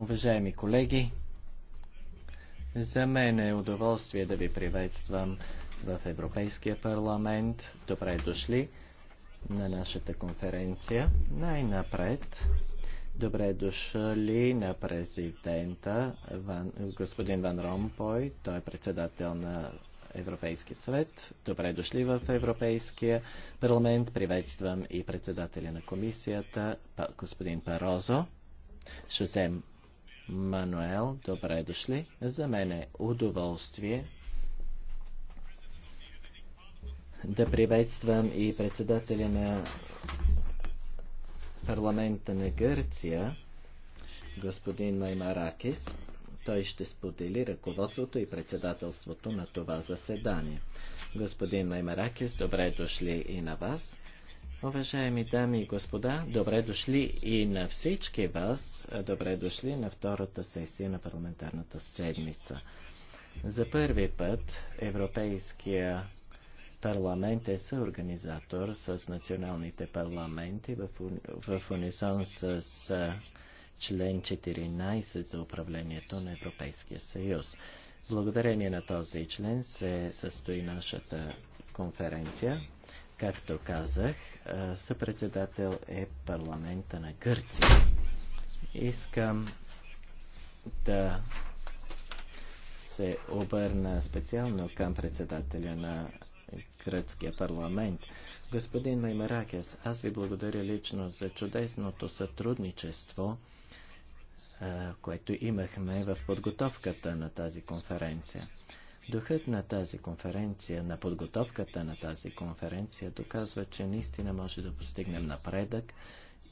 Уважаеми колеги, за мен е удоволствие да ви приветствам в Европейския парламент. Добре дошли на нашата конференция. Най-напред Добре дошли на президента Ван, господин Ван Ромпой. Той е председател на Европейския съвет. Добре дошли в Европейския парламент. Приветствам и председателя на комисията, господин Парозо. Шозем Мануел, добре дошли. За мен е удоволствие да приветствам и председателя на парламента на Гърция, господин Маймаракис. Той ще сподели ръководството и председателството на това заседание. Господин Маймаракис, добре дошли и на вас. Уважаеми дами и господа, добре дошли и на всички вас. Добре дошли на втората сесия на парламентарната седмица. За първи път Европейския парламент е съорганизатор с националните парламенти в, унисон с член 14 за управлението на Европейския съюз. Благодарение на този член се състои нашата конференция. Както казах, съпредседател е парламента на Гърция. Искам да се обърна специално към председателя на гръцкия парламент. Господин Маймаракес, аз ви благодаря лично за чудесното сътрудничество, което имахме в подготовката на тази конференция. Духът на тази конференция, на подготовката на тази конференция доказва, че наистина може да постигнем напредък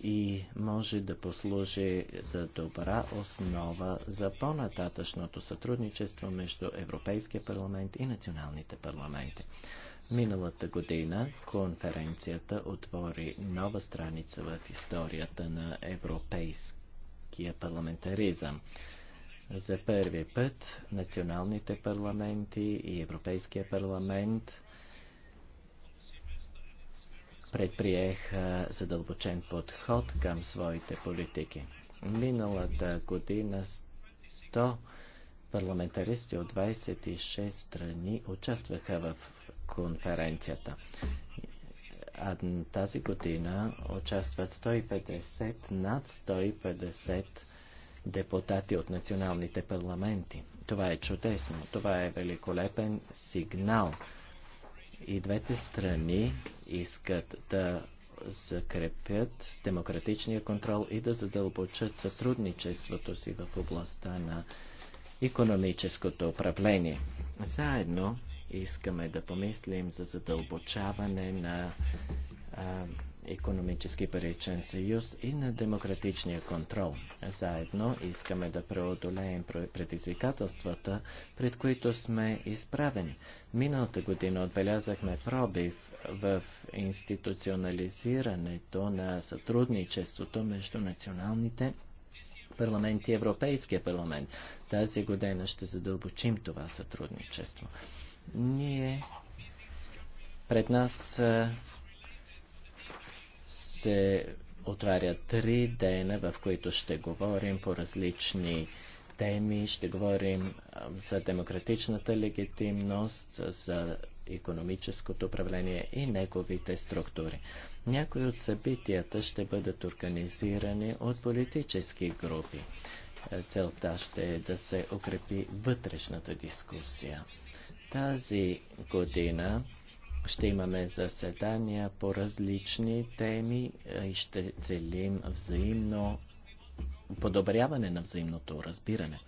и може да послужи за добра основа за по-нататъчното сътрудничество между Европейския парламент и националните парламенти. Миналата година конференцията отвори нова страница в историята на европейски европейския парламентаризъм. За първи път националните парламенти и Европейския парламент предприеха задълбочен подход към своите политики. Миналата година 100 парламентаристи от 26 страни участваха в конференцията а тази година участват 150, над 150 депутати от националните парламенти. Това е чудесно, това е великолепен сигнал. И двете страни искат да закрепят демократичния контрол и да задълбочат сътрудничеството си в областта на економическото управление. Заедно Искаме да помислим за задълбочаване на а, економически паричен съюз и на демократичния контрол. Заедно искаме да преодолеем предизвикателствата, пред които сме изправени. Миналата година отбелязахме пробив в институционализирането на сътрудничеството между националните парламенти и Европейския парламент. Тази година ще задълбочим това сътрудничество. Ние пред нас се отваря три дена, в които ще говорим по различни теми. Ще говорим за демократичната легитимност, за економическото управление и неговите структури. Някои от събитията ще бъдат организирани от политически групи. Целта ще е да се укрепи вътрешната дискусия. Тази година ще имаме заседания по различни теми и ще целим взаимно подобряване на взаимното разбиране.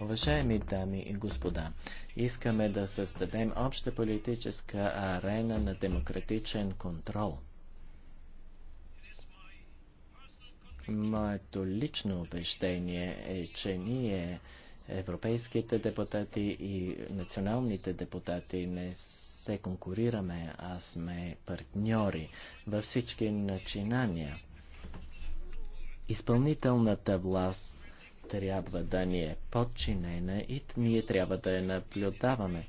Уважаеми дами и господа, искаме да създадем обща политическа арена на демократичен контрол. Моето лично убеждение е, че ние европейските депутати и националните депутати не се конкурираме, а сме партньори във всички начинания. Изпълнителната власт трябва да ни е подчинена и ние трябва да я наблюдаваме.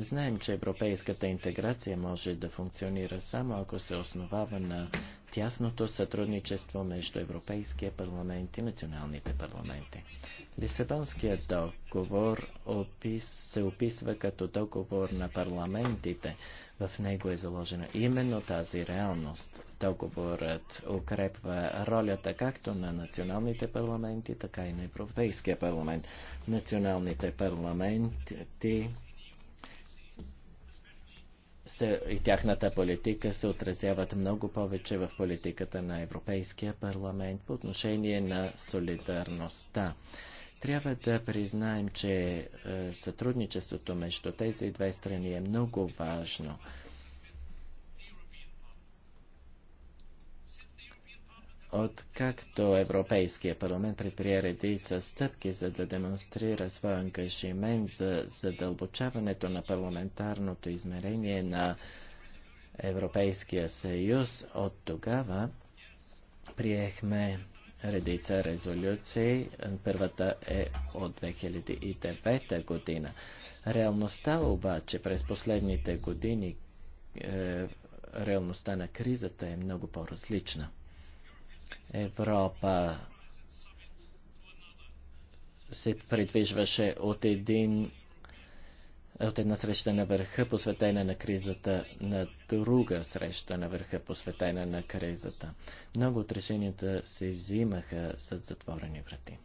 Знаем, че европейската интеграция може да функционира само ако се основава на тясното сътрудничество между Европейския парламент и националните парламенти. Лисабонският договор опис, се описва като договор на парламентите. В него е заложена именно тази реалност. Договорът укрепва ролята както на националните парламенти, така и на Европейския парламент. Националните парламенти се, и тяхната политика се отразяват много повече в политиката на Европейския парламент по отношение на солидарността. Трябва да признаем, че е, сътрудничеството между тези две страни е много важно. Откакто Европейския парламент предприе редица стъпки, за да демонстрира своя ангажимент за задълбочаването на парламентарното измерение на Европейския съюз, от тогава приехме редица резолюции. Първата е от 2009 година. Реалността обаче през последните години, е, реалността на кризата е много по-различна. Европа се придвижваше от един от една среща на върха, посветена на кризата, на друга среща на върха, посветена на кризата. Много от решенията се взимаха с затворени врати.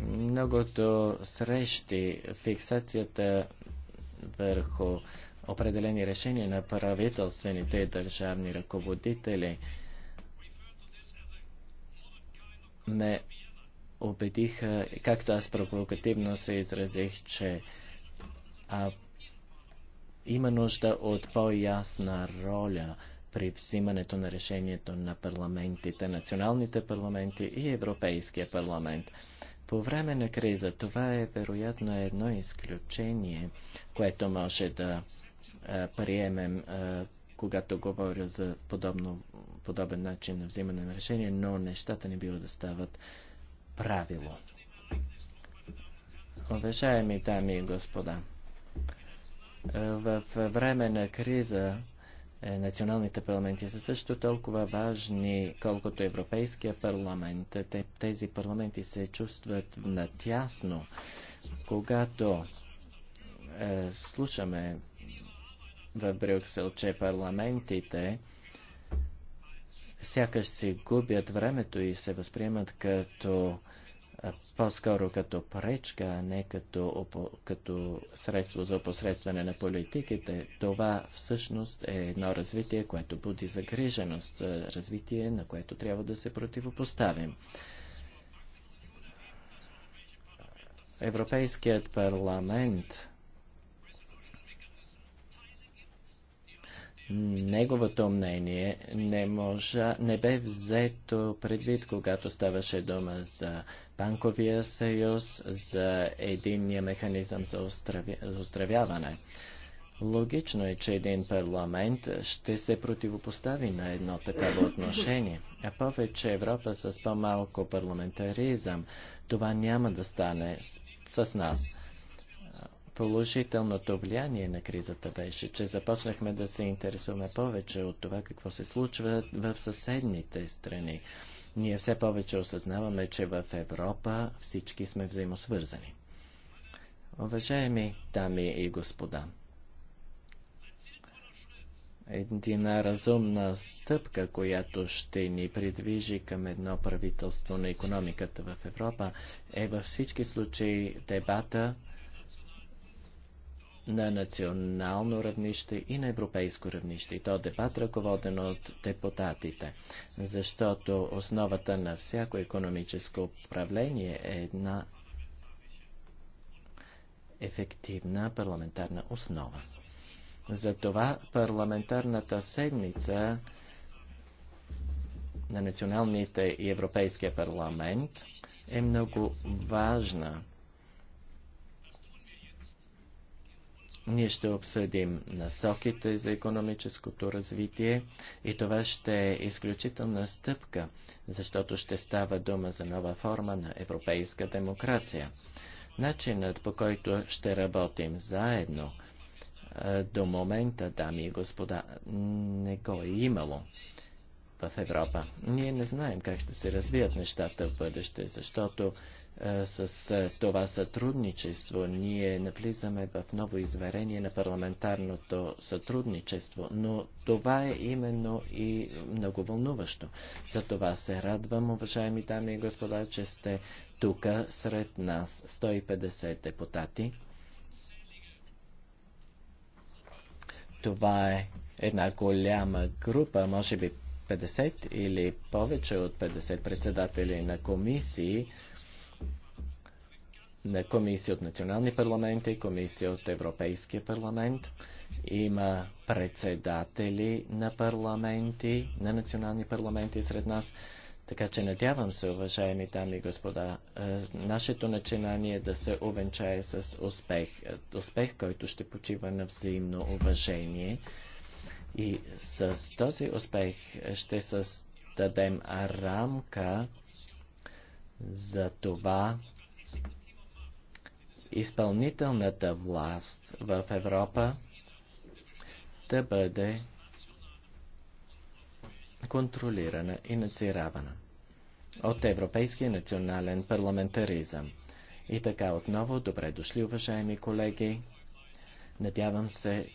Многото срещи, фиксацията върху определени решения на правителствените и държавни ръководители ме убедиха, както аз провокативно се изразих, че а, има нужда от по-ясна роля при взимането на решението на парламентите, националните парламенти и Европейския парламент. По време на криза това е вероятно едно изключение, което може да е, приемем, е, когато говоря за подобно, подобен начин на взимане на решение, но нещата не бива да стават правило. Уважаеми дами и господа, е, в време на криза националните парламенти са също толкова важни, колкото Европейския парламент. Тези парламенти се чувстват натясно, когато е, слушаме в Брюксел, че парламентите сякаш си губят времето и се възприемат като по-скоро като пречка, а не като, като средство за опосредстване на политиките. Това всъщност е едно развитие, което буди загриженост, развитие, на което трябва да се противопоставим. Европейският парламент Неговото мнение не, можа, не бе взето предвид, когато ставаше дума за банковия съюз, за единния механизъм за оздравяване. Логично е, че един парламент ще се противопостави на едно такова отношение, а повече Европа с по-малко парламентаризъм. Това няма да стане с, с нас. Положителното влияние на кризата беше, че започнахме да се интересуваме повече от това какво се случва в съседните страни. Ние все повече осъзнаваме, че в Европа всички сме взаимосвързани. Уважаеми дами и господа, една разумна стъпка, която ще ни придвижи към едно правителство на економиката в Европа, е във всички случаи дебата на национално равнище и на европейско равнище. И то дебат ръководен от депутатите. Защото основата на всяко економическо управление е една ефективна парламентарна основа. Затова парламентарната седмица на националните и Европейския парламент е много важна. Ние ще обсъдим насоките за економическото развитие и това ще е изключителна стъпка, защото ще става дума за нова форма на европейска демокрация. Начинът по който ще работим заедно до момента, дами и господа, не го е имало в Европа. Ние не знаем как ще се развият нещата в бъдеще, защото с това сътрудничество. Ние навлизаме в ново измерение на парламентарното сътрудничество, но това е именно и много вълнуващо. За това се радвам, уважаеми дами и господа, че сте тук сред нас 150 депутати. Това е една голяма група, може би 50 или повече от 50 председатели на комисии, на комисии от национални парламенти, комисии от Европейския парламент. Има председатели на парламенти, на национални парламенти сред нас. Така че надявам се, уважаеми дами и господа, е, нашето начинание да се увенчае с успех. Е, успех, който ще почива на взаимно уважение. И с този успех ще създадем рамка за това, изпълнителната власт в Европа да бъде контролирана и надзиравана от Европейския национален парламентаризъм. И така отново, добре дошли, уважаеми колеги. Надявам се,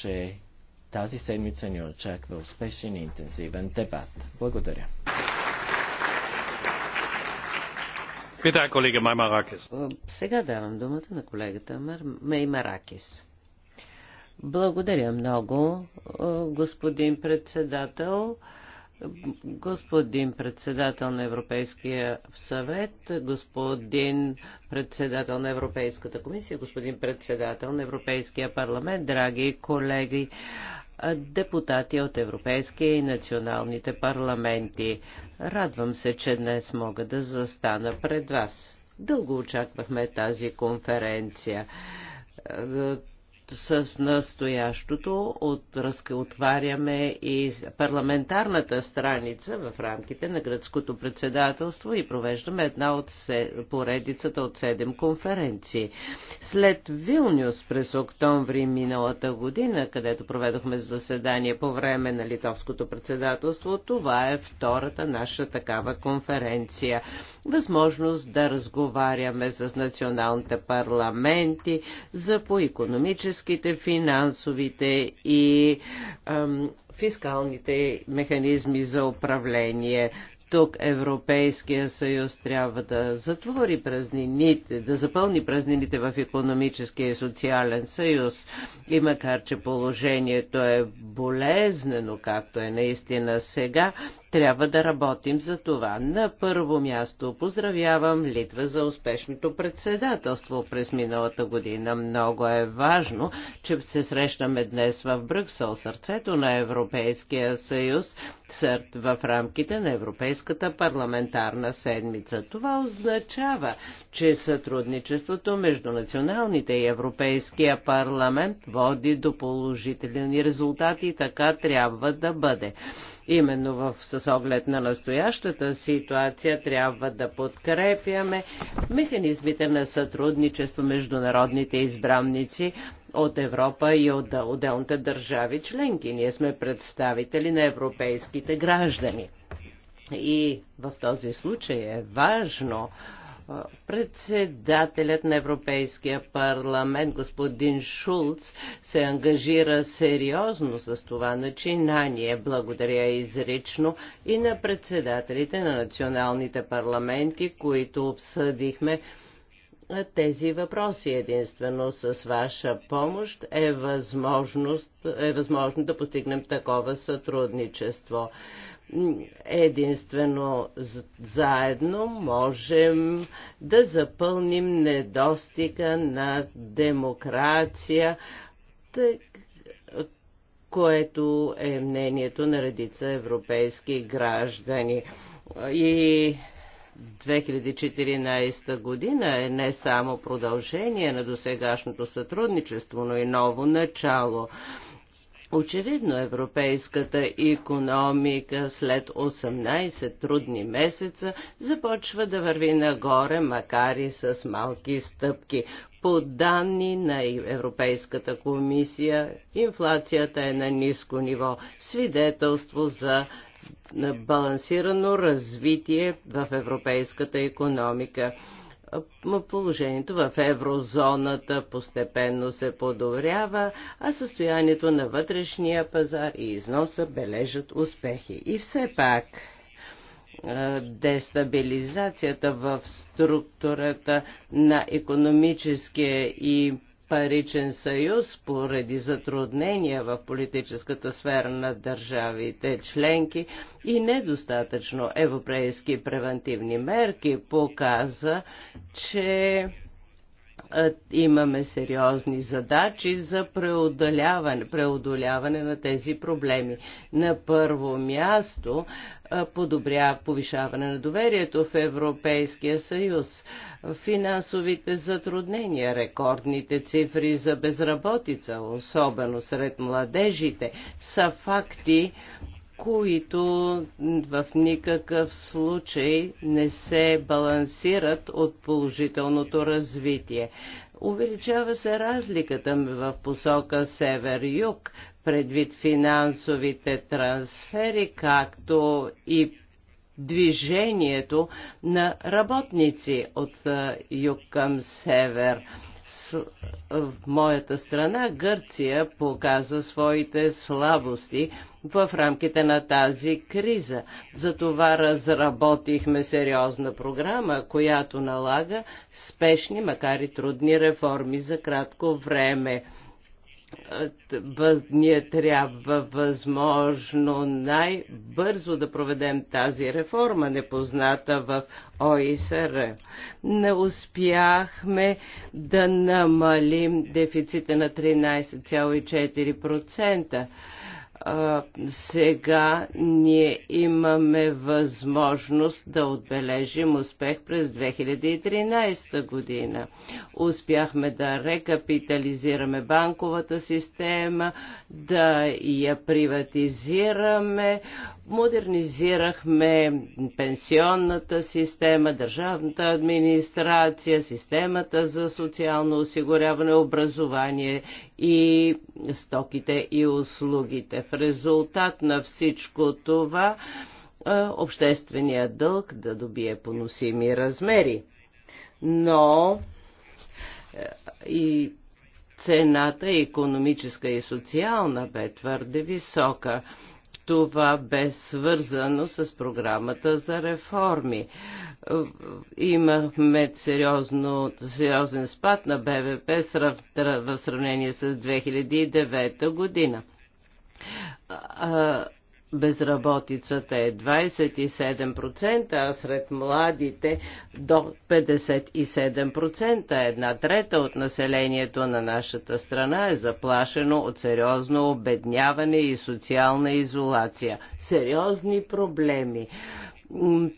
че тази седмица ни очаква успешен и интензивен дебат. Благодаря. Питай, колега Маймаракис. Сега давам думата на колегата Маймаракис. Благодаря много, господин председател. Господин председател на Европейския съвет, господин председател на Европейската комисия, господин председател на Европейския парламент, драги колеги, депутати от Европейския и националните парламенти. Радвам се, че днес мога да застана пред вас. Дълго очаквахме тази конференция е, с настоящото от, отваряме и парламентарната страница в рамките на гръцкото председателство и провеждаме една от се, поредицата от седем конференции. След Вилнюс през октомври миналата година, където проведохме заседание по време на литовското председателство, това е втората наша такава конференция. Възможност да разговаряме с националните парламенти за по економически економическите, финансовите и ам, фискалните механизми за управление. Тук Европейския съюз трябва да затвори празнините, да запълни празнините в економическия и социален съюз. И макар, че положението е болезнено, както е наистина сега, трябва да работим за това. На първо място поздравявам Литва за успешното председателство през миналата година. Много е важно, че се срещаме днес в Брюксел, сърцето на Европейския съюз, сърт в рамките на Европейската парламентарна седмица. Това означава, че сътрудничеството между националните и Европейския парламент води до положителни резултати и така трябва да бъде. Именно в, с оглед на настоящата ситуация трябва да подкрепяме механизмите на сътрудничество международните избранници от Европа и от отделните държави членки. Ние сме представители на европейските граждани. И в този случай е важно Председателят на Европейския парламент, господин Шулц, се ангажира сериозно с това начинание. Благодаря изрично и на председателите на националните парламенти, които обсъдихме тези въпроси. Единствено с ваша помощ е, възможност, е възможно да постигнем такова сътрудничество. Единствено заедно можем да запълним недостига на демокрация, което е мнението на редица европейски граждани. И 2014 година е не само продължение на досегашното сътрудничество, но и ново начало. Очевидно европейската економика след 18 трудни месеца започва да върви нагоре, макар и с малки стъпки. По данни на Европейската комисия, инфлацията е на ниско ниво, свидетелство за балансирано развитие в европейската економика. Положението в еврозоната постепенно се подобрява, а състоянието на вътрешния пазар и износа бележат успехи. И все пак дестабилизацията в структурата на економическия и паричен съюз поради затруднения в политическата сфера на държавите членки и недостатъчно европейски превентивни мерки показа, че имаме сериозни задачи за преодоляване, преодоляване на тези проблеми. На първо място подобря повишаване на доверието в Европейския съюз, финансовите затруднения, рекордните цифри за безработица, особено сред младежите, са факти, които в никакъв случай не се балансират от положителното развитие. Увеличава се разликата в посока север-юг, предвид финансовите трансфери, както и движението на работници от юг към север. С, в моята страна Гърция показа своите слабости в рамките на тази криза. Затова разработихме сериозна програма, която налага спешни, макар и трудни реформи за кратко време ние трябва възможно най-бързо да проведем тази реформа, непозната в ОИСР. Не успяхме да намалим дефицита на 13,4%. А сега ние имаме възможност да отбележим успех през 2013 година. Успяхме да рекапитализираме банковата система, да я приватизираме, Модернизирахме пенсионната система, държавната администрация, системата за социално осигуряване, образование и стоките и услугите. В резултат на всичко това е, общественият дълг да добие поносими размери. Но е, и цената економическа и социална бе твърде висока. Това бе свързано с програмата за реформи. Имахме сериозно, сериозен спад на БВП в сравнение с 2009 година Безработицата е 27%, а сред младите до 57%. Една трета от населението на нашата страна е заплашено от сериозно обедняване и социална изолация. Сериозни проблеми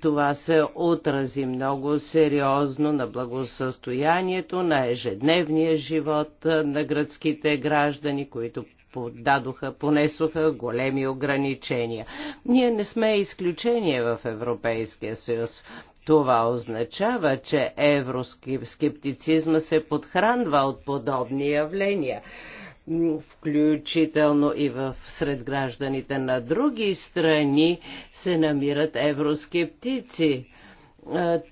това се отрази много сериозно на благосъстоянието, на ежедневния живот на градските граждани, които дадоха, понесоха големи ограничения. Ние не сме изключение в Европейския съюз. Това означава, че евроскептицизма се подхранва от подобни явления включително и в сред гражданите на други страни се намират евроскептици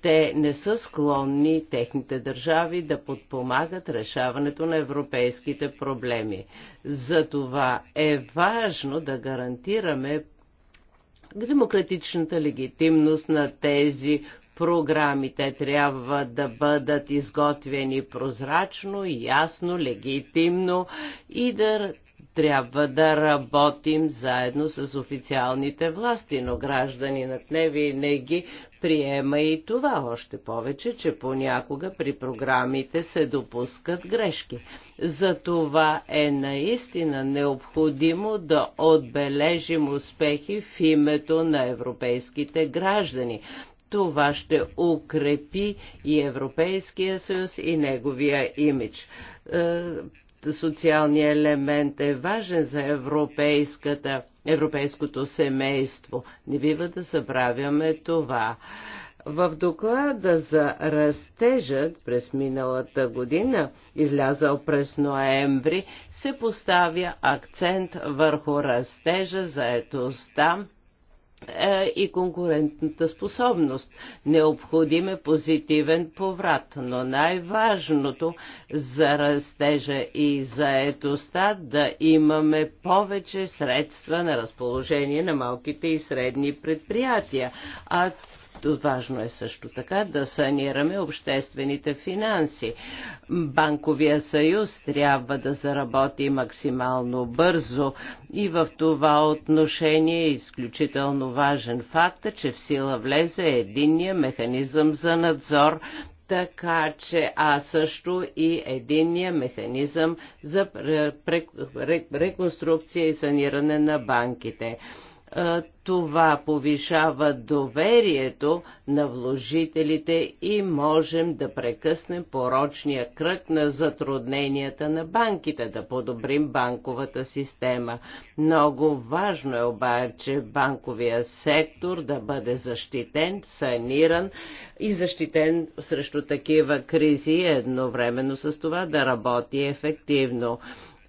те не са склонни техните държави да подпомагат решаването на европейските проблеми. Затова е важно да гарантираме демократичната легитимност на тези програми. Те трябва да бъдат изготвени прозрачно, ясно, легитимно и да трябва да работим заедно с официалните власти, но граждани Тневи не ги приема и това, още повече, че понякога при програмите се допускат грешки. За това е наистина необходимо да отбележим успехи в името на европейските граждани. Това ще укрепи и Европейския съюз и неговия имидж е, Социалния елемент е важен за европейската, европейското семейство. Не бива да забравяме това. В доклада за растежът през миналата година, излязъл през ноември, се поставя акцент върху растежа, заетостта е, и конкурентната способност. Необходим е позитивен поврат, но най-важното за растежа и заетостта да имаме повече средства на разположение на малките и средни предприятия. А Важно е също така да санираме обществените финанси. Банковия съюз трябва да заработи максимално бързо и в това отношение е изключително важен факт, че в сила влезе единния механизъм за надзор така че а също и единния механизъм за реконструкция и саниране на банките. Е, това повишава доверието на вложителите и можем да прекъснем порочния кръг на затрудненията на банките, да подобрим банковата система. Много важно е обаче банковия сектор да бъде защитен, саниран и защитен срещу такива кризи, едновременно с това да работи ефективно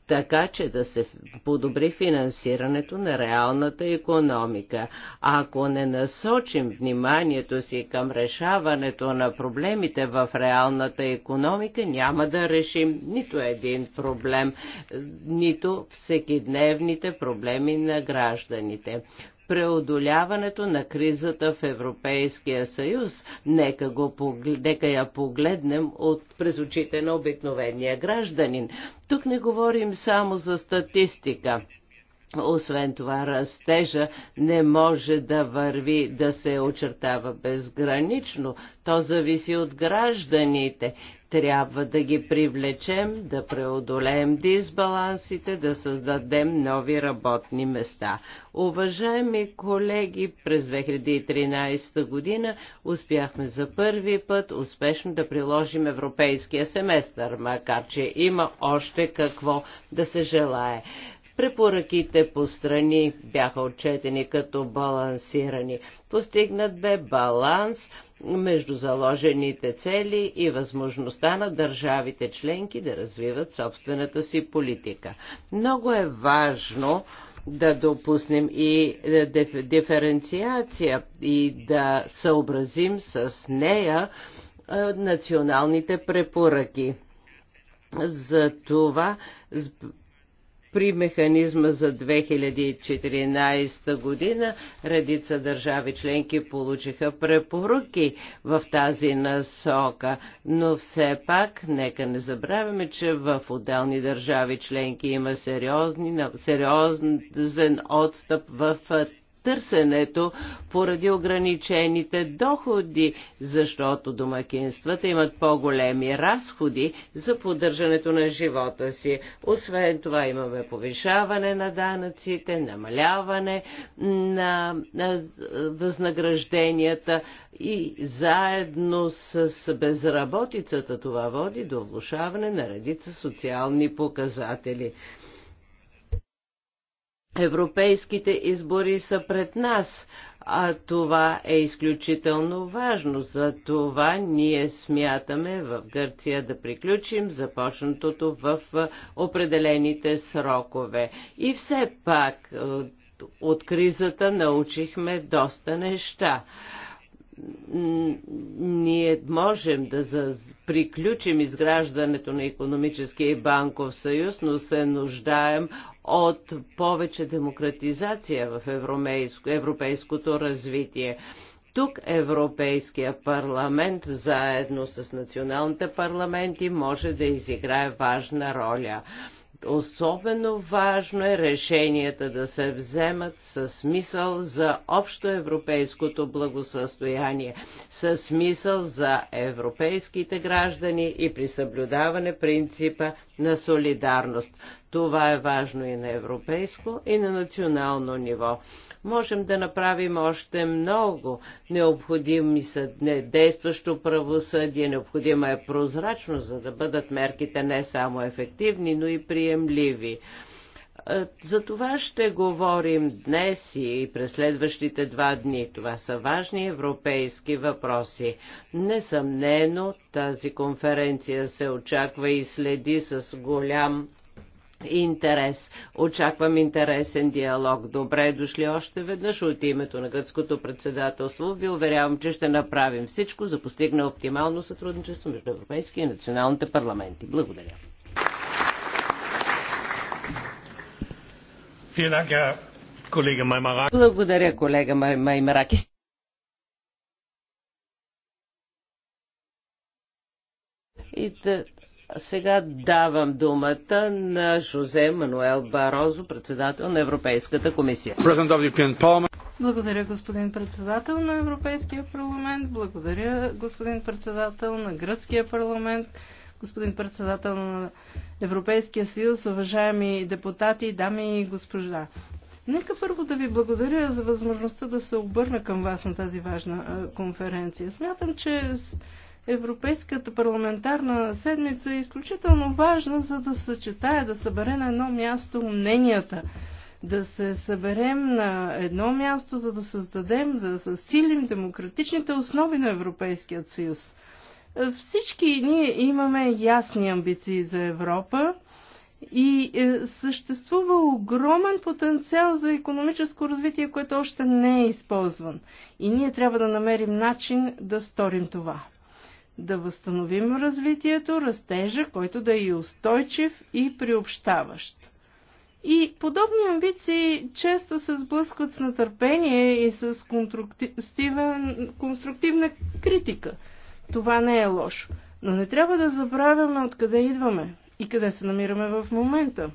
така че да се подобри финансирането на реалната економика. Ако не насочим вниманието си към решаването на проблемите в реалната економика, няма да решим нито един проблем, нито всекидневните проблеми на гражданите преодоляването на кризата в Европейския съюз. Нека, го, нека я погледнем от през очите на обикновения гражданин. Тук не говорим само за статистика. Освен това, растежа не може да върви, да се очертава безгранично. То зависи от гражданите. Трябва да ги привлечем, да преодолеем дисбалансите, да създадем нови работни места. Уважаеми колеги, през 2013 година успяхме за първи път успешно да приложим европейския семестър, макар че има още какво да се желае. Препоръките по страни бяха отчетени като балансирани. Постигнат бе баланс между заложените цели и възможността на държавите членки да развиват собствената си политика. Много е важно да допуснем и е, диференциация и да съобразим с нея е, националните препоръки. За това при механизма за 2014 година редица държави членки получиха препоръки в тази насока, но все пак нека не забравяме, че в отделни държави членки има сериозни, сериозен отстъп в търсенето поради ограничените доходи, защото домакинствата имат по-големи разходи за поддържането на живота си. Освен това имаме повишаване на данъците, намаляване на възнагражденията и заедно с безработицата това води до влушаване на редица социални показатели. Европейските избори са пред нас, а това е изключително важно. За това ние смятаме в Гърция да приключим започнатото в определените срокове. И все пак от кризата научихме доста неща ние можем да приключим изграждането на економическия и банков съюз, но се нуждаем от повече демократизация в европейско, европейското развитие. Тук Европейския парламент заедно с националните парламенти може да изиграе важна роля. Особено важно е решенията да се вземат с смисъл за общо европейското благосъстояние, с смисъл за европейските граждани и при съблюдаване принципа на солидарност. Това е важно и на европейско, и на национално ниво. Можем да направим още много. Необходими са не действащо правосъдие, необходима е прозрачност, за да бъдат мерките не само ефективни, но и приемливи. Е, за това ще говорим днес и през следващите два дни. Това са важни европейски въпроси. Несъмнено тази конференция се очаква и следи с голям интерес. Очаквам интересен диалог. Добре дошли още веднъж от името на гръцкото председателство. Ви уверявам, че ще направим всичко за постигне оптимално сътрудничество между европейски и националните парламенти. Благодаря. Благодаря, колега Маймаракис. Ще... Сега давам думата на Жозе Мануел Барозо, председател на Европейската комисия. Благодаря, господин председател на Европейския парламент. Благодаря, господин председател на Гръцкия парламент. Господин председател на Европейския съюз, уважаеми депутати, дами и госпожа. Нека първо да ви благодаря за възможността да се обърна към вас на тази важна конференция. Смятам, че Европейската парламентарна седмица е изключително важна, за да съчетае, да събере на едно място мненията, да се съберем на едно място, за да създадем, за да засилим демократичните основи на Европейския съюз. Всички ние имаме ясни амбиции за Европа и е, съществува огромен потенциал за економическо развитие, което още не е използван. И ние трябва да намерим начин да сторим това да възстановим развитието, растежа, който да е и устойчив и приобщаващ. И подобни амбиции често се сблъскват с натърпение и с конструктивна критика. Това не е лошо. Но не трябва да забравяме откъде идваме и къде се намираме в момента.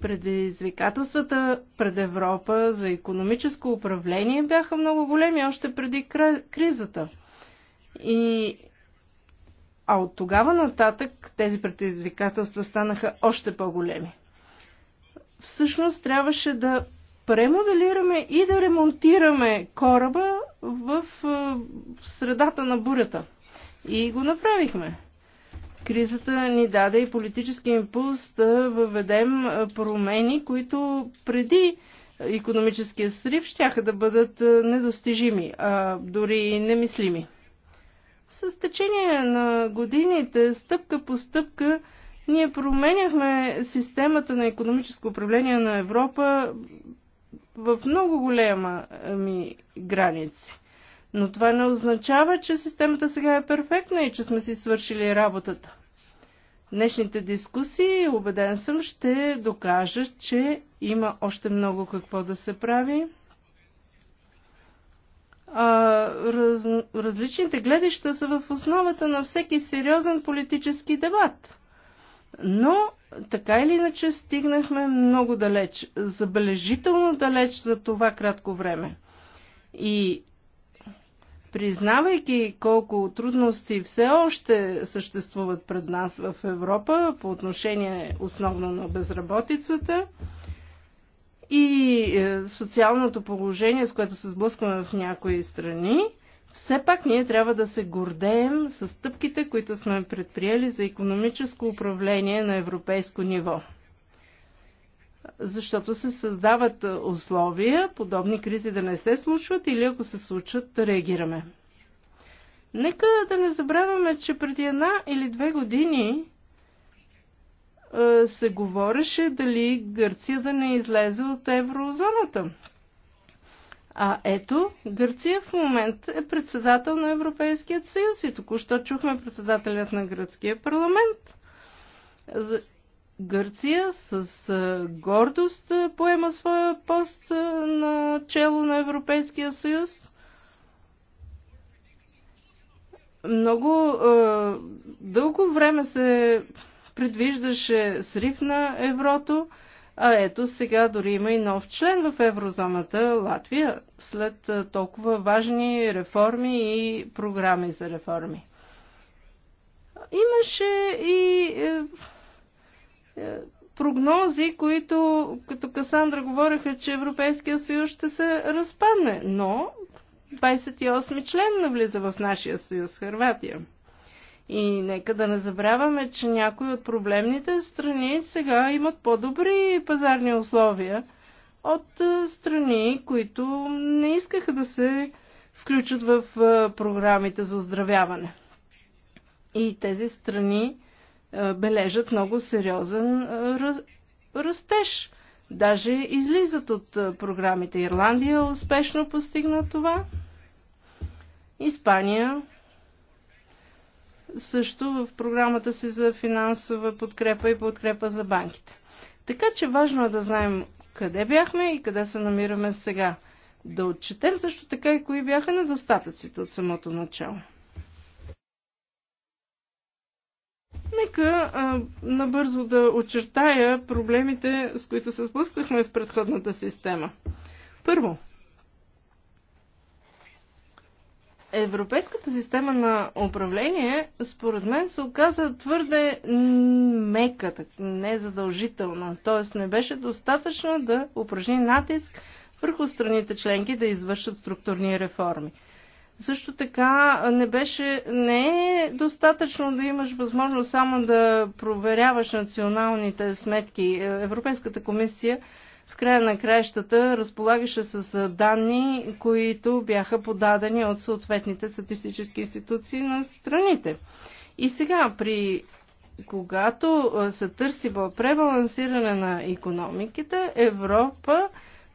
Предизвикателствата пред Европа за економическо управление бяха много големи още преди кризата. И а от тогава нататък тези предизвикателства станаха още по-големи. Всъщност трябваше да премоделираме и да ремонтираме кораба в средата на бурята. И го направихме. Кризата ни даде и политически импулс да въведем промени, които преди економическия срив щяха да бъдат недостижими, а дори немислими. С течение на годините, стъпка по стъпка, ние променяхме системата на економическо управление на Европа в много голема ми граници. Но това не означава, че системата сега е перфектна и че сме си свършили работата. Днешните дискусии, убеден съм, ще докажат, че има още много какво да се прави. А, раз, различните гледища са в основата на всеки сериозен политически дебат. Но, така или иначе, стигнахме много далеч, забележително далеч за това кратко време. И признавайки колко трудности все още съществуват пред нас в Европа по отношение основно на безработицата и е, социалното положение, с което се сблъскваме в някои страни, все пак ние трябва да се гордеем с стъпките, които сме предприели за економическо управление на европейско ниво защото се създават условия подобни кризи да не се случват или ако се случат да реагираме. Нека да не забравяме, че преди една или две години се говореше дали Гърция да не излезе от еврозоната. А ето, Гърция в момент е председател на Европейският съюз и току-що чухме председателят на гръцкия парламент. Гърция с гордост поема своя пост на чело на Европейския съюз. Много дълго време се предвиждаше срив на еврото, а ето сега дори има и нов член в еврозоната Латвия, след толкова важни реформи и програми за реформи. Имаше и е, е, прогнози, които като Касандра говореха, че Европейския съюз ще се разпадне, но 28 член навлиза в нашия съюз, Харватия. И нека да не забравяме, че някои от проблемните страни сега имат по-добри пазарни условия от е, страни, които не искаха да се включат в е, програмите за оздравяване. И тези страни е, бележат много сериозен е, растеж. Даже излизат от е, програмите. Ирландия успешно постигна това. Испания също в програмата си за финансова подкрепа и подкрепа за банките. Така че важно е да знаем къде бяхме и къде се намираме сега. Да отчетем също така и кои бяха недостатъците от самото начало. Нека а, набързо да очертая проблемите, с които се сблъскахме в предходната система. Първо, Европейската система на управление, според мен, се оказа твърде мека, незадължителна. Т.е. не беше достатъчно да упражни натиск върху страните членки да извършат структурни реформи. Също така не беше, не е достатъчно да имаш възможност само да проверяваш националните сметки. Е, Европейската комисия в края на краищата разполагаше с е, данни, които бяха подадени от съответните статистически институции на страните. И сега, при когато е, се търси пребалансиране на економиките, Европа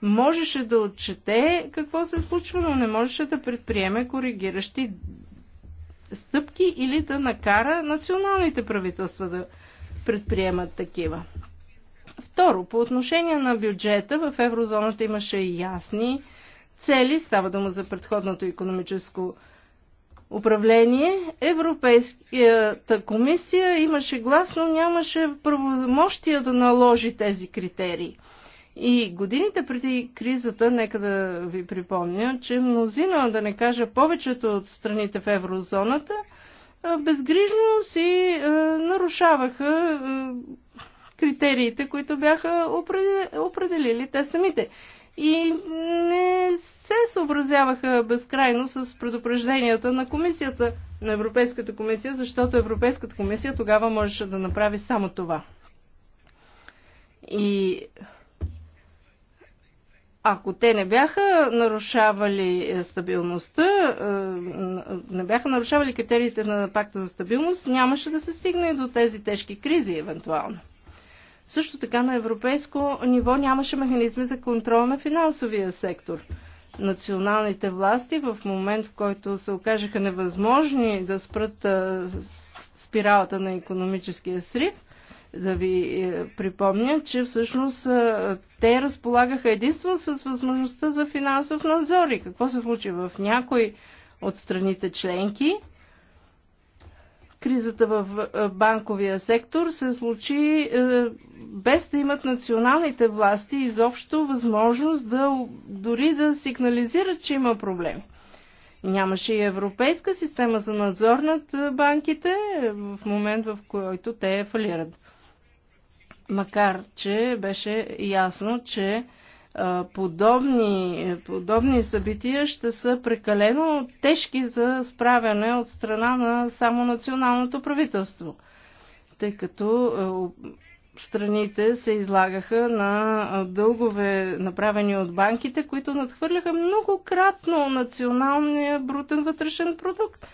можеше да отчете какво се е случва, но не можеше да предприеме коригиращи стъпки или да накара националните правителства да предприемат такива. Второ, по отношение на бюджета в еврозоната имаше и ясни цели, става дума за предходното економическо управление. Европейската комисия имаше гласно, нямаше правомощия да наложи тези критерии – и годините преди кризата, нека да ви припомня, че мнозина, да не кажа повечето от страните в еврозоната, безгрижно си нарушаваха критериите, които бяха определили те самите. И не се съобразяваха безкрайно с предупрежденията на комисията, на Европейската комисия, защото Европейската комисия тогава можеше да направи само това. И ако те не бяха нарушавали е, стабилността, е, не бяха нарушавали критериите на пакта за стабилност, нямаше да се стигне до тези тежки кризи, евентуално. Също така на европейско ниво нямаше механизми за контрол на финансовия сектор. Националните власти в момент, в който се окажаха невъзможни да спрат е, спиралата на економическия срив, да ви е, припомня, че всъщност е, те разполагаха единствено с възможността за финансов надзор. И какво се случи в някои от страните членки? Кризата в е, банковия сектор се случи без да имат националните власти изобщо възможност да дори да сигнализират, че има проблеми. Нямаше и европейска система за надзор над банките в момент, в който те фалират. Макар, че беше ясно, че подобни, подобни събития ще са прекалено тежки за справяне от страна на само националното правителство, тъй като е, страните се излагаха на дългове, направени от банките, които надхвърляха многократно националния брутен вътрешен продукт.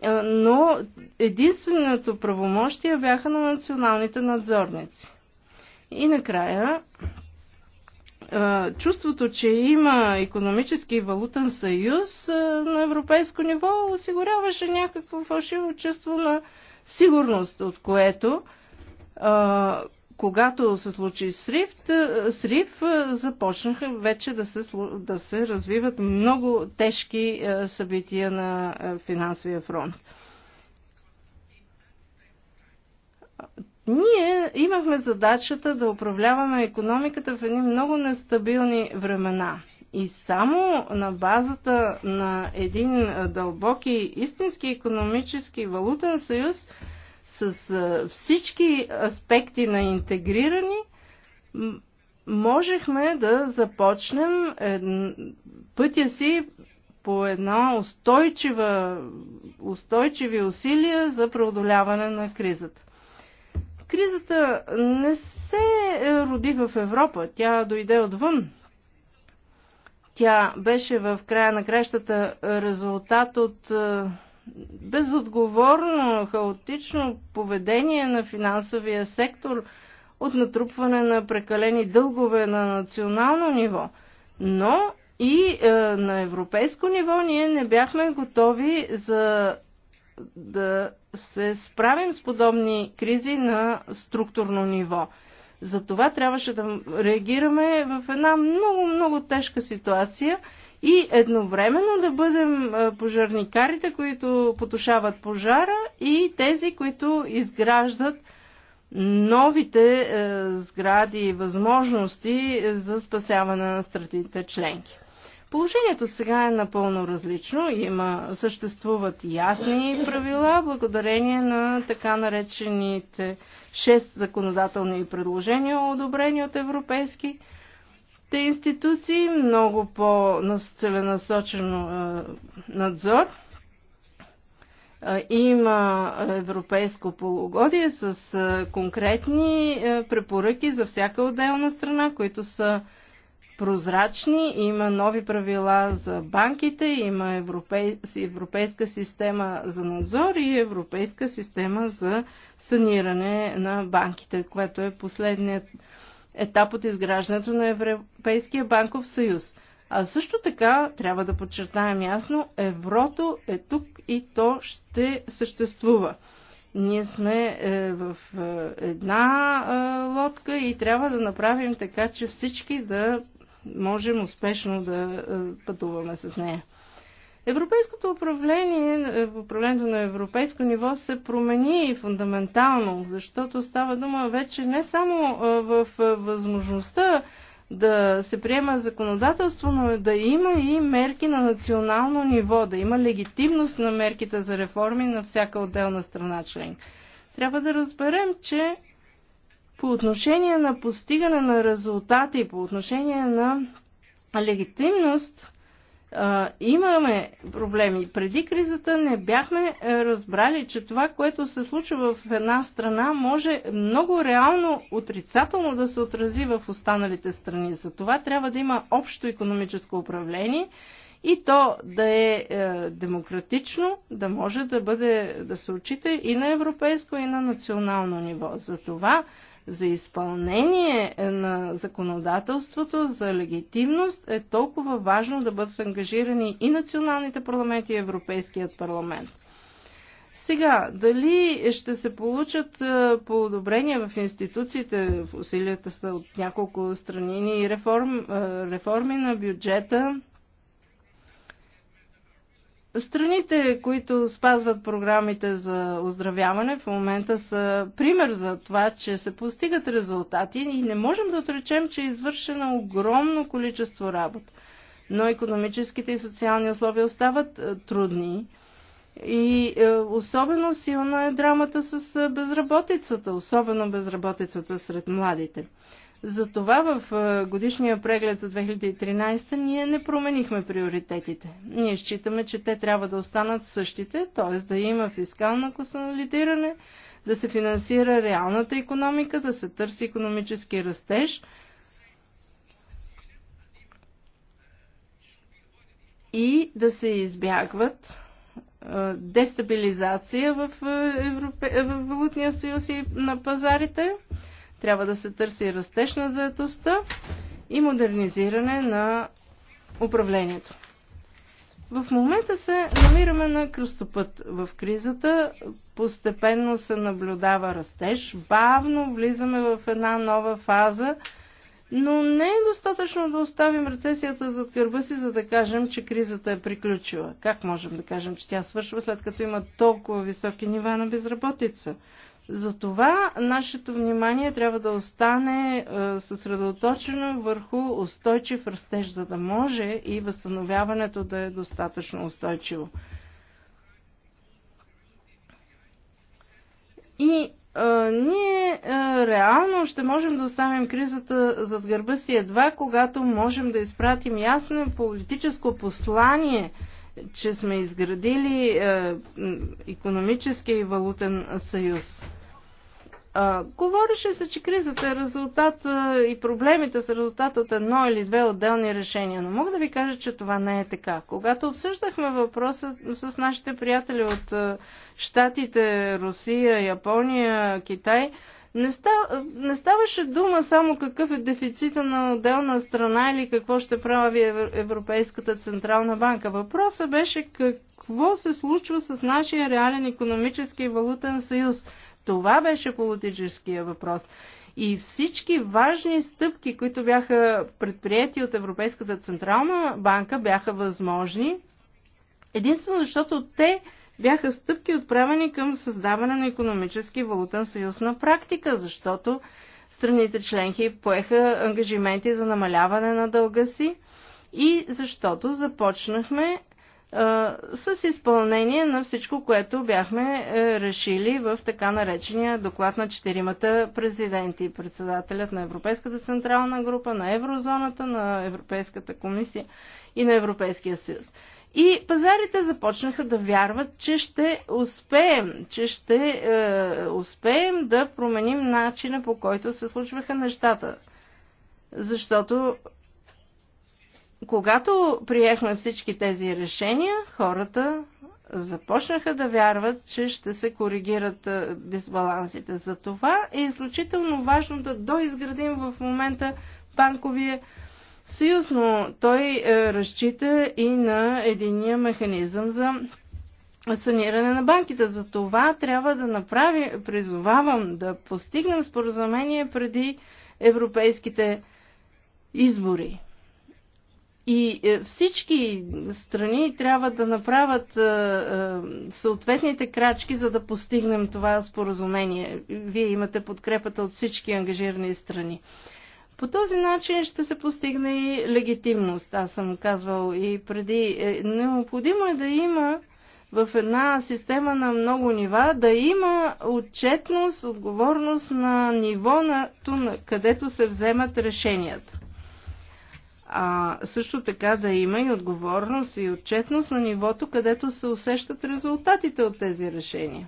Е, но единственото правомощие бяха на националните надзорници. И накрая, е, чувството, че има економически и валутен съюз е, на европейско ниво осигуряваше някакво фалшиво чувство на сигурност, от което когато се случи срив, е, срив е, започнаха вече да се, да се развиват много тежки е, събития на финансовия фронт. Ние имахме задачата да управляваме економиката в едни много нестабилни времена. И само на базата на един дълбоки истински економически валутен съюз – с всички аспекти на интегрирани, можехме да започнем пътя си по една устойчива, устойчиви усилия за преодоляване на кризата. Кризата не се е, роди в Европа, тя дойде отвън. Тя беше в края на кращата резултат от е, безотговорно, хаотично поведение на финансовия сектор от натрупване на прекалени дългове на национално ниво. Но и е, на европейско ниво ние не бяхме готови за да се справим с подобни кризи на структурно ниво. Затова трябваше да реагираме в една много-много тежка ситуация – и едновременно да бъдем пожарникарите, които потушават пожара и тези, които изграждат новите е, сгради и възможности за спасяване на стратите членки. Положението сега е напълно различно. Има, съществуват ясни правила, благодарение на така наречените шест законодателни предложения, одобрени от Европейски европейските институции, много по-целенасочен надзор. Има европейско полугодие с конкретни препоръки за всяка отделна страна, които са прозрачни, има нови правила за банките, има европейска система за надзор и европейска система за саниране на банките, което е последният етап от изграждането на Европейския банков съюз. А също така трябва да подчертаем ясно, еврото е тук и то ще съществува. Ние сме е, в е, една е, лодка и трябва да направим така, че всички да можем успешно да е, пътуваме с нея. Европейското управление, е, управлението на европейско ниво се промени фундаментално, защото става дума вече не само е, в е, възможността да се приема законодателство, но да има и мерки на национално ниво, да има легитимност на мерките за реформи на всяка отделна страна член. Трябва да разберем, че по отношение на постигане на резултати, по отношение на легитимност, а, имаме проблеми. Преди кризата не бяхме е, разбрали, че това, което се случва в една страна, може много реално отрицателно да се отрази в останалите страни. За това трябва да има общо економическо управление и то да е, е демократично, да може да бъде да се отчита и на европейско, и на национално ниво. За това за изпълнение на законодателството, за легитимност е толкова важно да бъдат ангажирани и националните парламенти и Европейският парламент. Сега, дали ще се получат е, подобрения в институциите, в усилията са от няколко страни и реформ, е, реформи на бюджета, Страните, които спазват програмите за оздравяване, в момента са пример за това, че се постигат резултати и не можем да отречем, че е извършено огромно количество работа. Но економическите и социални условия остават е, трудни. И е, особено силна е драмата с е, безработицата, особено безработицата сред младите. Затова в е, годишния преглед за 2013 ние не променихме приоритетите. Ние считаме, че те трябва да останат същите, т.е. да има фискално консолидиране, да се финансира реалната економика, да се търси економически растеж и да се избягват е, дестабилизация в, е, Европе... в валутния съюз и на пазарите трябва да се търси растеж на заетостта и модернизиране на управлението. В момента се намираме на кръстопът в кризата. Постепенно се наблюдава растеж. Бавно влизаме в една нова фаза, но не е достатъчно да оставим рецесията зад гърба си, за да кажем, че кризата е приключила. Как можем да кажем, че тя свършва, след като има толкова високи нива на безработица? Затова нашето внимание трябва да остане е, съсредоточено върху устойчив растеж, за да може и възстановяването да е достатъчно устойчиво. И а, е, ние а, е, реално ще можем да оставим кризата зад гърба си едва, когато можем да изпратим ясно политическо послание че сме изградили е, економическия и валутен съюз. А, говореше се, че кризата е резултат а, е, и проблемите са резултат от едно или две отделни решения, но мога да ви кажа, че това не е така. Когато обсъждахме въпроса с нашите приятели от а, е, Штатите, Русия, Япония, Китай, не, става, не ставаше дума само какъв е дефицита на отделна страна или какво ще прави Европейската Централна банка. Въпросът беше какво се случва с нашия реален економически и валутен съюз. Това беше политическия въпрос. И всички важни стъпки, които бяха предприяти от Европейската Централна банка, бяха възможни единствено защото те бяха стъпки отправени към създаване на економически валутен съюз на практика, защото страните членки поеха ангажименти за намаляване на дълга си и защото започнахме а, с изпълнение на всичко, което бяхме а, е, решили в така наречения доклад на четиримата президенти, председателят на Европейската централна група, на еврозоната, на Европейската комисия и на Европейския съюз. И пазарите започнаха да вярват, че ще успеем, че ще е, успеем да променим начина по който се случваха нещата. Защото когато приехме всички тези решения, хората започнаха да вярват, че ще се коригират е, дисбалансите. За това е изключително важно да доизградим в момента банковия съюз, но той е, разчита и на единия механизъм за саниране на банките. За това трябва да направи, призовавам да постигнем споразумение преди европейските избори. И е, всички страни трябва да направят е, е, съответните крачки, за да постигнем това споразумение. Вие имате подкрепата от всички ангажирани страни. По този начин ще се постигне и легитимност. Аз съм казвал и преди. Е, необходимо е да има в една система на много нива, да има отчетност, отговорност на ниво, на, където се вземат решенията. А също така да има и отговорност и отчетност на нивото, където се усещат резултатите от тези решения.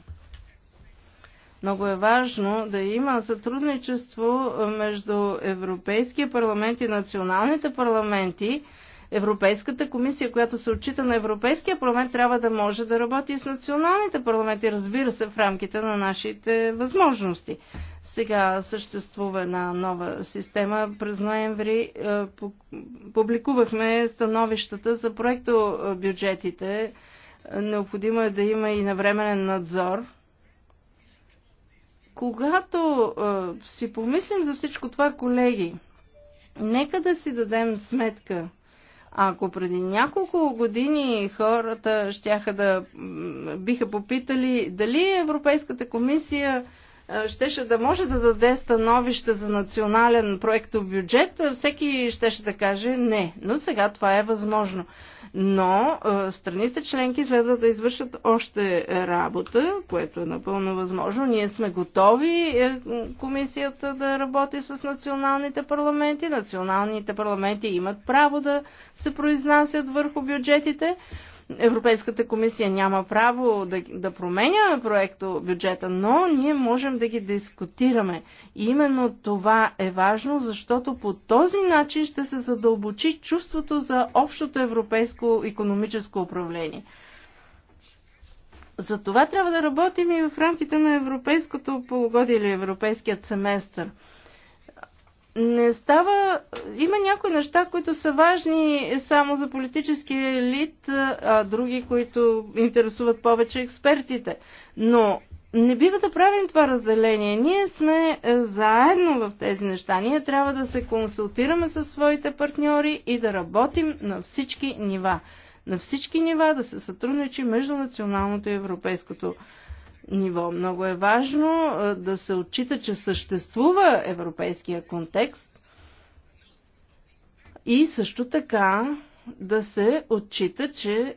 Много е важно да има сътрудничество между Европейския парламент и националните парламенти. Европейската комисия, която се отчита на Европейския парламент, трябва да може да работи и с националните парламенти, разбира се, в рамките на нашите възможности. Сега съществува една нова система. През ноември е, публикувахме становищата за проекто бюджетите. Необходимо е да има и навременен надзор когато а, си помислим за всичко това, колеги, нека да си дадем сметка. Ако преди няколко години хората щяха да биха попитали дали Европейската комисия е, щеше да може да даде становище за национален проект бюджет, е, всеки щеше да каже не. Но сега това е възможно. Но е, страните членки следва да извършат още работа, което е напълно възможно. Ние сме готови комисията да работи с националните парламенти. Националните парламенти имат право да се произнасят върху бюджетите. Европейската комисия няма право да, да променяме проекто бюджета, но ние можем да ги дискутираме. И именно това е важно, защото по този начин ще се задълбочи чувството за общото европейско економическо управление. За това трябва да работим и в рамките на европейското полугодие или европейският семестър – не става. Има някои неща, които са важни само за политическия елит, а други, които интересуват повече експертите. Но не бива да правим това разделение. Ние сме е, заедно в тези неща. Ние трябва да се консултираме с своите партньори и да работим на всички нива. На всички нива да се сътрудничи между националното и европейското ниво. Много е важно да се отчита, че съществува европейския контекст и също така да се отчита, че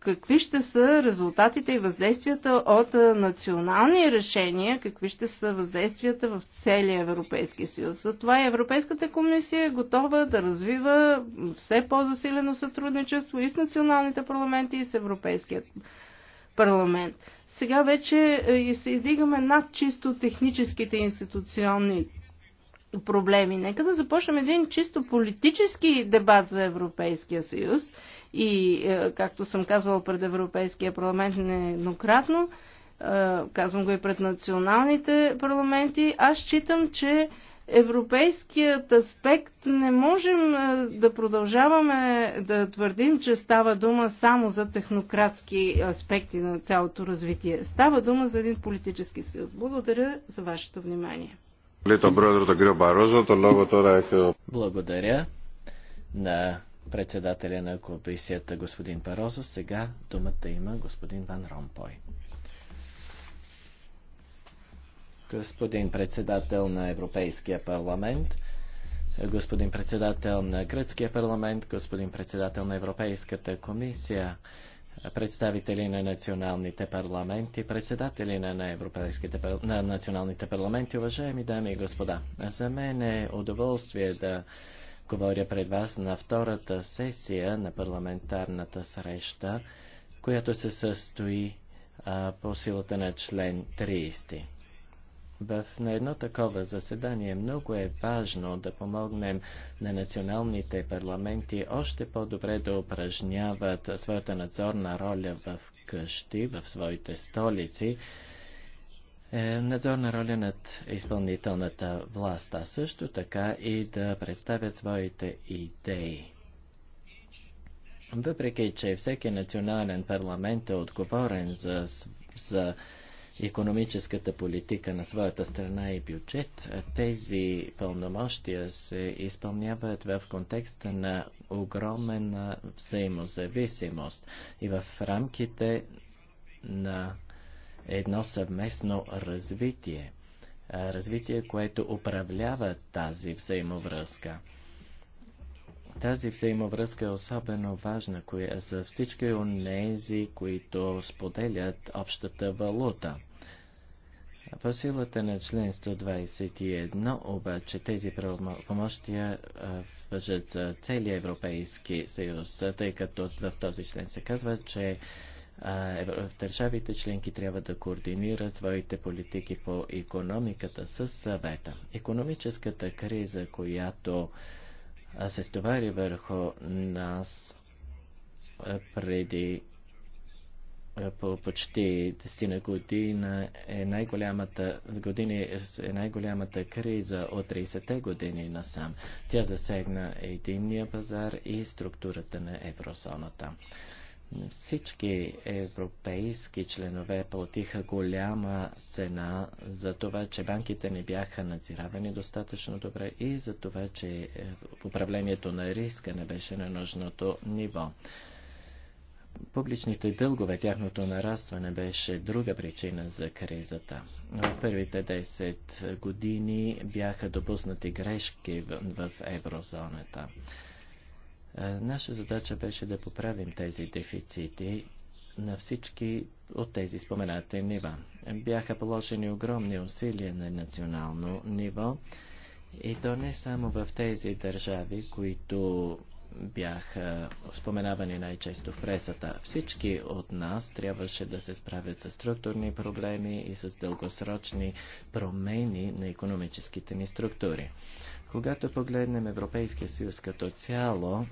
какви ще са резултатите и въздействията от национални решения, какви ще са въздействията в целия Европейски съюз. Затова Европейската комисия е готова да развива все по-засилено сътрудничество и с националните парламенти, и с Европейският парламент. Сега вече е, се издигаме над чисто техническите институционни проблеми. Нека да започнем един чисто политически дебат за Европейския съюз и, е, както съм казвала пред Европейския парламент нееднократно, е, казвам го и пред националните парламенти, аз считам, че европейският аспект не можем е, да продължаваме да твърдим, че става дума само за технократски аспекти на цялото развитие. Става дума за един политически съюз. Благодаря за вашето внимание. Е Благодаря на председателя на комисията господин Парозо. Сега думата има господин Ван Ромпой господин председател на Европейския парламент, господин председател на Гръцкия парламент, господин председател на Европейската комисия, представители на националните парламенти, председатели на, на, европейските, на националните парламенти, уважаеми дами и господа. За мен е удоволствие да говоря пред вас на втората сесия на парламентарната среща, която се състои а, по силата на член 30. В, на едно такова заседание много е важно да помогнем на националните парламенти още по-добре да упражняват своята надзорна роля в къщи, в своите столици, е, надзорна роля над изпълнителната власт, а също така и да представят своите идеи. Въпреки, че всеки национален парламент е отговорен за, за економическата политика на своята страна и бюджет, тези пълномощия се изпълняват в контекста на огромна взаимозависимост и в рамките на едно съвместно развитие. Развитие, което управлява тази взаимовръзка. Тази взаимовръзка е особено важна коя, за всички нези, които споделят общата валута. По силата на член 121 обаче тези правомощия въжат за целия Европейски съюз, тъй като в този член се казва, че в държавите членки трябва да координират своите политики по економиката с съвета. Економическата криза, която се стовари върху нас преди по почти 10 на година е най-голямата години е най-голямата криза от 30-те години насам. Тя засегна единния пазар и структурата на еврозоната. Всички европейски членове платиха голяма цена за това, че банките не бяха надзиравани достатъчно добре и за това, че е, управлението на риска не беше на нужното ниво. Публичните дългове, тяхното нарастване беше друга причина за кризата. В първите 10 години бяха допуснати грешки в еврозоната. Е, наша задача беше да поправим тези дефицити на всички от тези споменати нива. Бяха положени огромни усилия на национално ниво и то не само в тези държави, които бяха споменавани най-често в пресата. Всички от нас трябваше да се справят с структурни проблеми и с дългосрочни промени на економическите ни структури. Когато погледнем Европейския съюз като цяло,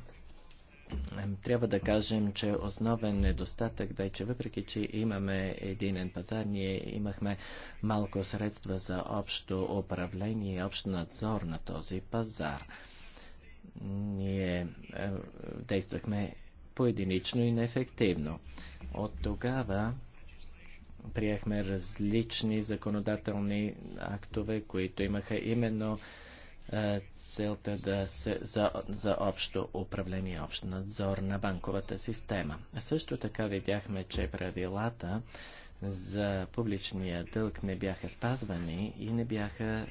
трябва да кажем, че основен недостатък да е, че въпреки, че имаме единен пазар, ние имахме малко средства за общо управление и общ надзор на този пазар. Ние е, действахме поединично и неефективно. От тогава приехме различни законодателни актове, които имаха именно е, целта да се, за, за общо управление, общ надзор на банковата система. Също така видяхме, че правилата за публичния дълг не бяха спазвани и не бяха е,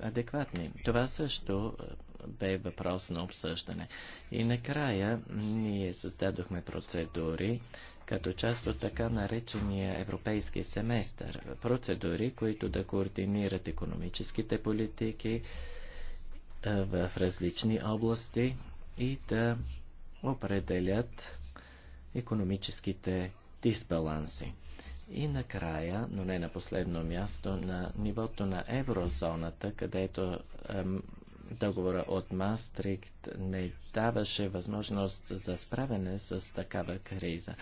адекватни. Това също е, бе въпрос на обсъждане. И накрая ние създадохме процедури като част от така наречения европейски семестър. Процедури, които да координират економическите политики, е, в различни области и да определят економическите дисбаланси. И накрая, но не на последно място, на нивото на еврозоната, където договора от Мастрикт не даваше възможност за справяне с такава криза.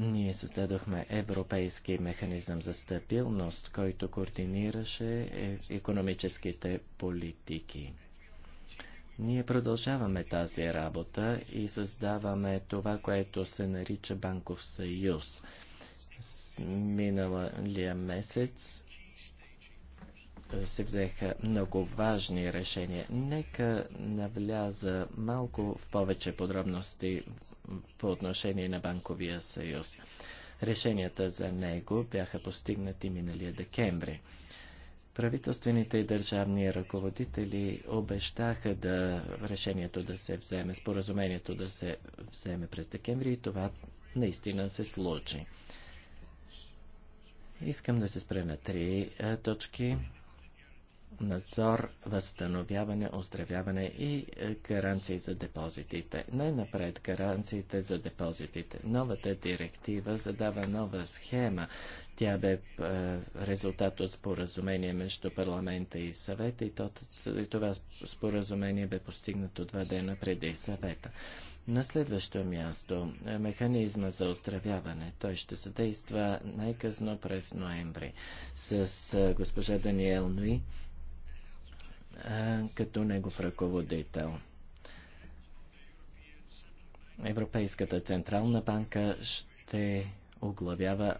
Ние създадохме Европейски механизъм за стабилност, който координираше е, економическите политики. Ние продължаваме тази работа и създаваме това, което се нарича Банков съюз. Миналия месец е, се взеха много важни решения. Нека навляза малко в повече подробности по отношение на Банковия съюз. Решенията за него бяха постигнати миналия декември. Правителствените и държавни ръководители обещаха да решението да се вземе, споразумението да се вземе през декември и това наистина се случи. Искам да се спре на три точки надзор, възстановяване, оздравяване и е, гаранции за депозитите. Най-напред гаранциите за депозитите. Новата директива задава нова схема. Тя бе е, резултат от споразумение между парламента и съвета и това споразумение бе постигнато два дена преди съвета. На следващо място е, механизма за оздравяване. Той ще се действа най-късно през ноември. С госпожа Даниел Нуи като негов ръководител. Европейската централна банка ще оглавява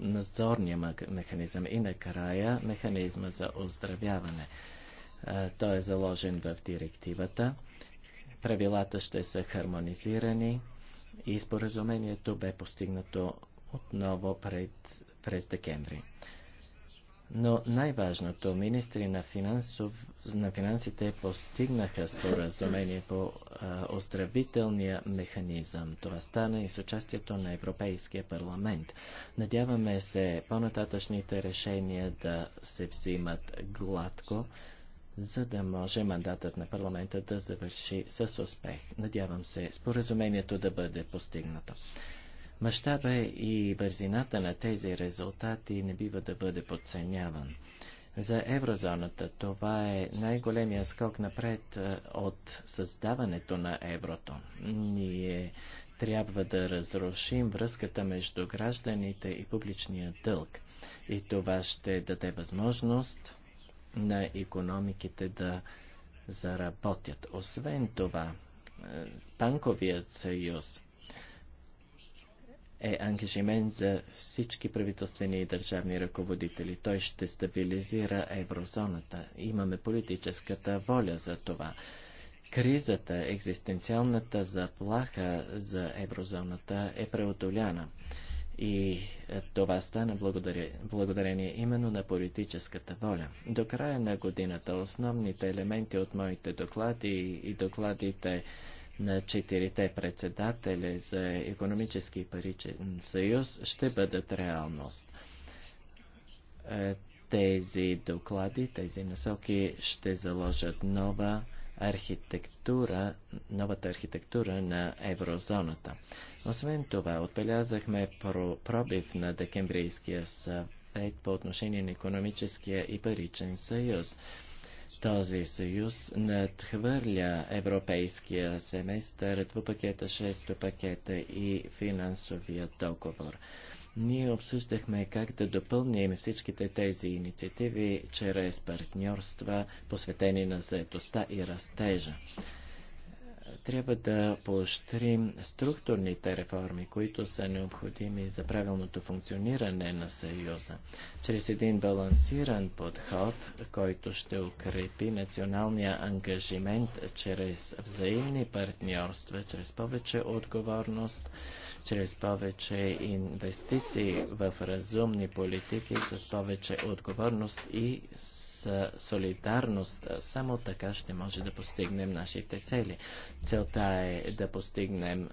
надзорния механизъм и накрая механизма за оздравяване. Той е заложен в директивата. Правилата ще са хармонизирани и споразумението бе постигнато отново пред, през декември. Но най-важното, министри на, финансов, на финансите постигнаха споразумение по а, оздравителния механизъм. Това стана и с участието на Европейския парламент. Надяваме се по-нататъчните решения да се взимат гладко, за да може мандатът на парламента да завърши с успех. Надявам се споразумението да бъде постигнато. Мащаба и бързината на тези резултати не бива да бъде подценяван. За еврозоната това е най-големия скок напред от създаването на еврото. Ние трябва да разрушим връзката между гражданите и публичния дълг. И това ще даде възможност на економиките да заработят. Освен това, банковият съюз е ангажимент за всички правителствени и държавни ръководители. Той ще стабилизира еврозоната. Имаме политическата воля за това. Кризата, екзистенциалната заплаха за еврозоната е преодоляна. И е, това стана благодарение именно на политическата воля. До края на годината основните елементи от моите доклади и докладите на четирите председатели за економически паричен съюз ще бъдат реалност. Е, тези доклади, тези насоки ще заложат нова архитектура, новата архитектура на еврозоната. Освен това, отбелязахме про пробив на декембрийския съвет по отношение на економическия и паричен съюз. Този съюз надхвърля европейския семестър, двупакета, шесто пакета и финансовия договор. Ние обсъждахме как да допълним всичките тези инициативи чрез партньорства, посветени на заетостта и растежа трябва да поощрим структурните реформи, които са необходими за правилното функциониране на Съюза, чрез един балансиран подход, който ще укрепи националния ангажимент чрез взаимни партньорства, чрез повече отговорност, чрез повече инвестиции в разумни политики, с повече отговорност и с за солидарност. Само така ще може да постигнем нашите цели. Целта е да постигнем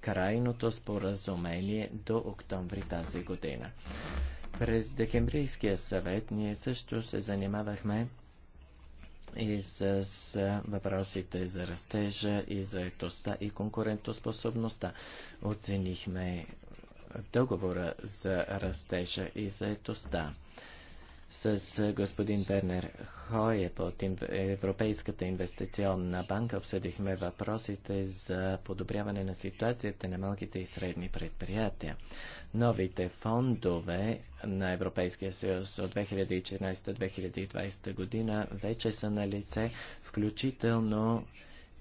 крайното споразумение до октомври тази година. През Декембрийския съвет ние също се занимавахме и с въпросите за растежа и заетостта и конкурентоспособността. Оценихме договора за растежа и заетостта с господин Бернер Хой от Европейската инвестиционна банка обсъдихме въпросите за подобряване на ситуацията на малките и средни предприятия. Новите фондове на Европейския съюз от 2014-2020 година вече са на лице, включително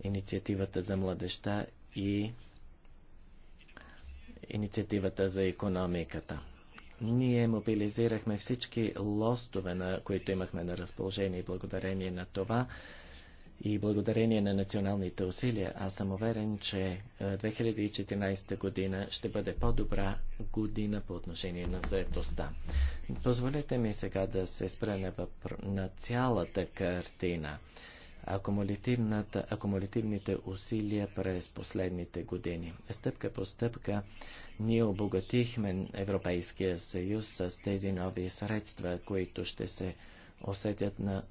инициативата за младеща и инициативата за економиката. Ние мобилизирахме всички лостове, на които имахме на разположение и благодарение на това и благодарение на националните усилия, аз съм уверен, че 2014 е, година ще бъде по-добра година по отношение на заедостта. Позволете ми сега да се спра на, въпр... на цялата картина. Акумулятивните усилия през последните години. Стъпка по стъпка ние обогатихме Европейския съюз с тези нови средства, които ще се усетят на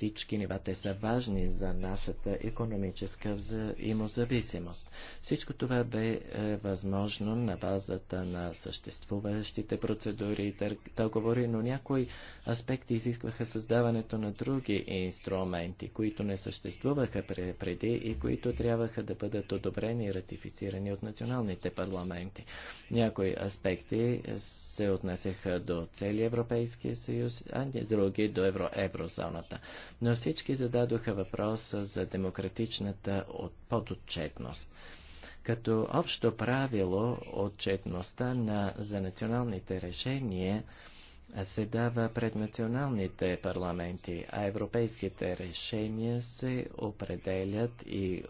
всички нива. Те са важни за нашата економическа взаимозависимост. Всичко това бе е, възможно на базата на съществуващите процедури и договори, но някои аспекти изискваха създаването на други инструменти, които не съществуваха преди и които трябваха да бъдат одобрени и ратифицирани от националните парламенти. Някои аспекти е, се отнесеха до целия Европейския съюз, а други до евро, еврозоната но всички зададоха въпроса за демократичната подотчетност. Като общо правило, отчетността на, за националните решения се дава пред националните парламенти, а европейските решения се определят и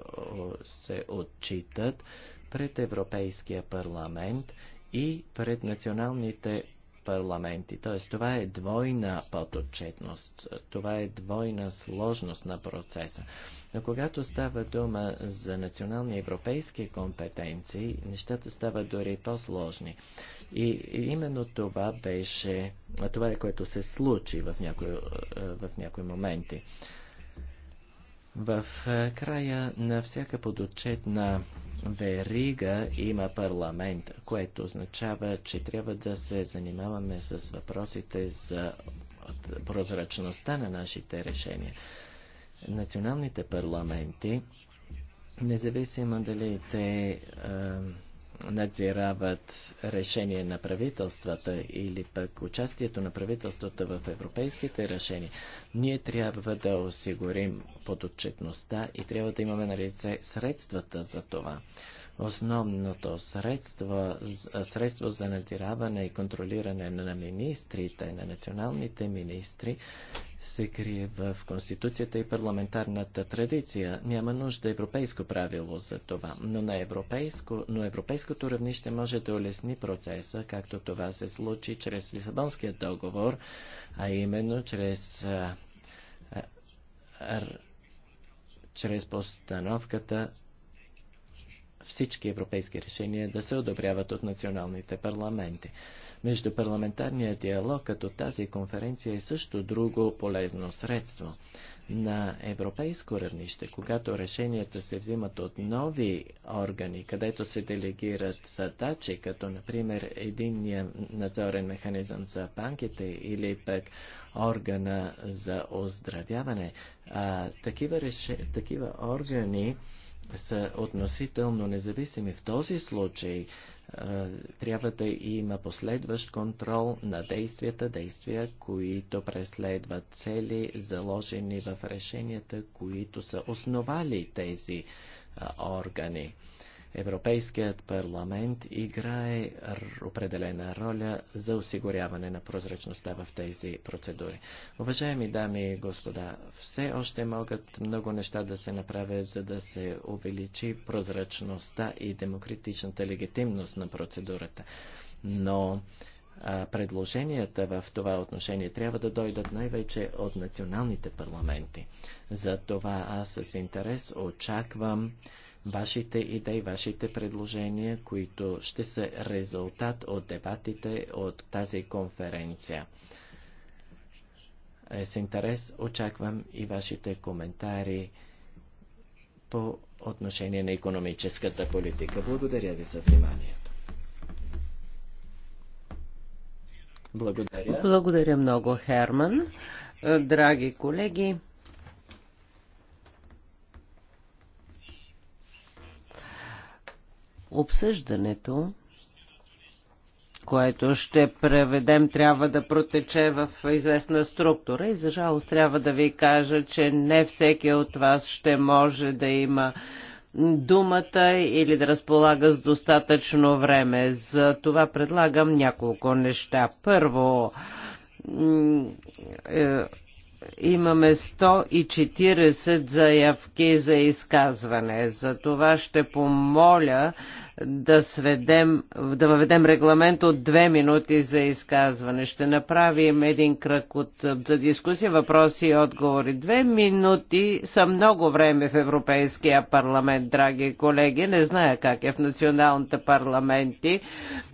се отчитат пред Европейския парламент и пред националните парламенти. Т.е. това е двойна подотчетност, това е двойна сложност на процеса. Но когато става дума за национални европейски компетенции, нещата стават дори по-сложни. И, и именно това беше, това е което се случи в някои, в някои моменти. В е, края на всяка подотчетна верига има парламент, което означава, че трябва да се занимаваме с въпросите за прозрачността на нашите решения. Националните парламенти, независимо дали те е, надзирават решение на правителствата или пък участието на правителствата в европейските решения, ние трябва да осигурим подотчетността и трябва да имаме на лице средствата за това. Основното средство, средство за надираване и контролиране на министрите, на националните министри, се крие в Конституцията и парламентарната традиция. Няма нужда европейско правило за това, но, на европейско, но европейското равнище може да улесни процеса, както това се случи чрез Лисабонския договор, а именно чрез, чрез постановката всички европейски решения да се одобряват от националните парламенти. Междупарламентарният диалог като тази конференция е също друго полезно средство. На европейско равнище, когато решенията се взимат от нови органи, където се делегират задачи, като например единния надзорен механизъм за банките или пък органа за оздравяване, а, такива, реше... такива органи са относително независими. В този случай трябва да има последващ контрол на действията, действия, които преследват цели, заложени в решенията, които са основали тези органи. Европейският парламент играе определена роля за осигуряване на прозрачността в тези процедури. Уважаеми дами и господа, все още могат много неща да се направят, за да се увеличи прозрачността и демократичната легитимност на процедурата. Но предложенията в това отношение трябва да дойдат най-вече от националните парламенти. За това аз с интерес очаквам вашите идеи, вашите предложения, които ще са резултат от дебатите от тази конференция. Е, с интерес очаквам и вашите коментари по отношение на економическата политика. Благодаря ви за вниманието. Благодаря. Благодаря много, Херман. Драги колеги, Обсъждането, което ще преведем, трябва да протече в известна структура и за жалост трябва да ви кажа, че не всеки от вас ще може да има думата или да разполага с достатъчно време. За това предлагам няколко неща. Първо, е, имаме 140 заявки за изказване. За това ще помоля да сведем, да въведем регламент от две минути за изказване. Ще направим един кръг от, за дискусия, въпроси и отговори. Две минути са много време в Европейския парламент, драги колеги. Не зная как е в националните парламенти,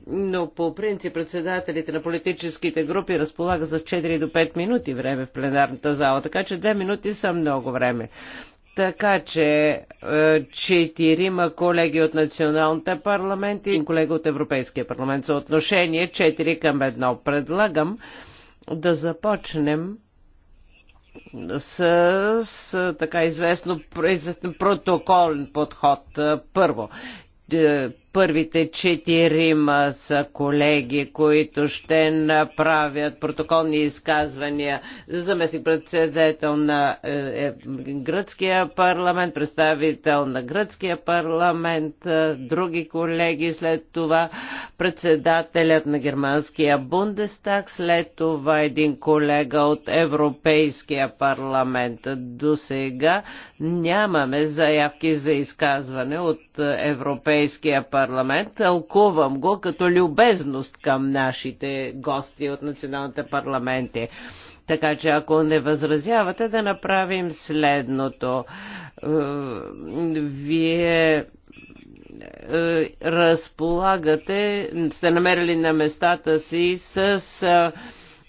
но по принцип председателите на политическите групи разполага за 4 до 5 минути време в пленарната зала, така че две минути са много време. Така че е, четирима колеги от националните парламенти и колега от Европейския парламент за отношение 4 към 1. Предлагам да започнем с, с така известно, протоколен подход. Е, първо, е, първите четирима са колеги, които ще направят протоколни изказвания за заместник председател на е, е, гръцкия парламент, представител на гръцкия парламент, е, други колеги, след това председателят на германския Бундестаг, след това един колега от Европейския парламент. До сега нямаме заявки за изказване от Европейския парламент парламент. Тълкувам го като любезност към нашите гости от националните парламенти. Така че ако не възразявате да направим следното. Е, вие е, разполагате, сте намерили на местата си с е,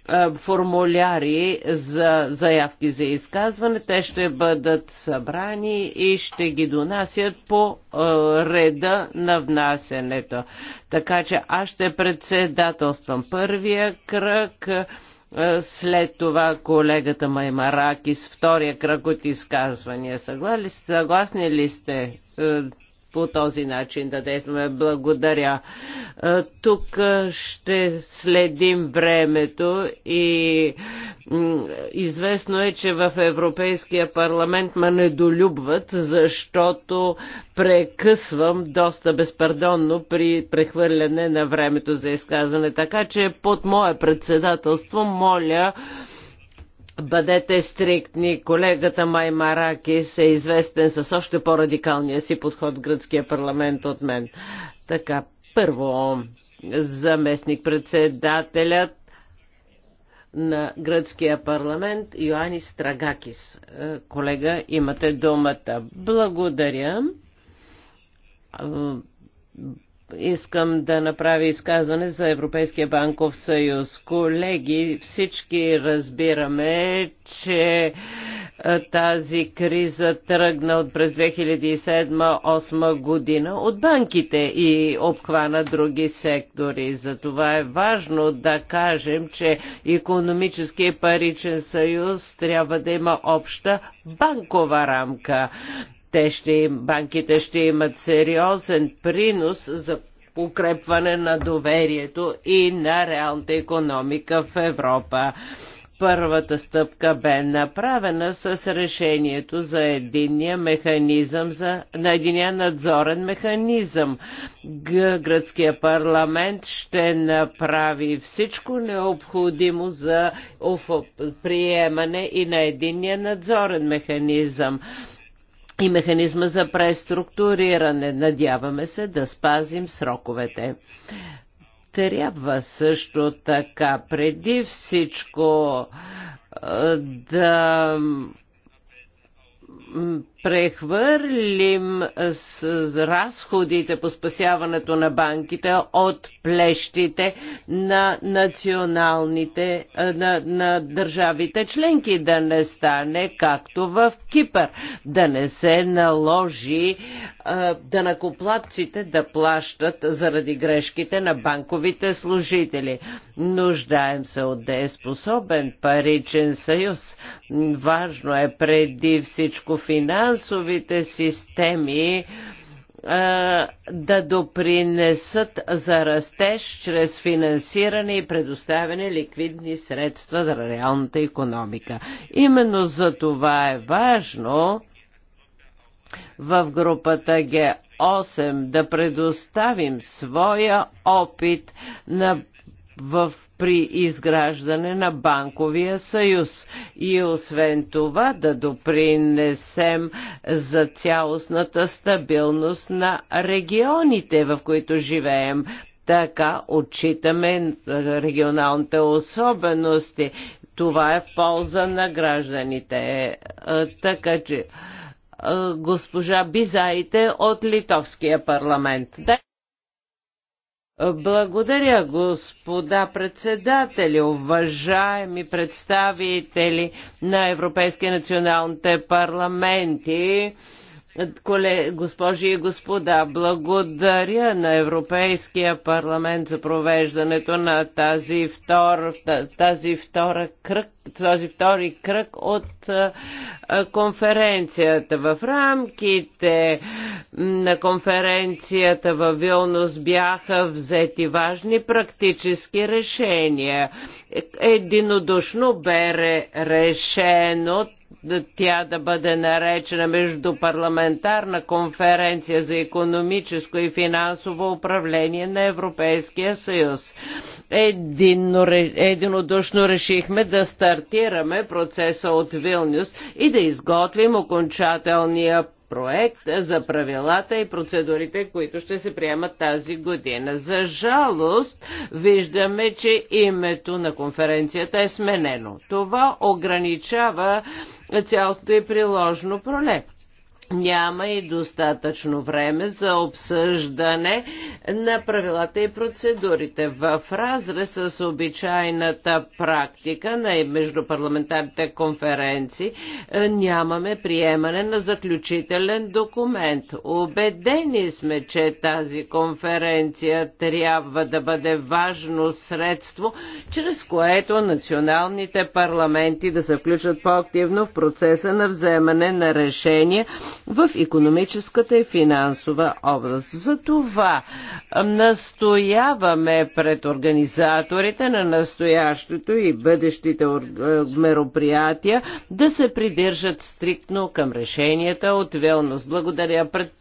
е, формуляри за заявки за изказване. Те ще бъдат събрани и ще ги донасят по е, реда на внасянето. Така че аз ще председателствам първия кръг. Е, след това колегата Маймаракис, втория кръг от изказвания. Съгласни ли сте? по този начин да действаме. Благодаря. Тук ще следим времето и известно е, че в Европейския парламент ме недолюбват, защото прекъсвам доста безпардонно при прехвърляне на времето за изказване. Така че под мое председателство моля Бъдете стриктни. Колегата Маймаракис е известен с още по-радикалния си подход в гръцкия парламент от мен. Така, първо, заместник-председателят на гръцкия парламент Йоанни Страгакис. Е, колега, имате думата. Благодаря е, искам да направя изказване за Европейския банков съюз. Колеги, всички разбираме, че тази криза тръгна от през 2007-2008 година от банките и обхвана други сектори. Затова е важно да кажем, че економическия паричен съюз трябва да има обща банкова рамка. Те ще банките ще имат сериозен принос за укрепване на доверието и на реалната економика в Европа. Първата стъпка бе направена с решението за единния механизъм за, на единия надзорен механизъм. Гръцкия парламент ще направи всичко необходимо за приемане и на единния надзорен механизъм и механизма за преструктуриране. Надяваме се да спазим сроковете трябва също така преди всичко да прехвърлим с разходите по спасяването на банките от плещите на националните, на, на държавите членки, да не стане както в Кипър, да не се наложи да накоплатците да плащат заради грешките на банковите служители. Нуждаем се от дееспособен паричен съюз. Важно е преди всичко финал финансовите системи да допринесат за растеж чрез финансиране и предоставяне ликвидни средства за реалната економика. Именно за това е важно в групата Г8 да предоставим своя опит на в при изграждане на банковия съюз и освен това да допринесем за цялостната стабилност на регионите, в които живеем. Така отчитаме е, регионалните особености. Това е в полза на гражданите. Е, е, така че госпожа Бизаите от Литовския парламент. Благодаря, господа председатели, уважаеми представители на Европейския националните парламенти. Коле, госпожи и господа, благодаря на Европейския парламент за провеждането на тази, втор, тази втора кръг, този втори кръг от конференцията. В рамките на конференцията във Вилнус бяха взети важни практически решения. Е, единодушно бе решено тя да бъде наречена Междупарламентарна конференция за економическо и финансово управление на Европейския съюз. Единно, единодушно решихме да стартираме процеса от Вилнюс и да изготвим окончателния проект за правилата и процедурите, които ще се приемат тази година. За жалост, виждаме, че името на конференцията е сменено. Това ограничава цялото е приложно проле няма и достатъчно време за обсъждане на правилата и процедурите. В разрез с обичайната практика на междупарламентарните конференции е, нямаме приемане на заключителен документ. Обедени сме, че тази конференция трябва да бъде важно средство, чрез което националните парламенти да се включат по-активно в процеса на вземане на решения в економическата и финансова област. За това настояваме пред организаторите на настоящото и бъдещите мероприятия да се придържат стриктно към решенията от Велнос. Благодаря, пред...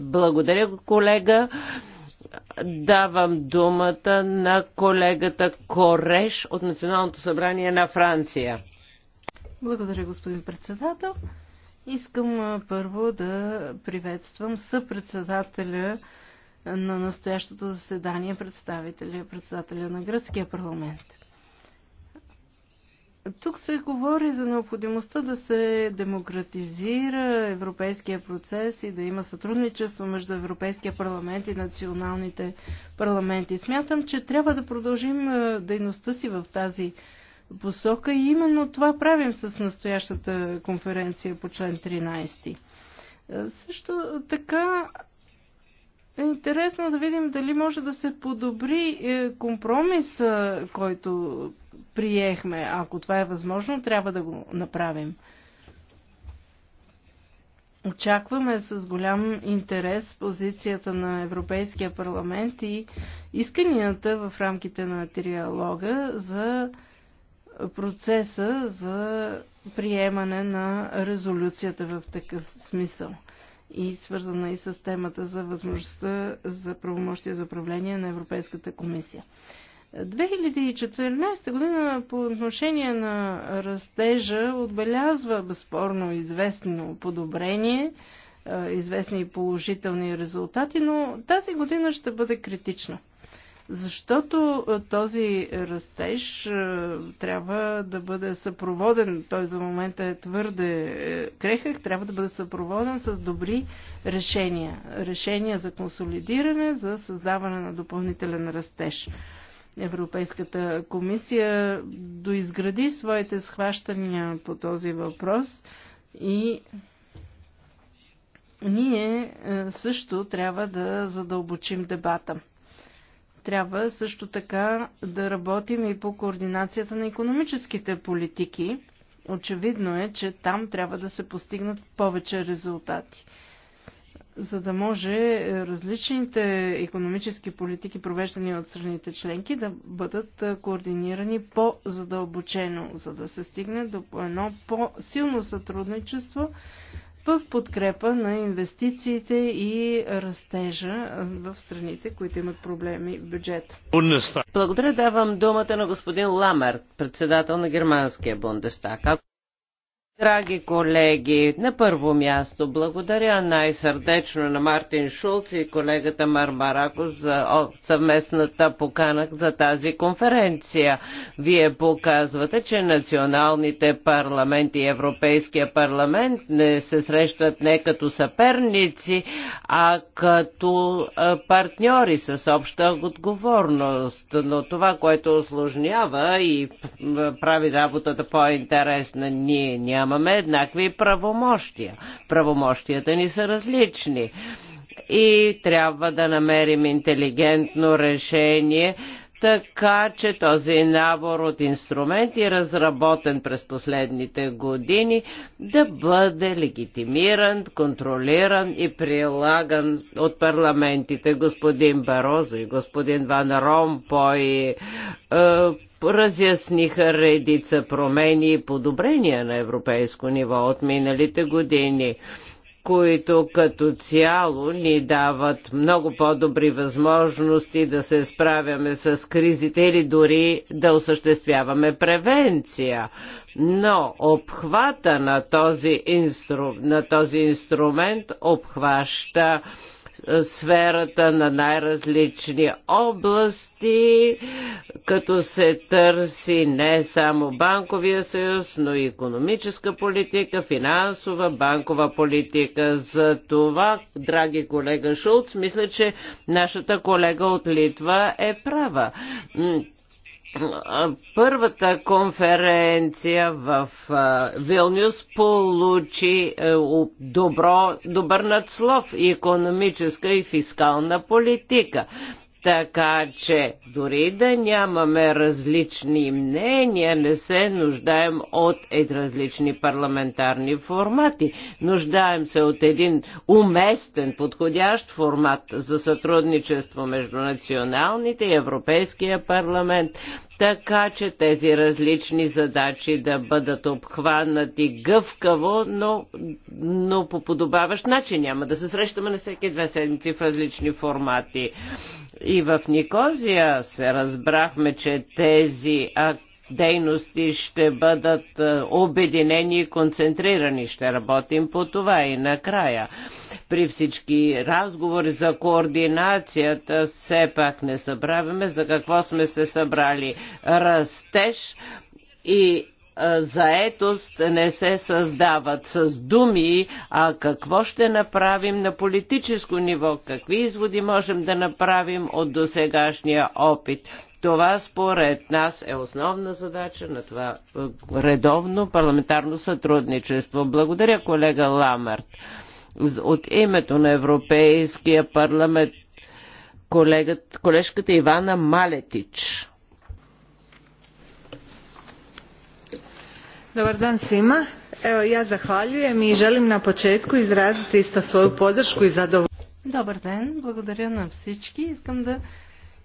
Благодаря колега. Давам думата на колегата Кореш от Националното събрание на Франция. Благодаря, господин председател. Искам първо да приветствам съпредседателя на настоящото заседание, представителя, председателя на Гръцкия парламент. Тук се говори за необходимостта да се демократизира европейския процес и да има сътрудничество между Европейския парламент и националните парламенти. Смятам, че трябва да продължим дейността си в тази посока и именно това правим с настоящата конференция по член 13. Е, също така е интересно да видим дали може да се подобри е, компромис, който приехме. Ако това е възможно, трябва да го направим. Очакваме с голям интерес позицията на Европейския парламент и исканията в рамките на триалога за процеса за приемане на резолюцията в такъв смисъл и свързана и с темата за възможността за правомощие за управление на Европейската комисия. 2014 година по отношение на растежа отбелязва безспорно известно подобрение, е, известни положителни резултати, но тази година ще бъде критична – защото е, този растеж е, трябва да бъде съпроводен, той за момента е твърде е, крехък, трябва да бъде съпроводен с добри решения. Решения за консолидиране, за създаване на допълнителен растеж. Европейската комисия доизгради своите схващания по този въпрос и ние също трябва да задълбочим дебата. Трябва също така да работим и по координацията на економическите политики. Очевидно е, че там трябва да се постигнат повече резултати за да може е, различните економически политики, провеждани от страните членки, да бъдат е, координирани по-задълбочено, за да се стигне до едно по-силно сътрудничество в подкрепа на инвестициите и растежа в страните, които имат проблеми в бюджета. Благодаря, давам думата на господин Ламерт, председател на германския Бундестаг. Драги колеги, на първо място благодаря най-сърдечно на Мартин Шулц и колегата Мармарако за съвместната покана за тази конференция. Вие показвате, че националните парламенти и Европейския парламент не се срещат не като съперници, а като партньори с обща отговорност. Но това, което осложнява и прави работата по-интересна, ние няма нямаме еднакви правомощия. Правомощията ни са различни и трябва да намерим интелигентно решение, така че този набор от инструменти, разработен през последните години, да бъде легитимиран, контролиран и прилаган от парламентите. Господин Барозо и господин Ван Ромпой е, разясниха редица промени и подобрения на европейско ниво от миналите години които като цяло ни дават много по-добри възможности да се справяме с кризите или дори да осъществяваме превенция. Но обхвата на този, инстру... на този инструмент обхваща сферата на най-различни области, като се търси не само банковия съюз, но и економическа политика, финансова, банкова политика. За това, драги колега Шулц, мисля, че нашата колега от Литва е права първата конференция в Вилнюс получи е, добро, добър надслов и економическа и фискална политика. Така че дори да нямаме различни мнения, не се нуждаем от различни парламентарни формати. Нуждаем се от един уместен, подходящ формат за сътрудничество между националните и Европейския парламент така че тези различни задачи да бъдат обхванати гъвкаво, но, но по подобаващ начин. Няма да се срещаме на всеки две седмици в различни формати. И в Никозия се разбрахме, че тези акции дейности ще бъдат е, обединени и концентрирани. Ще работим по това и накрая. При всички разговори за координацията все пак не събравяме за какво сме се събрали. Растеж и е, заетост не се създават с думи, а какво ще направим на политическо ниво, какви изводи можем да направим от досегашния опит. Това според нас е основна задача на това е, редовно парламентарно сътрудничество. Благодаря колега Ламарт. От името на Европейския парламент колегът, колежката Ивана Малетич. Добър ден свима. Ево, я захвалюем и желим на почетку izraziti исто svoju podršku и zadovoljstvo. Добър ден, благодаря на всички. Искам да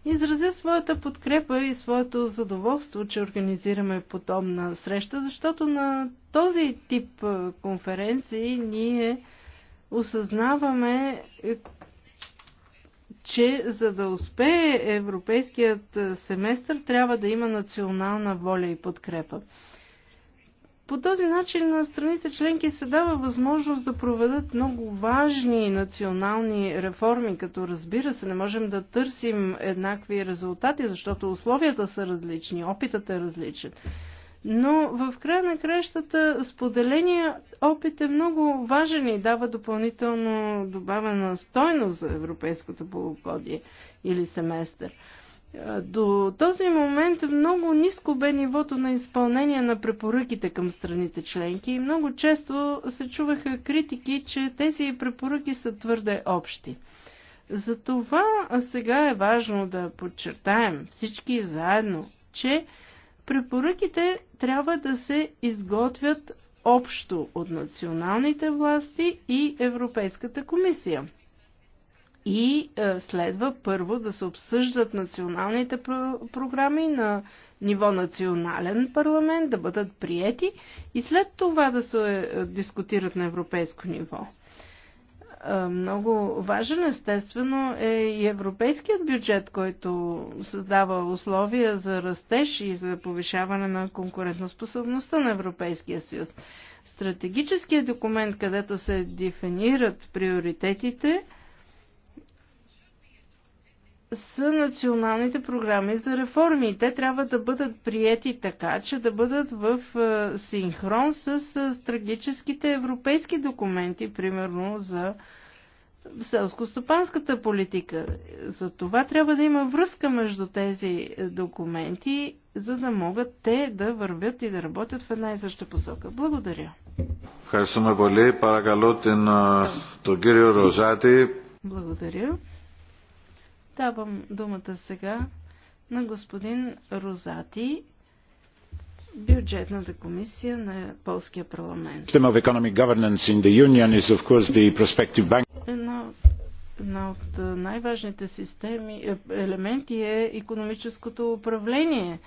изразя своята подкрепа и своето задоволство, че организираме подобна среща, защото на този тип конференции ние осъзнаваме, е, че за да успее европейският семестър трябва да има национална воля и подкрепа. По този начин на страните членки се дава възможност да проведат много важни национални реформи, като разбира се не можем да търсим еднакви резултати, защото условията са различни, опитът е различен. Но в края на кращата споделения опит е много важен и дава допълнително добавена стойност за европейското полугодие или семестър. Е, до този момент много ниско бе нивото на изпълнение на препоръките към страните членки и много често се чуваха критики, че тези препоръки са твърде общи. Затова сега е важно да подчертаем всички заедно, че препоръките трябва да се изготвят общо от националните власти и Европейската комисия и е, следва първо да се обсъждат националните програми на ниво национален парламент, да бъдат приети и след това да се е, дискутират на европейско ниво. Е, много важен естествено е и европейският бюджет, който създава условия за растеж и за повишаване на конкурентоспособността на Европейския съюз. Стратегическият документ, където се дефинират приоритетите, са националните програми за реформи. Те трябва да бъдат приети така, че да бъдат в е, синхрон с е, стратегическите европейски документи, примерно за селско-стопанската политика. За това трябва да има връзка между тези е, документи, за да могат те да вървят и да работят в една и съща посока. Благодаря. Благодаря. Давам думата сега на господин Розати, бюджетната комисия на Полския парламент. Една, една от е, най-важните системи, е, елементи е економическото управление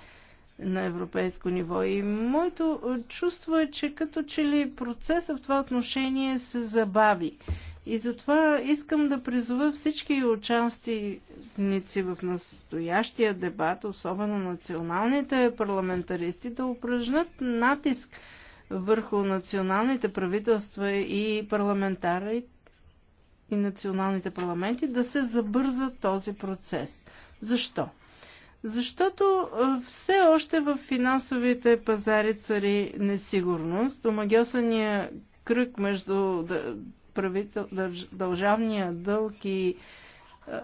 на европейско ниво. И моето е, чувство е, че като че ли процесът в това отношение се забави. И затова искам да призова всички участници в настоящия дебат, особено националните парламентаристи, да упражнат натиск върху националните правителства и парламентари и националните парламенти да се забърза този процес. Защо? Защото все още в финансовите пазари цари несигурност. Омагиосания кръг между правител, държ, дължавния дълг и е,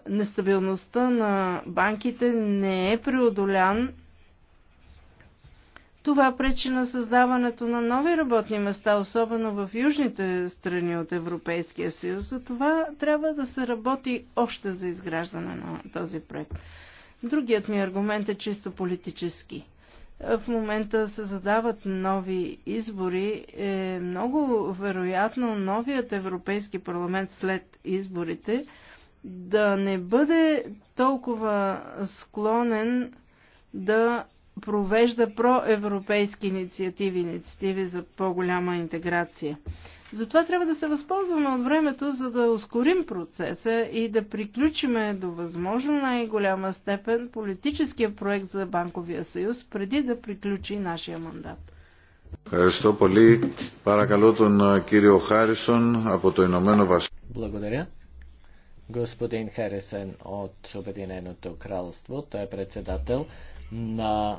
нестабилността на банките не е преодолян, това пречи на създаването на нови работни места, особено в южните страни от Европейския съюз. За това трябва да се работи още за изграждане на този проект. Другият ми аргумент е чисто политически в момента се задават нови избори, е много вероятно новият Европейски парламент след изборите да не бъде толкова склонен да провежда проевропейски инициативи, инициативи за по-голяма интеграция. Затова трябва да се възползваме от времето, за да ускорим процеса и да приключиме до възможно най-голяма степен политическия проект за Банковия съюз, преди да приключи нашия мандат. Ευχαριστώ πολύ. Παρακαλώ τον κύριο Χάρισον από το Ηνωμένο Βασίλειο. Благодаря. Господин Харисен от Обединеното кралство, той е председател на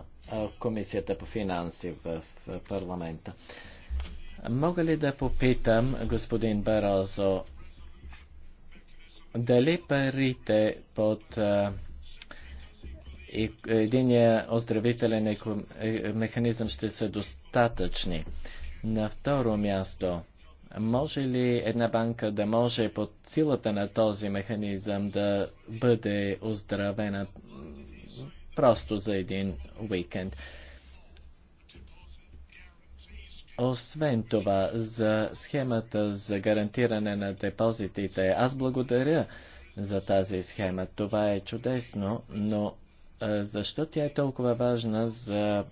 Комисията по финанси в парламента. Мога ли да попитам, господин Барозо, дали парите под единия оздравителен е, механизъм ще са достатъчни? На второ място, може ли една банка да може под силата на този механизъм да бъде оздравена просто за един уикенд? Освен това, за схемата за гарантиране на депозитите, аз благодаря за тази схема. Това е чудесно, но защо тя е толкова важна за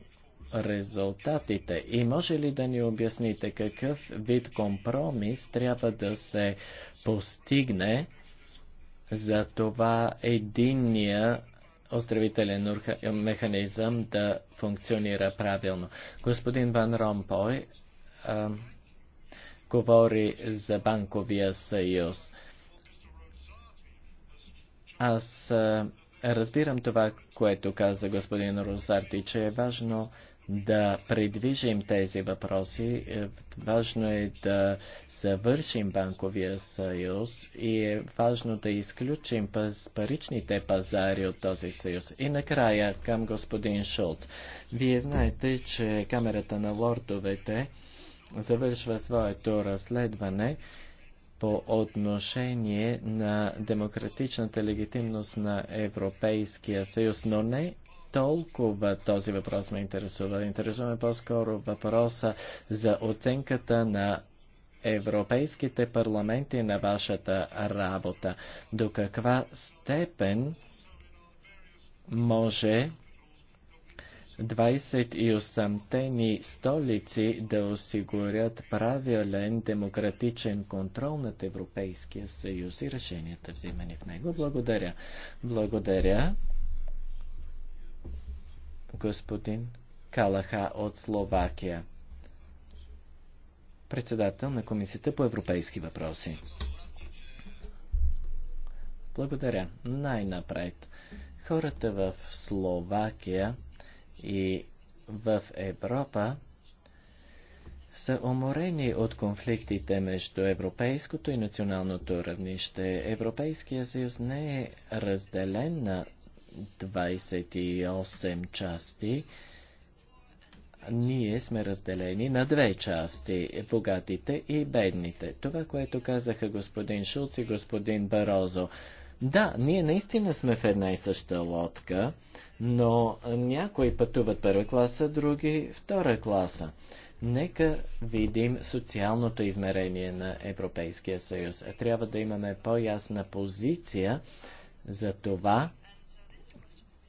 резултатите? И може ли да ни обясните какъв вид компромис трябва да се постигне за това единния оздравителен е, механизъм да функционира правилно. Господин Ван Ромпой а, говори за банковия съюз. Аз а, разбирам това, което каза господин Розарти, че е важно да предвижим тези въпроси. Е, важно е да завършим банковия съюз и е важно да изключим паричните пазари от този съюз. И накрая към господин Шулц. Вие знаете, че Камерата на лордовете завършва своето разследване по отношение на демократичната легитимност на Европейския съюз, но не толкова този въпрос ме интересува. Интересуваме по-скоро въпроса за оценката на европейските парламенти на вашата работа. До каква степен може 28-те ни столици да осигурят правилен демократичен контрол над Европейския съюз и решенията взимани в него. Благодаря. Благодаря господин Калаха от Словакия, председател на Комисията по европейски въпроси. Благодаря. Най-напред. Хората в Словакия и в Европа са уморени от конфликтите между европейското и националното равнище. Европейския съюз не е разделен на 28 части, ние сме разделени на две части – богатите и бедните. Това, което казаха господин Шулц и господин Барозо. Да, ние наистина сме в една и съща лодка, но някои пътуват първа класа, други втора класа. Нека видим социалното измерение на Европейския съюз. Трябва да имаме по-ясна позиция за това,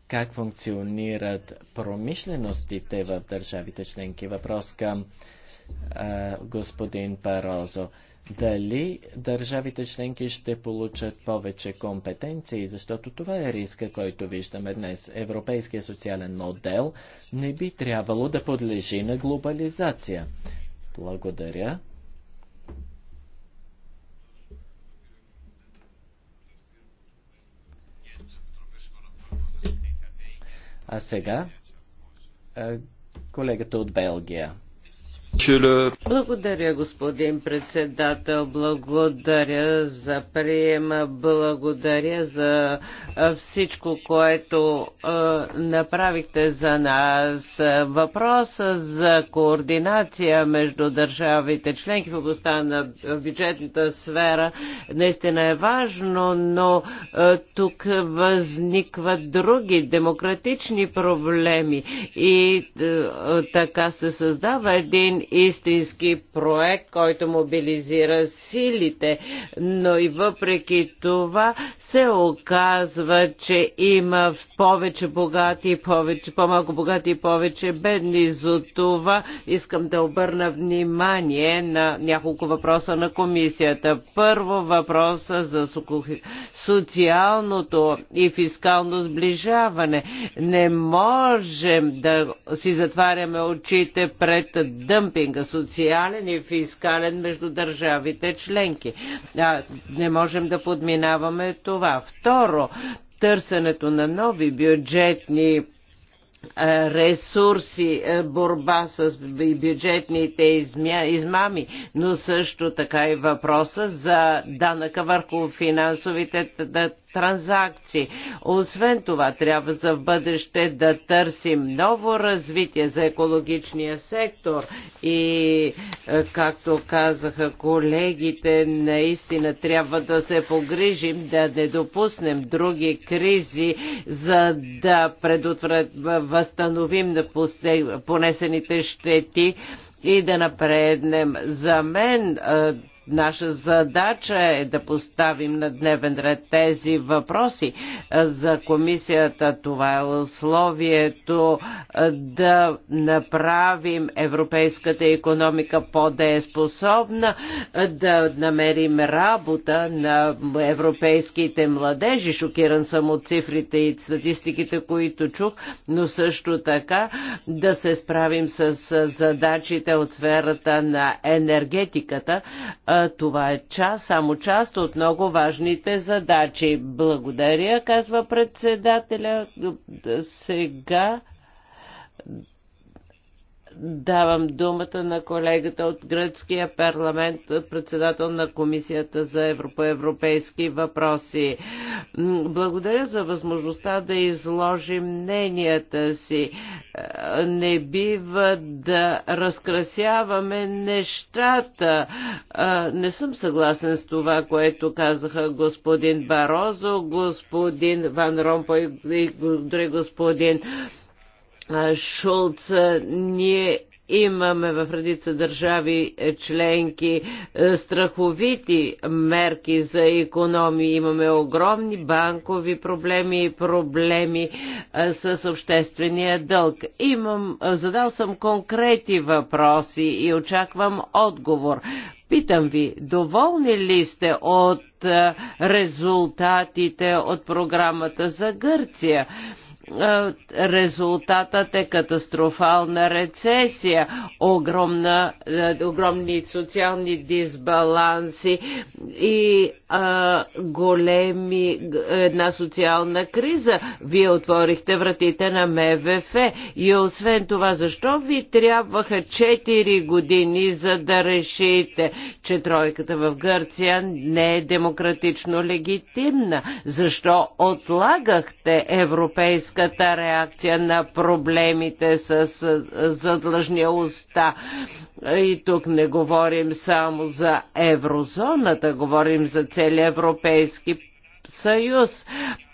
как функционират промишленостите в държавите членки. Въпрос към а, господин Парозо. Дали държавите членки ще получат повече компетенции, защото това е риска, който виждаме днес. Европейския социален модел не би трябвало да подлежи на глобализация. Благодаря. А сега е, колегата от Белгия. Благодаря, господин председател. Благодаря за приема. Благодаря за всичко, което е, направихте за нас. Въпроса за координация между държавите членки в областта на бюджетната сфера наистина е важно, но е, тук възникват други демократични проблеми и е, така се създава един истински проект, който мобилизира силите, но и въпреки това се оказва, че има повече богати и повече, по-малко богати и повече бедни. За това искам да обърна внимание на няколко въпроса на комисията. Първо въпроса за социалното и фискално сближаване. Не можем да си затваряме очите пред дъм дъмпинга, социален и фискален между държавите членки. А, не можем да подминаваме това. Второ, търсенето на нови бюджетни е, ресурси, е, борба с бюджетните измами, но също така и въпроса за данъка върху финансовите транзакции. Освен това, трябва за в бъдеще да търсим ново развитие за екологичния сектор и, е, както казаха колегите, наистина трябва да се погрижим да не допуснем други кризи, за да предотврат, възстановим понесените щети и да напреднем. За мен е, Наша задача е да поставим на дневен ред тези въпроси. За комисията това е условието да направим европейската економика по-дееспособна, да намерим работа на европейските младежи. Шокиран съм от цифрите и статистиките, които чух, но също така да се справим с задачите от сферата на енергетиката, това е част, само част от много важните задачи. Благодаря, казва председателя. Сега Давам думата на колегата от гръцкия парламент, председател на Комисията за европейски въпроси. Благодаря за възможността да изложим мненията си. Не бива да разкрасяваме нещата. Не съм съгласен с това, което казаха господин Барозо, господин Ван Ромпо и дори господин Шулц, ние имаме в редица държави е, членки е, страховити мерки за економии. Имаме огромни банкови проблеми и проблеми е, с обществения дълг. Имам, задал съм конкрети въпроси и очаквам отговор. Питам ви, доволни ли сте от резултатите от програмата за Гърция? резултатът е катастрофална рецесия, огромна, огромни социални дисбаланси и а, големи една социална криза. Вие отворихте вратите на МВФ и освен това, защо ви трябваха 4 години за да решите, че тройката в Гърция не е демократично легитимна? Защо отлагахте европейска истинската реакция на проблемите с задлъжнялостта. И тук не говорим само за еврозоната, говорим за целия Европейски съюз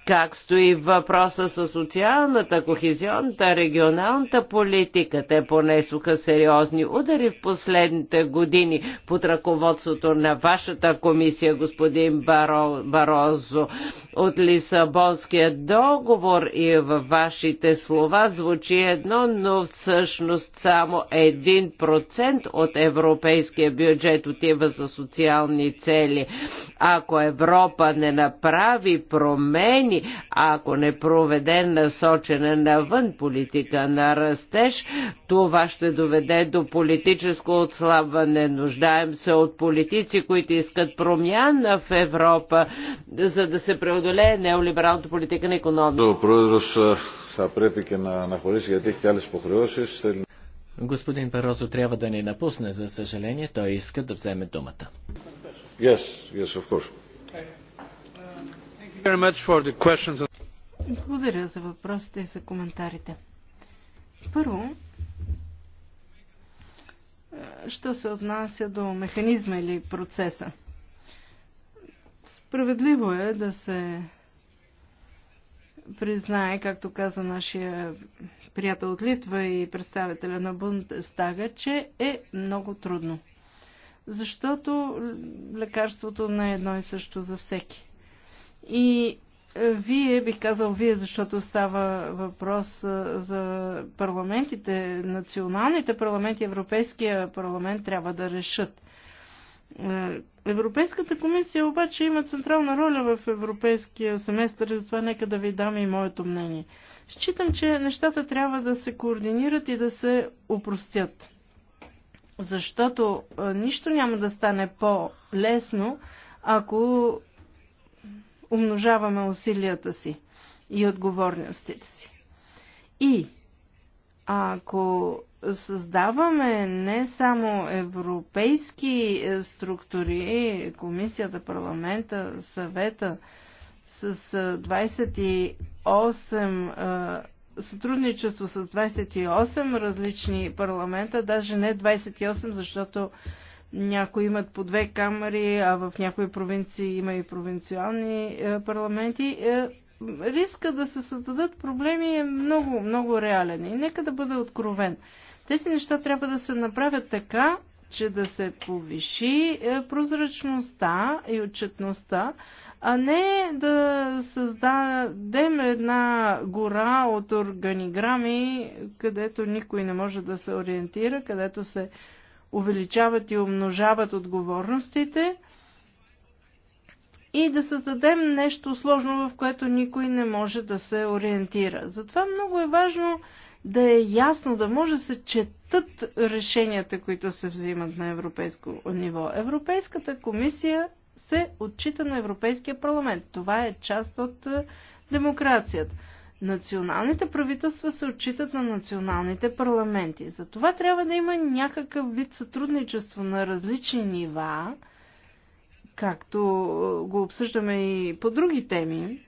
как стои въпроса с социалната, кохезионната, регионалната политика. Те понесоха сериозни удари в последните години под ръководството на вашата комисия, господин Баро, Барозо от Лисабонския договор и във вашите слова звучи едно, но всъщност само 1% от европейския бюджет отива за социални цели. Ако Европа не направи промени, ако не проведе насочена навън политика на растеж, това ще доведе до политическо отслабване. Нуждаем се от политици, които искат промяна в Европа, за да се преодолеят γιατί έχει και άλλε υποχρεώσει. Господин Перозо, трябва да ни напусне, за съжаление, той иска да вземе думата. Yes, yes, of course. Благодаря за въпросите и за коментарите. Първо, що се отнася до механизма или процеса. Справедливо е да се признае, както каза нашия приятел от Литва и представителя на Бундестага, че е много трудно. Защото лекарството не е едно и също за всеки. И е, вие, бих казал вие, защото става въпрос е, за парламентите, националните парламенти, Европейския парламент трябва да решат. Е, Европейската комисия обаче има централна роля в европейския семестър, затова нека да ви дам и моето мнение. Считам, че нещата трябва да се координират и да се упростят. Защото е, нищо няма да стане по-лесно, ако умножаваме усилията си и отговорностите си. И ако създаваме не само европейски е, структури, е, комисията, парламента, съвета, с 28 е, сътрудничество с 28 различни парламента, даже не 28, защото някои имат по две камери, а в някои провинции има и провинциални парламенти. Риска да се създадат проблеми е много, много реален и нека да бъде откровен. Тези неща трябва да се направят така, че да се повиши е, прозрачността и отчетността, а не да създадем една гора от органиграми, където никой не може да се ориентира, където се увеличават и умножават отговорностите и да създадем нещо сложно, в което никой не може да се ориентира. Затова много е важно да е ясно, да може да се четат решенията, които се взимат на европейско ниво. Европейската комисия се отчита на Европейския парламент. Това е част от демокрацията. Националните правителства се отчитат на националните парламенти. Затова трябва да има някакъв вид сътрудничество на различни нива, както го обсъждаме и по други теми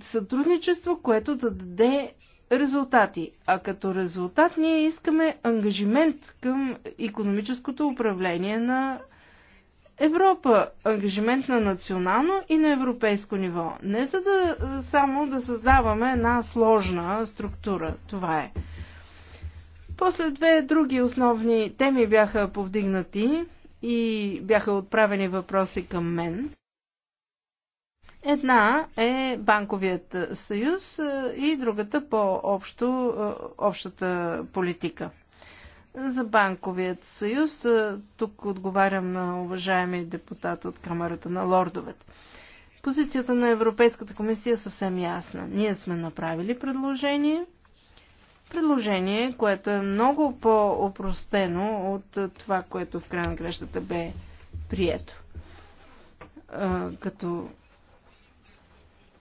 сътрудничество, което да даде резултати. А като резултат ние искаме ангажимент към економическото управление на Европа. Ангажимент на национално и на европейско ниво. Не за да само да създаваме една сложна структура. Това е. После две други основни теми бяха повдигнати и бяха отправени въпроси към мен. Една е банковият е, съюз е, и другата по-общо е, общата политика. За банковият съюз тук отговарям на уважаеми депутат от Камерата на лордовете. Позицията на Европейската комисия е съвсем ясна. Ние сме направили предложение. Предложение, което е много по-опростено от това, което в край на грещата бе прието. Като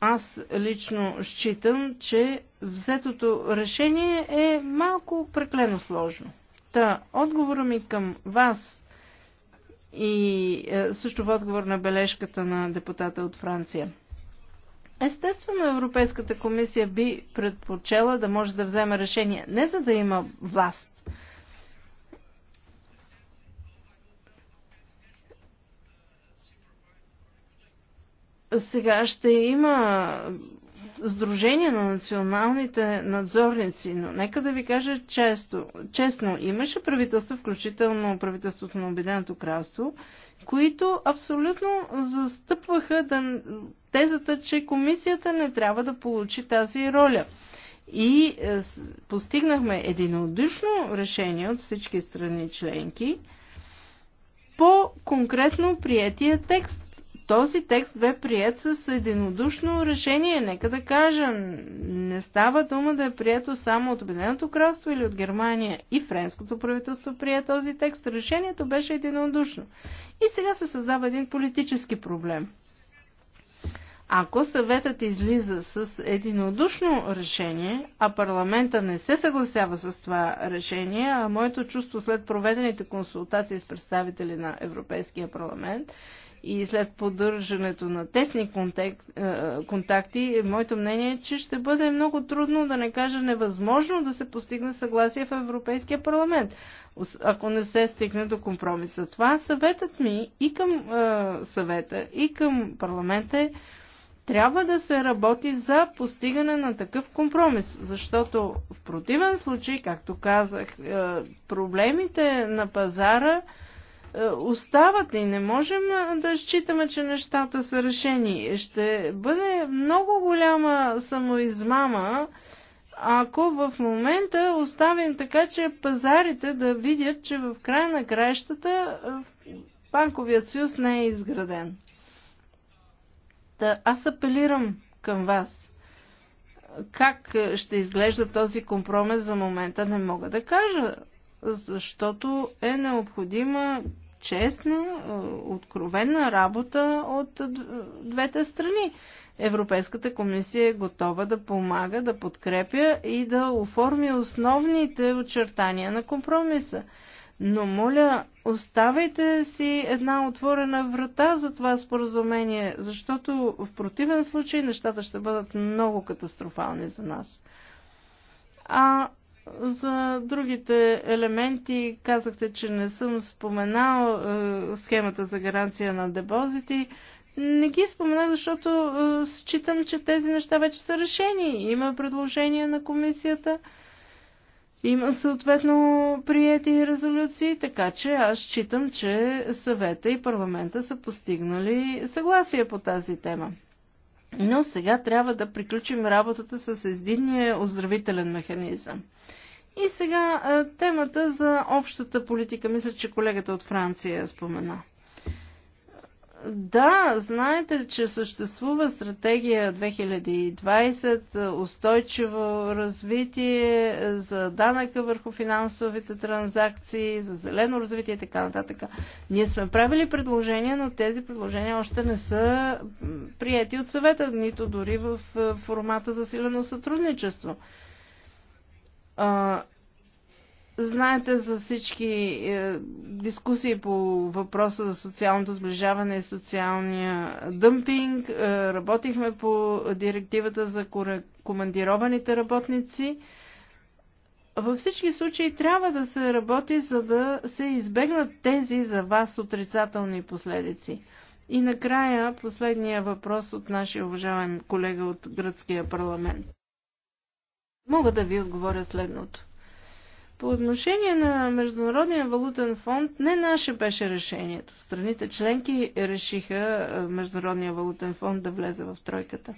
аз лично считам, че взетото решение е малко преклено сложно. Та, отговора ми към вас и е, също в отговор на бележката на депутата от Франция. Естествено, Европейската комисия би предпочела да може да вземе решение не за да има власт, Сега ще има Сдружение на националните надзорници, но нека да ви кажа често, честно, имаше правителства, включително правителството на Обеденото кралство, които абсолютно застъпваха да, тезата, че комисията не трябва да получи тази роля. И е, постигнахме единодушно решение от всички страни членки по конкретно приятия текст този текст бе прият с единодушно решение. Нека да кажа, не става дума да е прието само от Обединеното кралство или от Германия. И френското правителство прие този текст. Решението беше единодушно. И сега се създава един политически проблем. Ако съветът излиза с единодушно решение, а парламента не се съгласява с това решение, а моето чувство след проведените консултации с представители на Европейския парламент – и след поддържането на тесни контакт, е, контакти, моето мнение е, че ще бъде много трудно, да не кажа невъзможно, да се постигне съгласие в Европейския парламент, ако не се стигне до компромиса. Това съветът ми и към е, съвета, и към парламента е, трябва да се работи за постигане на такъв компромис, защото в противен случай, както казах, е, проблемите на пазара е, остават и Не можем е, да считаме, че нещата са решени. Ще бъде много голяма самоизмама, ако в момента оставим така, че пазарите да видят, че в края на краищата е, банковият съюз не е изграден. Та аз апелирам към вас. Как ще изглежда този компромис за момента не мога да кажа защото е необходима честна, е, откровена работа от двете страни. Европейската комисия е готова да помага, да подкрепя и да оформи основните очертания на компромиса. Но, моля, оставайте си една отворена врата за това споразумение, защото в противен случай нещата ще бъдат много катастрофални за нас. А за другите елементи казахте, че не съм споменал е, схемата за гаранция на депозити. Не ги споменах, защото е, считам, че тези неща вече са решени. Има предложения на комисията, има съответно приети резолюции, така че аз считам, че съвета и парламента са постигнали съгласие по тази тема. Но сега трябва да приключим работата с единния оздравителен механизъм. И сега е, темата за общата политика. Мисля, че колегата от Франция спомена. Да, знаете, че съществува стратегия 2020, е, устойчиво развитие е, за данъка върху финансовите транзакции, за зелено развитие и така нататък. Ние сме правили предложения, но тези предложения още не са прияти от съвета, нито дори в формата за силено сътрудничество. А, знаете за всички е, дискусии по въпроса за социалното сближаване и социалния дъмпинг. Е, работихме по директивата за командированите работници. Във всички случаи трябва да се работи, за да се избегнат тези за вас отрицателни последици. И накрая последния въпрос от нашия уважаван колега от гръцкия парламент. Мога да ви отговоря следното. По отношение на Международния валутен фонд, не наше беше решението. Страните членки решиха е, Международния валутен фонд да влезе в тройката.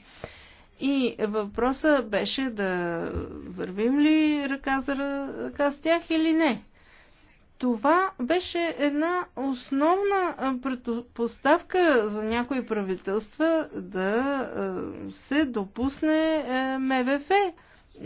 И въпроса беше да вървим ли ръка за ръка с тях или не. Това беше една основна е, предпоставка за някои правителства да е, се допусне МВФ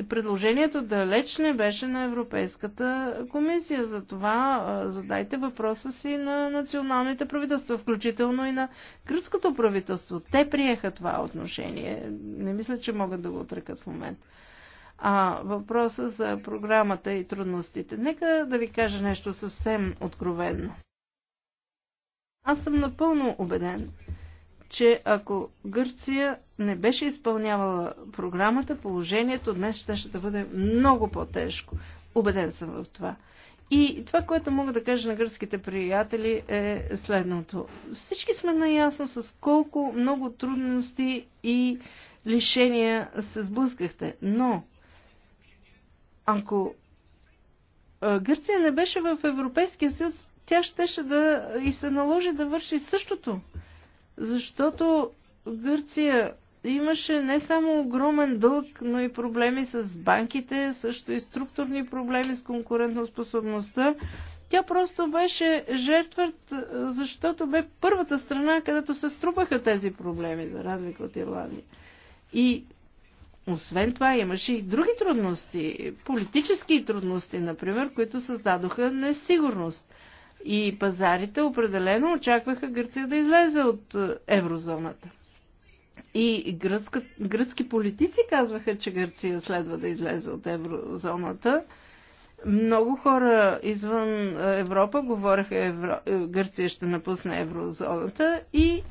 Предложението далеч не беше на Европейската комисия. Затова задайте въпроса си на националните правителства, включително и на гръцкото правителство. Те приеха това отношение. Не мисля, че могат да го отрекат в момента. А въпроса за програмата и трудностите. Нека да ви кажа нещо съвсем откровенно. Аз съм напълно убеден, че ако Гърция не беше изпълнявала програмата, положението днес ще, ще бъде много по-тежко. Убеден съм в това. И това, което мога да кажа на гръцките приятели е следното. Всички сме наясно с колко много трудности и лишения се сблъскахте. Но, ако Гърция не беше в Европейския съюз, тя щеше да и се наложи да върши същото защото Гърция имаше не само огромен дълг, но и проблеми с банките, също и структурни проблеми с конкурентоспособността. Тя просто беше жертва, защото бе първата страна, където се струпаха тези проблеми, за разлика от Ирландия. И освен това имаше и други трудности, политически трудности, например, които създадоха несигурност. И пазарите определено очакваха Гърция да излезе от е, еврозоната. И гръцка, гръцки политици казваха, че Гърция следва да излезе от еврозоната. Много хора извън е, Европа говореха, Евро... Е, Гърция ще напусне еврозоната и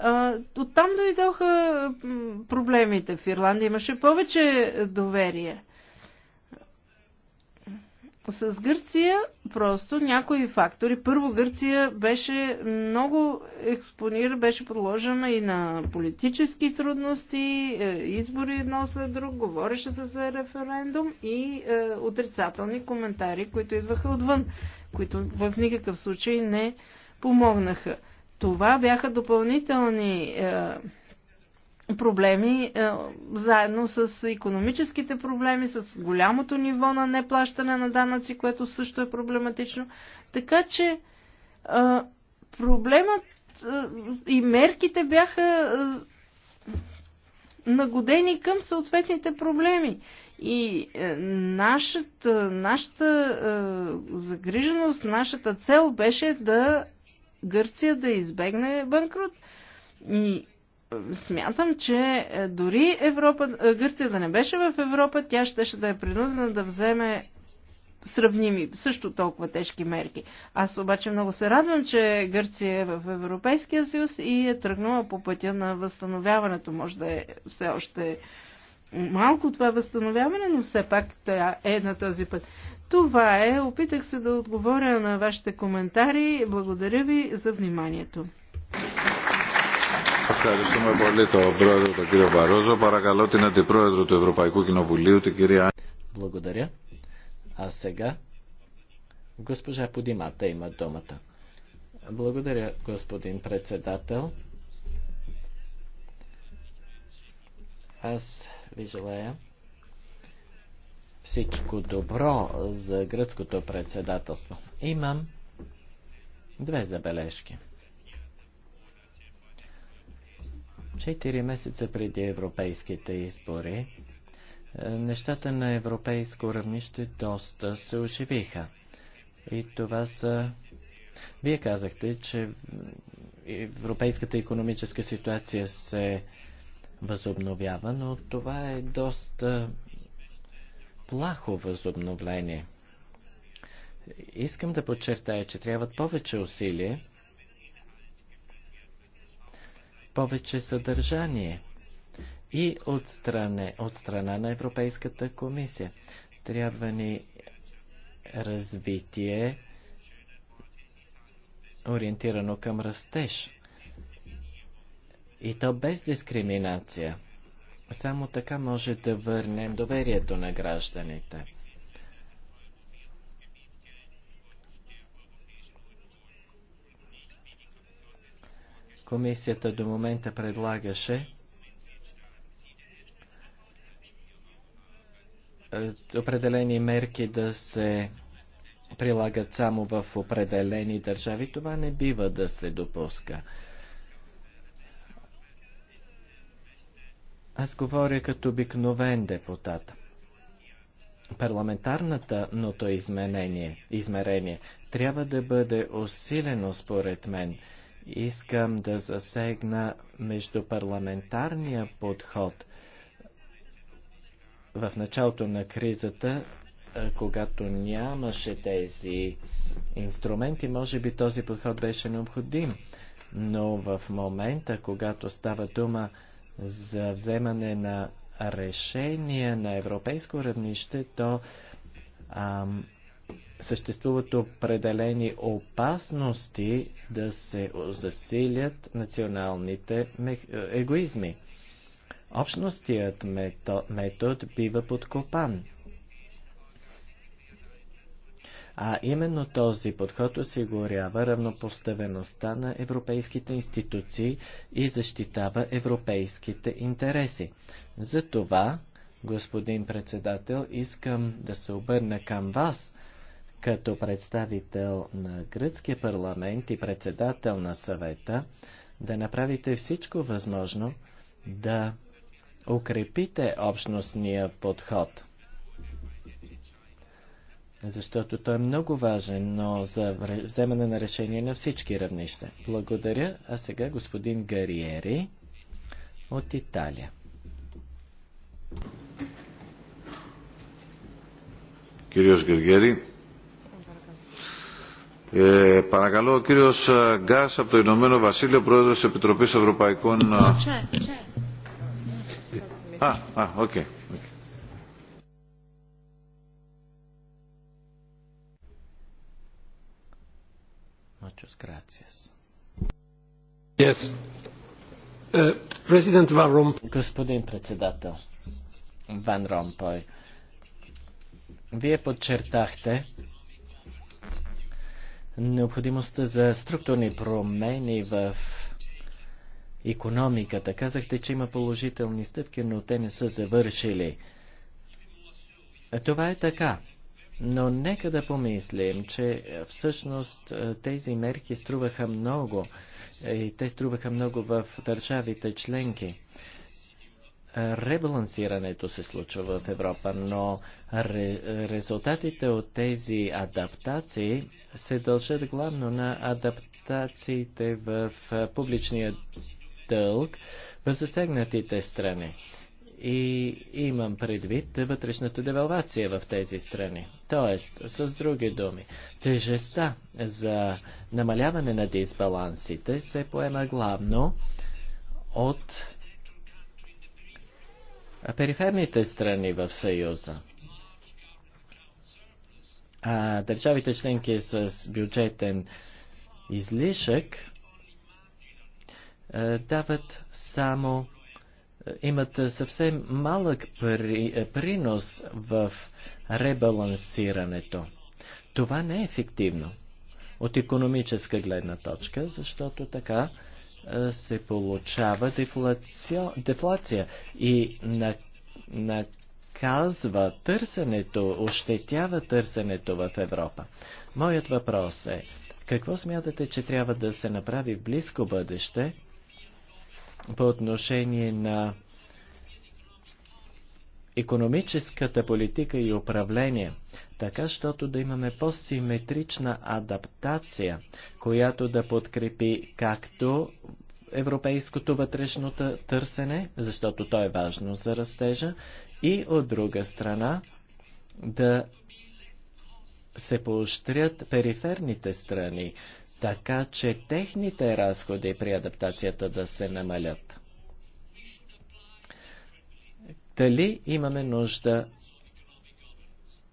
а, оттам дойдоха проблемите. В Ирландия имаше повече доверие. С Гърция просто някои фактори. Първо Гърция беше много експонира, беше подложена и на политически трудности, е, избори едно след друг, говореше се за референдум и е, отрицателни коментари, които идваха отвън, които в никакъв случай не помогнаха. Това бяха допълнителни е, проблеми, е, заедно с економическите проблеми, с голямото ниво на неплащане на данъци, което също е проблематично. Така че е, проблемът е, и мерките бяха нагодени към съответните проблеми. И нашата, нашата загриженост, нашата цел беше да Гърция да избегне банкрут. И смятам, че е, дори Европа, е, Гърция да не беше в Европа, тя щеше да е принудена да вземе сравними, също толкова тежки мерки. Аз обаче много се радвам, че Гърция е в Европейския съюз и е тръгнала по пътя на възстановяването. Може да е все още малко това възстановяване, но все пак тя е на този път. Това е. Опитах се да отговоря на вашите коментари. Благодаря ви за вниманието. Ευχαριστούμε πολύ τον πρόεδρο τον κύριο Μπαρόζο. Παρακαλώ την αντιπρόεδρο του Ευρωπαϊκού Κοινοβουλίου, την κυρία Благодаря. А сега госпожа Подимата има думата. Благодаря, господин председател. Аз ви желая всичко добро за гръцкото председателство. Имам две забележки. Четири месеца преди европейските избори, е, нещата на европейско равнище доста се оживиха. И това са... Вие казахте, че европейската економическа ситуация се възобновява, но това е доста плахо възобновление. Искам да подчертая, че трябват повече усилия, повече съдържание и от страна, от страна на Европейската комисия. Трябва ни развитие, ориентирано към растеж. И то без дискриминация. Само така може да върнем доверието на гражданите. Комисията до момента предлагаше е, определени мерки да се прилагат само в определени държави. Това не бива да се допуска. Аз говоря като обикновен депутат. Парламентарната ното измерение трябва да бъде усилено според мен. Искам да засегна междупарламентарния подход. В началото на кризата, когато нямаше тези инструменти, може би този подход беше необходим. Но в момента, когато става дума за вземане на решения на европейско равнище, то ам, съществуват определени опасности да се засилят националните е, егоизми. Общностият метод бива подкопан. А именно този подход осигурява равнопоставеността на европейските институции и защитава европейските интереси. Затова, господин председател, искам да се обърна към вас – като представител на гръцкия парламент и председател на съвета, да направите всичко възможно да укрепите общностния подход. Защото той е много важен, но за вземане на решение на всички равнища. Благодаря, а сега господин Гариери от Италия. Кириос Гаргери παρακαλώ, ο κύριος Γκάς από το Ηνωμένο Βασίλειο, πρόεδρος της Επιτροπής Ευρωπαϊκών... Α, α, οκ. Muchas gracias. Yes. President Van Rompuy. Господин председател Ван Ромпой, вие подчертахте, необходимостта за структурни промени в економиката. Казахте, че има положителни стъпки, но те не са завършили. Това е така. Но нека да помислим, че всъщност е, тези мерки струваха много е, и те струваха много в държавите членки ребалансирането се случва в Европа, но ре, резултатите от тези адаптации се дължат главно на адаптациите в публичния дълг в засегнатите страни. И имам предвид вътрешната девалвация в тези страни. Тоест, с други думи, тежестта за намаляване на дисбалансите се поема главно от периферните страни в Съюза. А държавите членки с бюджетен излишък дават само имат съвсем малък при, принос в ребалансирането. Това не е ефективно от економическа гледна точка, защото така се получава дефлация, дефлация и наказва търсенето, ощетява търсенето в Европа. Моят въпрос е, какво смятате, че трябва да се направи в близко бъдеще по отношение на економическата политика и управление, така щото да имаме по-симетрична адаптация, която да подкрепи както европейското вътрешно търсене, защото то е важно за растежа, и от друга страна да се поощрят периферните страни, така че техните разходи при адаптацията да се намалят. Дали имаме нужда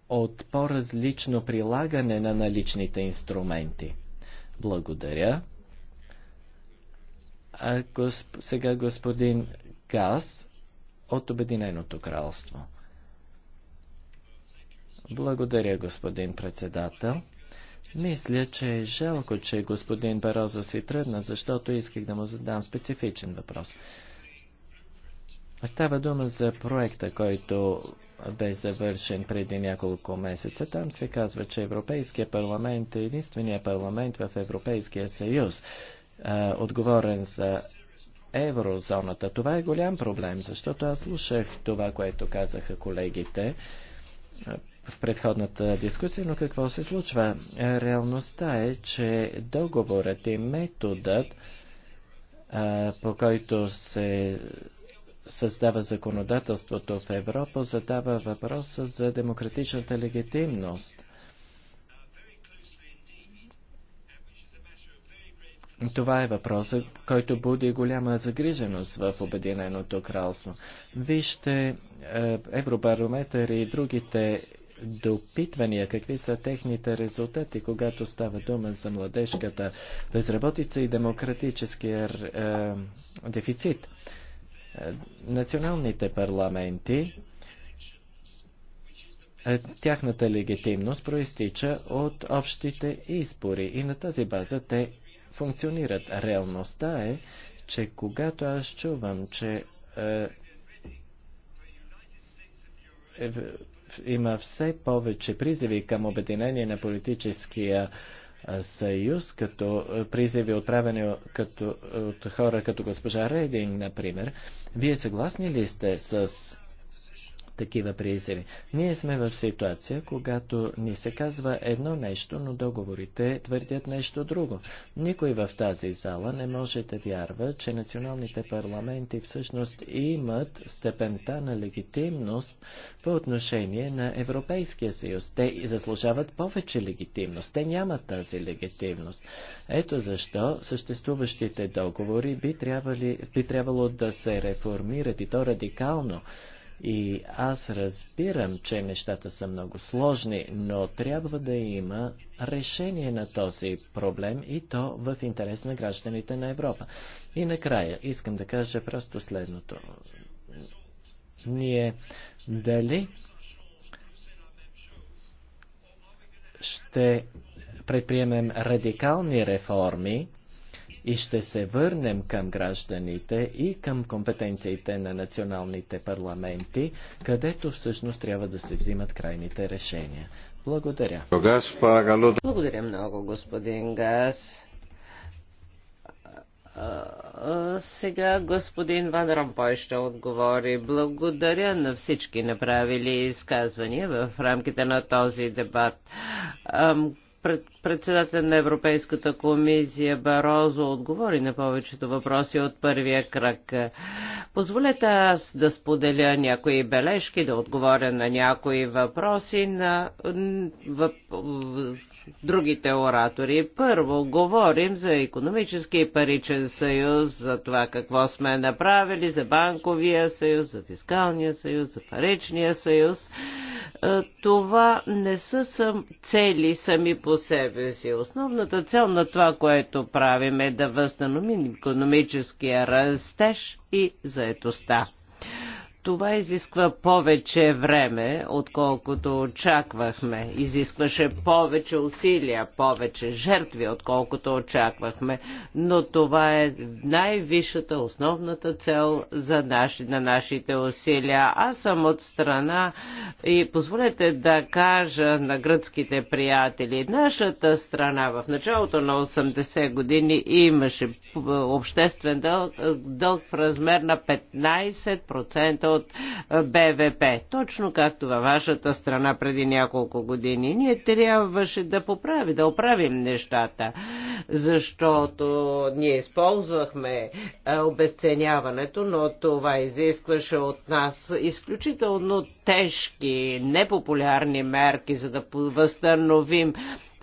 от по-различно прилагане на наличните инструменти? Благодаря. А госп... сега господин Газ от Обединеното кралство. Благодаря, господин председател. Мисля, че е жалко, че господин Барозо си тръгна, защото исках да му задам специфичен въпрос. Става дума за проекта, който бе завършен преди няколко месеца. Там се казва, че Европейския парламент е единствения парламент в Европейския съюз, отговорен за еврозоната. Това е голям проблем, защото аз слушах това, което казаха колегите в предходната дискусия, но какво се случва? Реалността е, че договорът и методът, по който се създава законодателството в Европа, задава въпроса за демократичната легитимност. Това е въпросът, който буди голяма загриженост в Обединеното кралство. Вижте е, Евробарометър и другите допитвания, какви са техните резултати, когато става дума за младежката безработица и демократическия е, дефицит националните парламенти, е, тяхната легитимност проистича от общите избори и на тази база те функционират. Реалността е, че когато аз чувам, че е, е, има все повече призиви към обединение на политическия съюз, като е, призиви отправени като, от хора като госпожа Рейдинг, например. Вие съгласни ли сте с такива призиви. Ние сме в ситуация, когато ни се казва едно нещо, но договорите твърдят нещо друго. Никой в тази зала не може да вярва, че националните парламенти всъщност имат степента на легитимност по отношение на Европейския съюз. Те заслужават повече легитимност. Те нямат тази легитимност. Ето защо съществуващите договори би, трябвали, би трябвало да се реформират и то радикално. И аз разбирам, че нещата са много сложни, но трябва да има решение на този проблем и то в интерес на гражданите на Европа. И накрая искам да кажа просто следното. Ние дали ще предприемем радикални реформи, и ще се върнем към гражданите и към компетенциите на националните парламенти, където всъщност трябва да се взимат крайните решения. Благодаря. Благодаря много, господин Газ. Сега господин Ван Ромпой ще отговори. Благодаря на всички направили изказвания в рамките на този дебат председателя на Европейската комисия Барозо отговори на повечето въпроси от първия кръг. Позволете аз да споделя някои бележки, да отговоря на някои въпроси на другите оратори. Първо говорим за економически и паричен съюз, за това какво сме направили, за банковия съюз, за фискалния съюз, за паричния съюз. Е, това не са сам цели сами по себе си. Основната цел на това, което правим е да възстановим економическия растеж и заетостта. Това изисква повече време, отколкото очаквахме. Изискваше повече усилия, повече жертви, отколкото очаквахме. Но това е най-висшата, основната цел за наши, на нашите усилия. Аз съм от страна и позволете да кажа на гръцките приятели, нашата страна в началото на 80 години имаше обществен дълг, дълг в размер на 15% от БВП. Точно както във вашата страна преди няколко години. Ние трябваше да поправим, да оправим нещата, защото ние използвахме обесценяването, но това изискваше от нас изключително тежки, непопулярни мерки, за да възстановим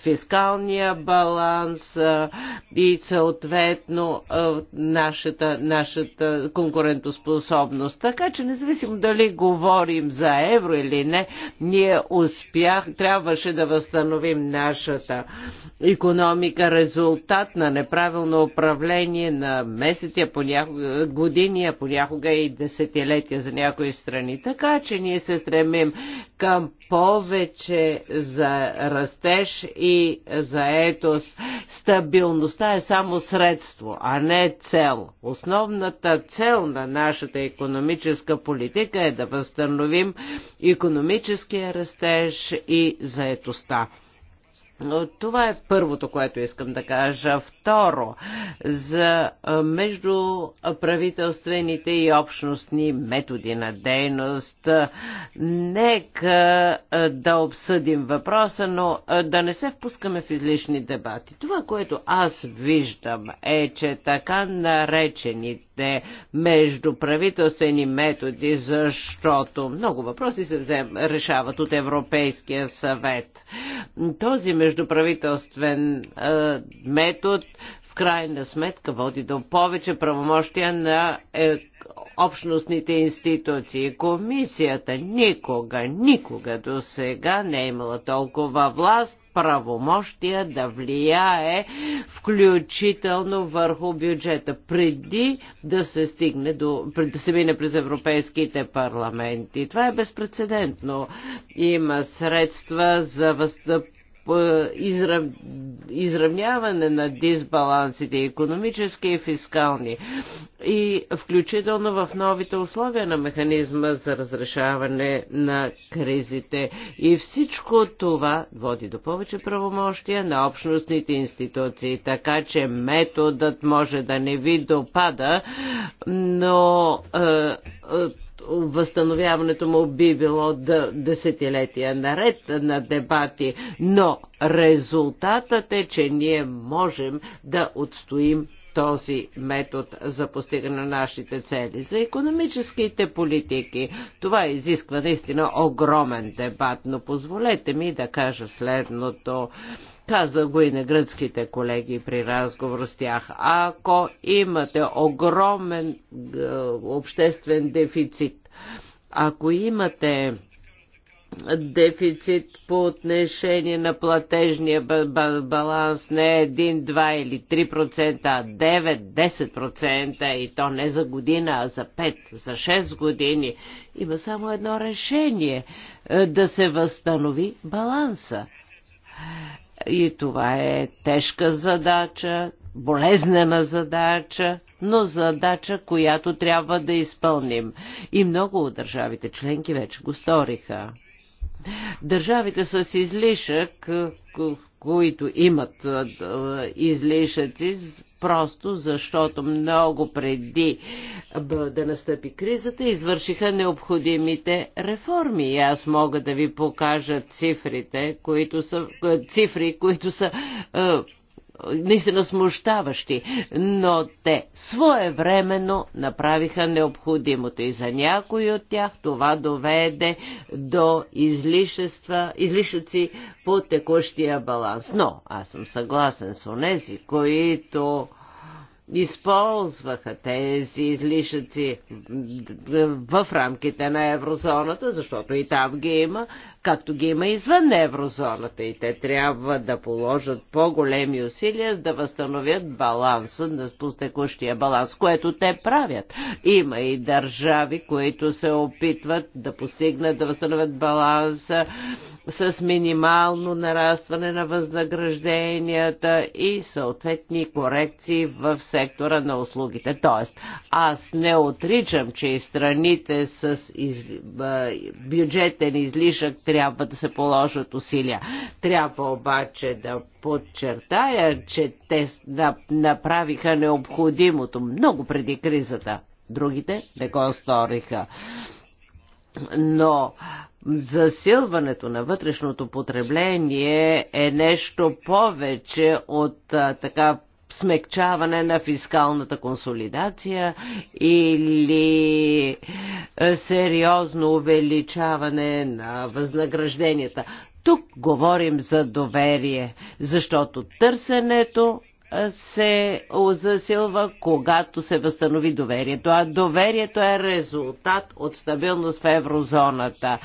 фискалния баланс и съответно нашата, нашата конкурентоспособност. Така че независимо дали говорим за евро или не, ние успях, трябваше да възстановим нашата економика, резултат на неправилно управление на месеци, а понякога години, а понякога и десетилетия за някои страни. Така че ние се стремим към повече за растеж и заетост. Стабилността е само средство, а не цел. Основната цел на нашата економическа политика е да възстановим економическия растеж и заетостта. Но това е първото, което искам да кажа. Второ, за междуправителствените и общностни методи на дейност. Нека да обсъдим въпроса, но да не се впускаме в излишни дебати. Това, което аз виждам е, че така наречените междуправителствени методи, защото много въпроси се взем, решават от Европейския съвет. Този междуправителствен метод в крайна сметка води до повече правомощия на е, общностните институции. Комисията никога, никога до сега не е имала толкова власт, правомощия да влияе включително върху бюджета, преди да се стигне до, да се мине през европейските парламенти. Това е безпредседентно. Има средства за възстъп е, израв... изравняване на дисбалансите, економически и фискални, и включително в новите условия на механизма за разрешаване на кризите. И всичко това води до повече правомощия на общностните институции, така че методът може да не ви допада, но е, е, възстановяването му би било да, десетилетия наред на дебати, но резултатът е, че ние можем да отстоим този метод за постигане на нашите цели. За економическите политики това изисква наистина огромен дебат, но позволете ми да кажа следното. Каза го и на гръцките колеги при разговор с тях. Ако имате огромен е, обществен дефицит, ако имате дефицит по отношение на платежния баланс не 1, 2 или 3%, а 9, 10% и то не за година, а за 5, за 6 години. Има само едно решение е, да се възстанови баланса. И това е тежка задача, болезнена задача, но задача, която трябва да изпълним. И много от държавите членки вече го сториха. Държавите с излишък, които имат излишъци, просто защото много преди да настъпи кризата, извършиха необходимите реформи. И аз мога да ви покажа цифрите, които са, цифри, които са наистина смущаващи, но те своевременно направиха необходимото и за някои от тях това доведе до излишества, излишъци по текущия баланс. Но аз съм съгласен с онези, които използваха тези излишъци в рамките на еврозоната, защото и там ги има, както ги има извън еврозоната и те трябва да положат по-големи усилия да възстановят баланса на спустекущия баланс, което те правят. Има и държави, които се опитват да постигнат, да възстановят баланса с минимално нарастване на възнагражденията и съответни корекции в сектора на услугите. Тоест, аз не отричам, че и страните с из... бюджетен излишък трябва да се положат усилия. Трябва обаче да подчертая, че те направиха необходимото много преди кризата. Другите не го сториха. Но засилването на вътрешното потребление е нещо повече от а, така смекчаване на фискалната консолидация или е, сериозно увеличаване на възнагражденията. Тук говорим за доверие, защото търсенето се засилва, когато се възстанови доверието. А доверието е резултат от стабилност в еврозоната.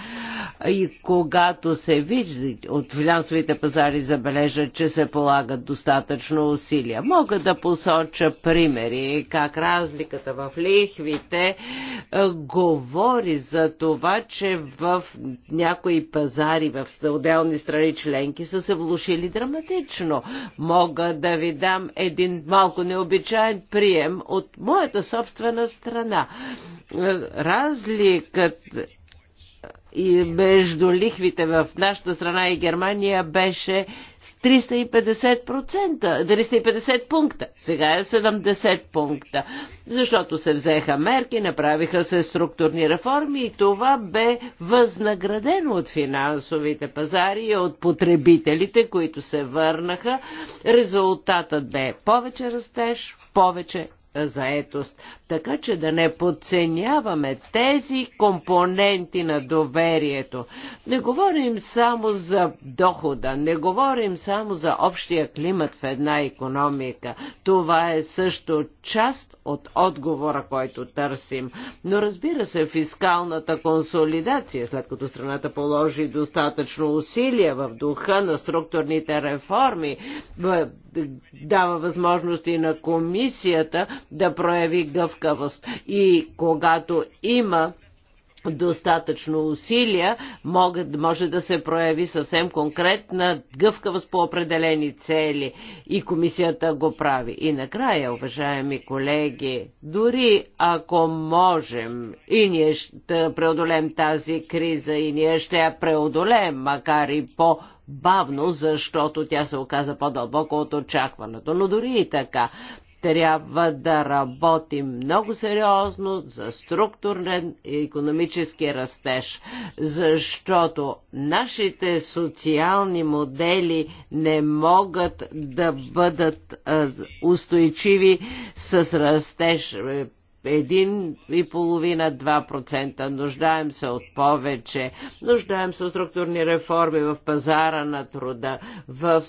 И когато се вижда от финансовите пазари забележат, че се полагат достатъчно усилия. Мога да посоча примери как разликата в лихвите е, говори за това, че в някои пазари в отделни страни членки са се влушили драматично. Мога да ви дам там един малко необичайен прием от моята собствена страна. Разликът и между лихвите в нашата страна и Германия беше 350%, 350 пункта. Сега е 70 пункта. Защото се взеха мерки, направиха се структурни реформи и това бе възнаградено от финансовите пазари и от потребителите, които се върнаха. Резултатът бе повече растеж, повече заетост. Така че да не подценяваме тези компоненти на доверието. Не говорим само за дохода, не говорим само за общия климат в една економика. Това е също част от отговора, който търсим. Но разбира се, фискалната консолидация, след като страната положи достатъчно усилия в духа на структурните реформи, дава възможности на комисията да прояви гъвкавост. И когато има достатъчно усилия, могат, може да се прояви съвсем конкретна гъвкавост по определени цели. И комисията го прави. И накрая, уважаеми колеги, дори ако можем и ние ще преодолем тази криза и ние ще я преодолем, макар и по бавно, защото тя се оказа по-дълбоко от очакването. Но дори и така, трябва да работим много сериозно за структурен и економически растеж, защото нашите социални модели не могат да бъдат устойчиви с растеж 1,5-2%. Е, Нуждаем се от повече. Нуждаем се от структурни реформи в пазара на труда, в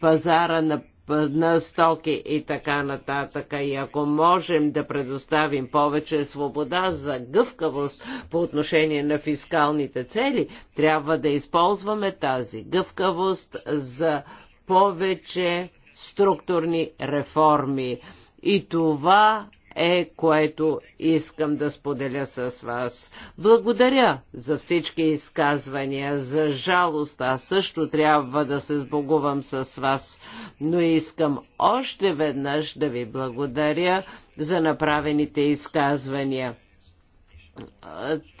пазара на на стоки и така нататък. И ако можем да предоставим повече свобода за гъвкавост по отношение на фискалните цели, трябва да използваме тази гъвкавост за повече структурни реформи. И това е, което искам да споделя с вас. Благодаря за всички изказвания. За жалост, аз също трябва да се сбогувам с вас, но искам още веднъж да ви благодаря за направените изказвания.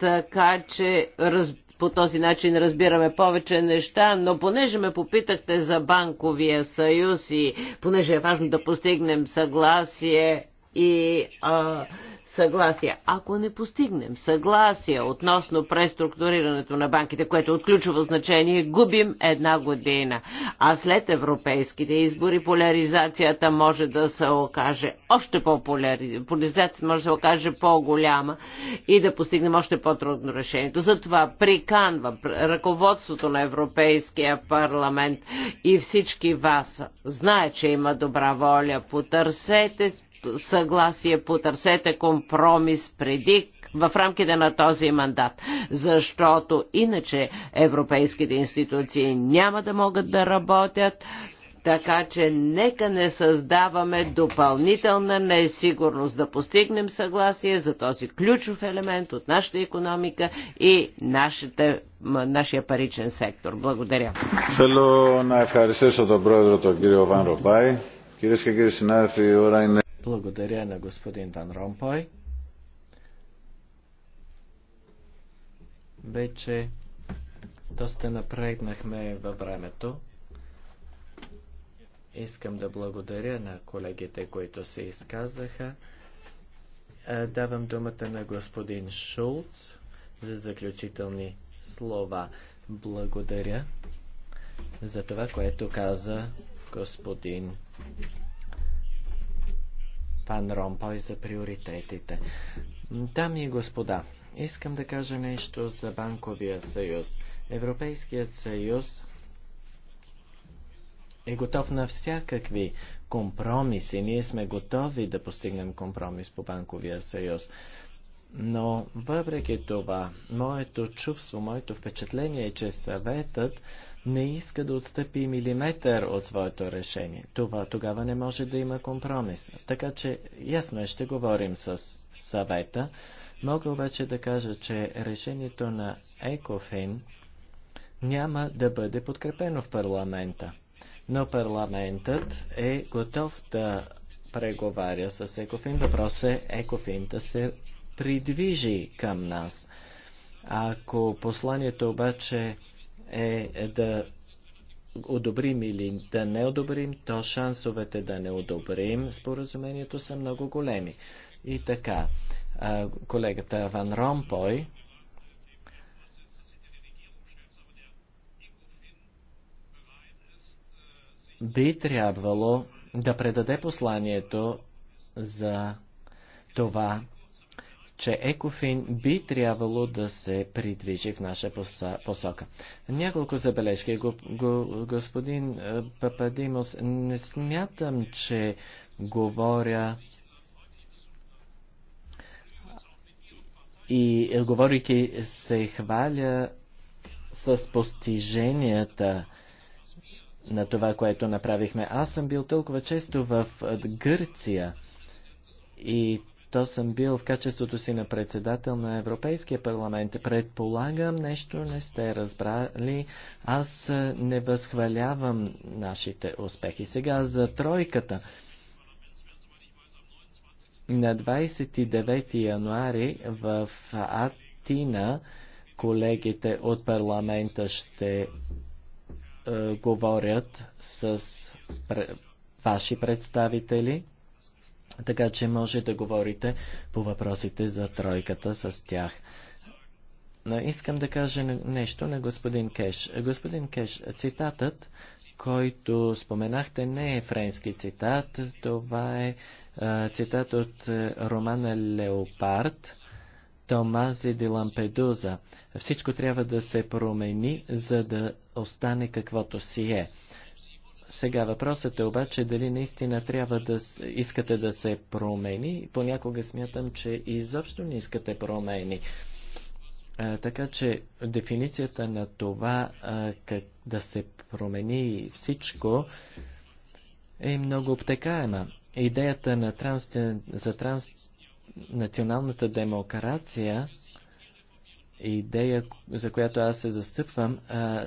Така че раз, по този начин разбираме повече неща, но понеже ме попитахте за банковия съюз и понеже е важно да постигнем съгласие, и а, съгласие. Ако не постигнем съгласие относно преструктурирането на банките, което е от ключово значение, губим една година. А след европейските избори поляризацията може да се окаже още по-поляри... поляризацията може да се окаже по-голяма и да постигнем още по-трудно решението. Затова приканвам ръководството на Европейския парламент и всички вас. знаят, че има добра воля. Потърсете съгласие, потърсете компромис преди в рамките на този мандат, защото иначе европейските институции няма да могат да работят. Така че нека не създаваме допълнителна несигурност да постигнем съгласие за този ключов елемент от нашата економика и нашите, нашия паричен сектор. Благодаря. Θέλω να ευχαριστήσω τον πρόεδρο τον κύριο Βαν Ρομπάη. Κυρίες και κύριοι συνάδελφοι, η ώρα είναι... Благодаря на господин Дан Ромпой. Вече доста напрегнахме във времето. Искам да благодаря на колегите, които се изказаха. Давам думата на господин Шулц за заключителни слова. Благодаря за това, което каза господин Пан Ромпой за приоритетите. Дами и господа, искам да кажа нещо за Банковия съюз. Европейският съюз е готов на всякакви компромиси. Ние сме готови да постигнем компромис по Банковия съюз. Но въпреки това, моето чувство, моето впечатление е, че съветът не иска да отстъпи милиметър от своето решение. Това тогава не може да има компромис. Така че ясно е, ще говорим с съвета. Мога обаче да кажа, че решението на Екофин няма да бъде подкрепено в парламента. Но парламентът е готов да преговаря с Екофин. Въпрос е Екофин да се придвижи към нас. Ако посланието обаче е да одобрим или да не одобрим, то шансовете да не одобрим споразумението са много големи. И така, колегата Ван Ромпой би трябвало да предаде посланието за това, че Екофин би трябвало да се придвижи в наша посока. Няколко забележки. господин е, Пападимос, не смятам, че говоря и е, говорики се хваля с постиженията на това, което направихме. Аз съм бил толкова често в е, Гърция и то съм бил в качеството си на председател на Европейския парламент. Предполагам, нещо не сте разбрали. Аз е, не възхвалявам нашите успехи. Сега за тройката. На 29 януари в Атина колегите от парламента ще е, говорят с ваши представители така че може да говорите по въпросите за тройката с тях. Но искам да кажа нещо на господин Кеш. Господин Кеш, цитатът, който споменахте, не е френски цитат. Това е, цитат от романа Леопард. Томази де Лампедуза. Всичко трябва да се промени, за да остане каквото си е. Сега въпросът е обаче дали наистина трябва да искате да се промени. Понякога смятам, че изобщо не искате промени. А, така че дефиницията на това а, как да се промени всичко е много обтекаема. Идеята на транс, за транснационалната демокрация, идея, за която аз се застъпвам, а,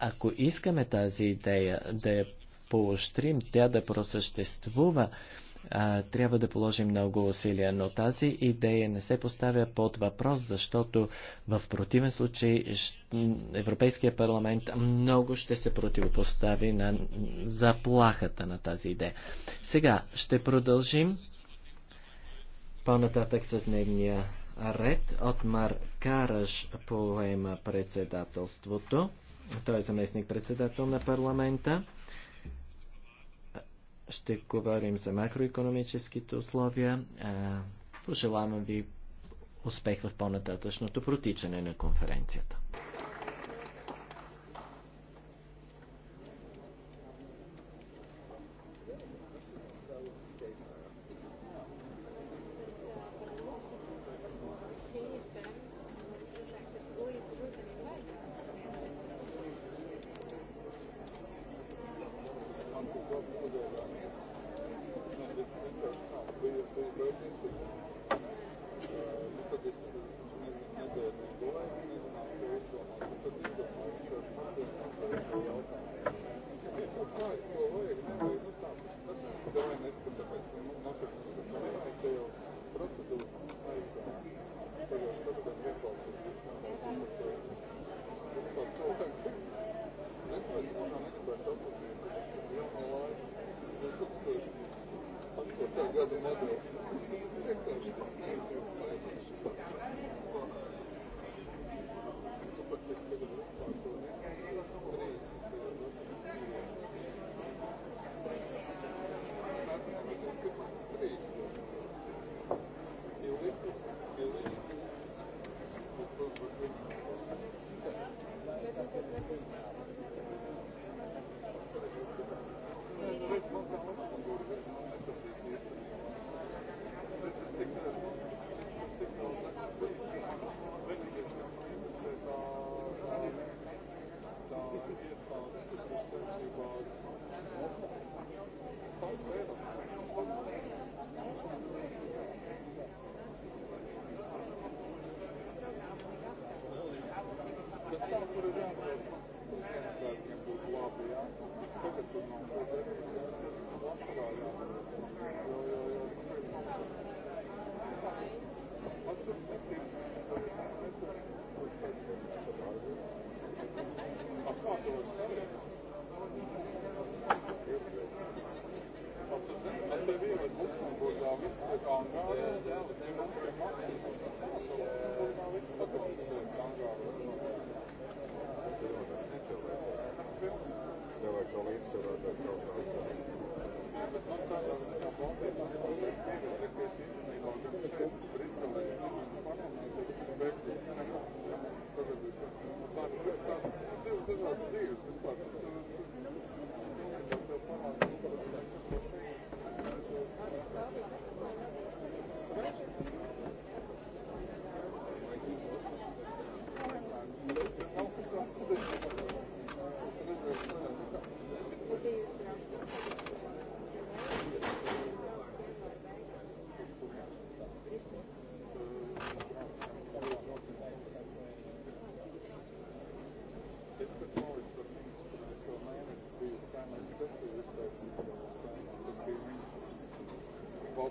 ако искаме тази идея да я поощрим, тя да просъществува, а, трябва да положим много усилия, но тази идея не се поставя под въпрос, защото в противен случай Европейския парламент много ще се противопостави на заплахата на тази идея. Сега ще продължим по-нататък с дневния ред от Маркараш поема председателството. Той е заместник председател на парламента. Ще говорим за макроекономическите условия. Пожелавам ви успех в по-нататъчното протичане на конференцията.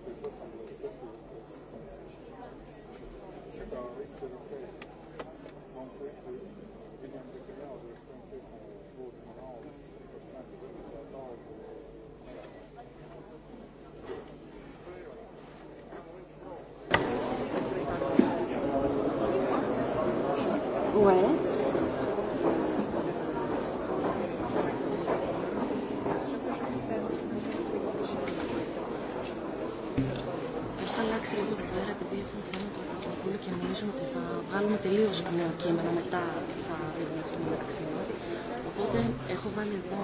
Kaldı ise sanırsa sınıf. Kaldı sınıf. ξέρω ότι πέρα επειδή έχουν θέματα το όλο και νομίζω ότι θα βγάλουμε τελείω νέο κείμενο μετά θα δούμε μεταξύ μας. Οπότε έχω βάλει εδώ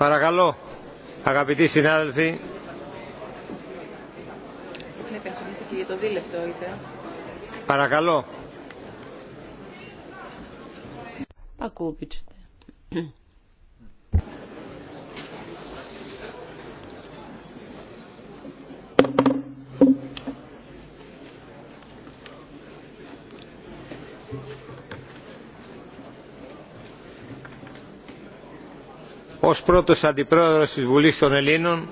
Παρακαλώ, αγαπητοί συνάδελφοι. Παρακαλώ. ως πρώτος αντιπρόεδρος της Βουλής των Ελλήνων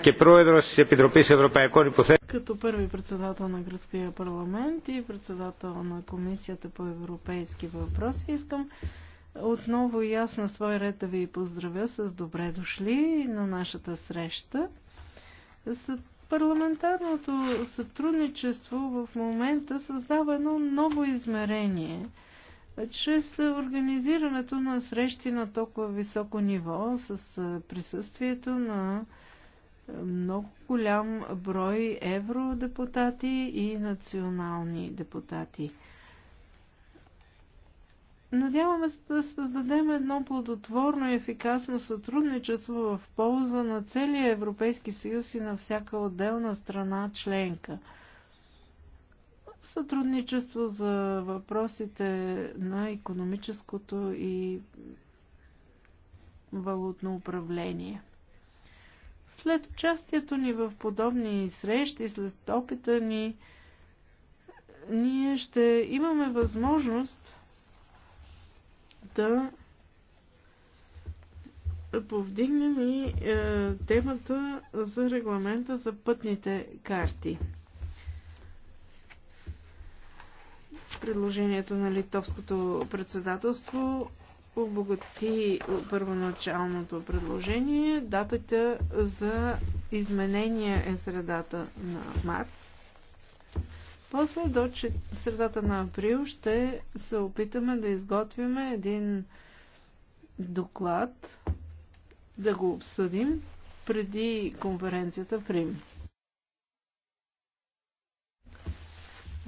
και πρόεδρος της Επιτροπής Ευρωπαϊκών Υποθέσεων. Като първи председател на Гръцкия парламент и председател на Комисията по европейски въпроси искам отново и аз на свой ред да ви поздравя с добре дошли на нашата среща. С парламентарното сътрудничество в момента създава едно ново измерение – чрез организирането на срещи на толкова високо ниво с присъствието на много голям брой евродепутати и национални депутати. Надяваме се да създадем едно плодотворно и ефикасно сътрудничество в полза на целия Европейски съюз и на всяка отделна страна членка – сътрудничество за въпросите на економическото и валутно управление. След участието ни в подобни срещи, след опита ни, ние ще имаме възможност да повдигнем и е, темата за регламента за пътните карти. Предложението на литовското председателство обогати първоначалното предложение. Датата за изменение е средата на март. После до средата на април ще се опитаме да изготвим един доклад, да го обсъдим преди конференцията в Рим.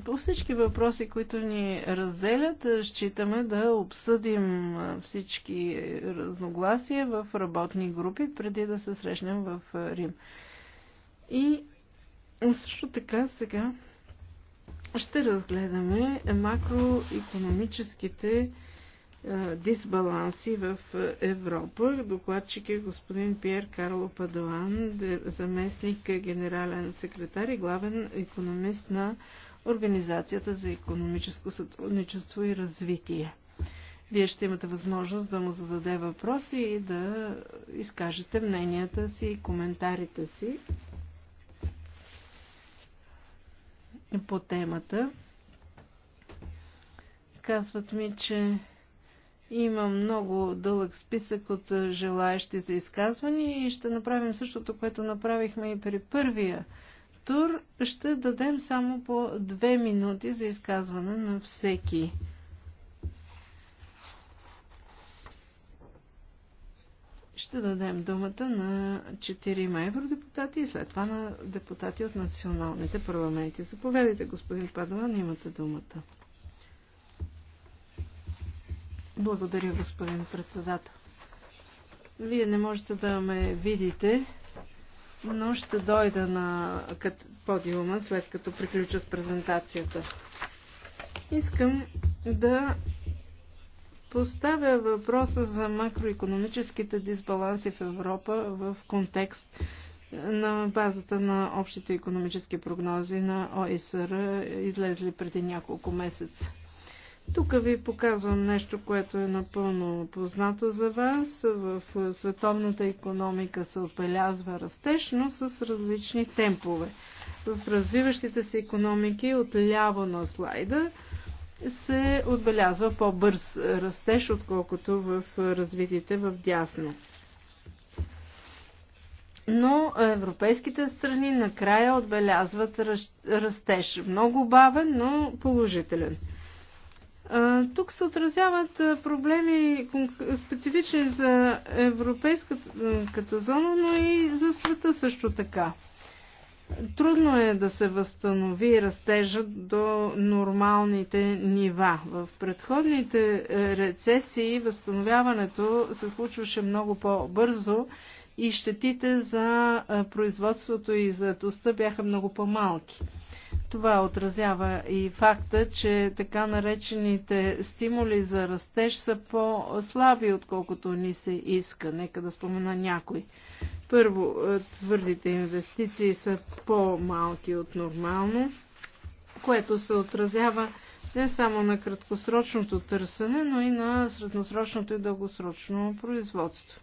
По всички въпроси, които ни разделят, е, считаме да обсъдим е, всички разногласия в работни групи, преди да се срещнем в е, Рим. И също така сега ще разгледаме макроекономическите дисбаланси в Европа. Докладчик е господин Пьер Карло Падуан, заместник генерален секретар и главен економист на Организацията за економическо сътрудничество и развитие. Вие ще имате възможност да му зададе въпроси и да изкажете мненията си и коментарите си по темата. Казват ми, че има много дълъг списък от желаящи за изказвания и ще направим същото, което направихме и при първия тур ще дадем само по две минути за изказване на всеки. Ще дадем думата на 4 евродепутати и след това на депутати от националните парламенти. Заповядайте, господин Падован, имате думата. Благодаря, господин председател. Вие не можете да ме видите, но ще дойда на подиума след като приключа с презентацията. Искам да поставя въпроса за макроекономическите дисбаланси в Европа в контекст на базата на общите економически прогнози на ОИСР, излезли преди няколко месеца. Тук ви показвам нещо, което е напълно познато за вас. В световната економика се отбелязва растеж, но с различни темпове. В развиващите се економики от ляво на слайда се отбелязва по-бърз растеж, отколкото в развитите в дясно. Но европейските страни накрая отбелязват растеж. Много бавен, но положителен. Тук се отразяват проблеми специфични за европейската зона, но и за света също така. Трудно е да се възстанови растежа до нормалните нива. В предходните е, рецесии възстановяването се случваше много по-бързо и щетите за е, производството и заетостта бяха много по-малки. Това отразява и факта, че така наречените стимули за растеж са по-слаби, отколкото ни се иска. Нека да спомена някой. Първо, е, твърдите инвестиции са по-малки от нормално, което се отразява не само на краткосрочното търсене, но и на средносрочното и дългосрочно производство.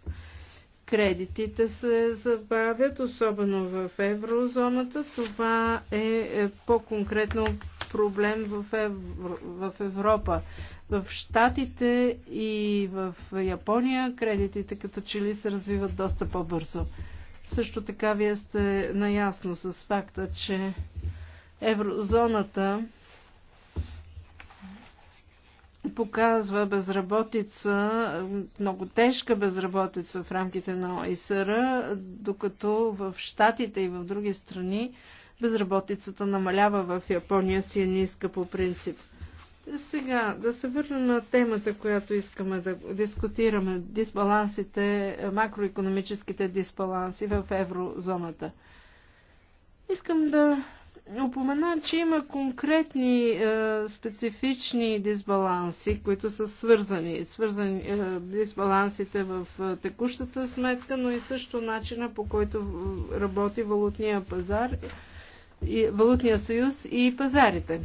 Кредитите се забавят, особено в еврозоната. Това е, е по-конкретно проблем в, Евро, в Европа. В Штатите и в Япония кредитите като че ли се развиват доста по-бързо. Също така вие сте наясно с факта, че еврозоната показва безработица, много тежка безработица в рамките на ОИСР, докато в Штатите и в други страни безработицата намалява в Япония си е ниска по принцип. Сега да се върнем на темата, която искаме да дискутираме. Дисбалансите, макроекономическите дисбаланси в еврозоната. Искам да упомена, че има конкретни е, специфични дисбаланси, които са свързани. Свързани е, дисбалансите в е, текущата сметка, но и също начина по който работи валутния пазар, и, валутния съюз и пазарите.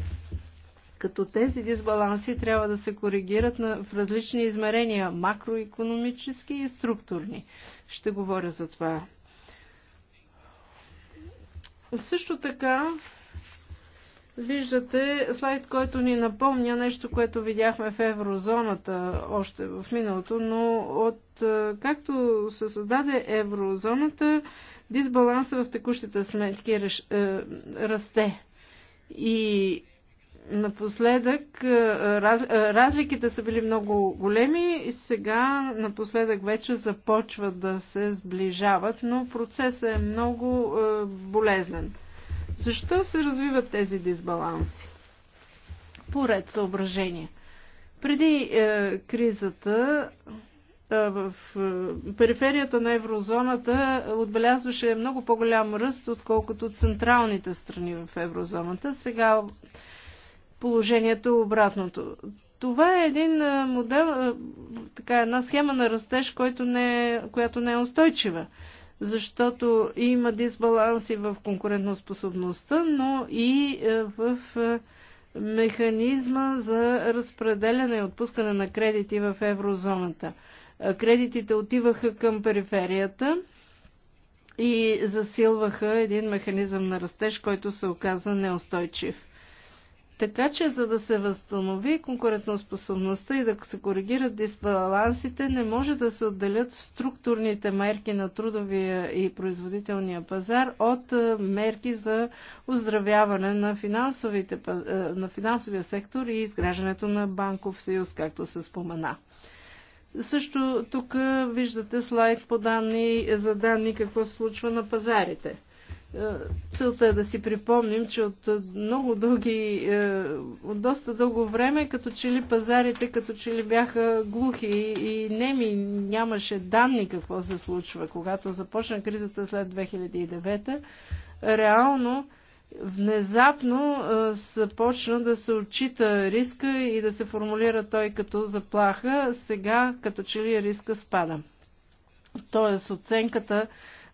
Като тези дисбаланси трябва да се коригират на, в различни измерения макроекономически и структурни. Ще говоря за това също така виждате слайд, който ни напомня нещо, което видяхме в еврозоната още в миналото, но от е, както се създаде еврозоната, дисбаланса в текущите сметки е, расте. И Напоследък раз, разликите са били много големи и сега напоследък вече започват да се сближават, но процесът е много е, болезнен. Защо се развиват тези дисбаланси? Поред съображения. Преди е, кризата в периферията на еврозоната отбелязваше много по-голям ръст, отколкото централните страни в еврозоната. Сега положението е обратното. Това е един модел, така една схема на растеж, който не е, която не е устойчива, защото има дисбаланси в конкурентоспособността, но и в механизма за разпределяне и отпускане на кредити в еврозоната. Кредитите отиваха към периферията и засилваха един механизъм на растеж, който се оказа неустойчив. Така че, за да се възстанови конкурентоспособността и да се коригират дисбалансите, не може да се отделят структурните мерки на трудовия и производителния пазар от е, мерки за оздравяване на, е, на финансовия сектор и изграждането на банков съюз, както се спомена. Също тук е, виждате слайд по данни за данни какво се случва на пазарите. Е, целта е да си припомним, че от много дълги, е, от доста дълго време, като че ли пазарите, като че ли бяха глухи и неми, нямаше данни какво се случва. Когато започна кризата след 2009, реално внезапно е, започна да се отчита риска и да се формулира той като заплаха. Сега като че ли риска спада. Тоест оценката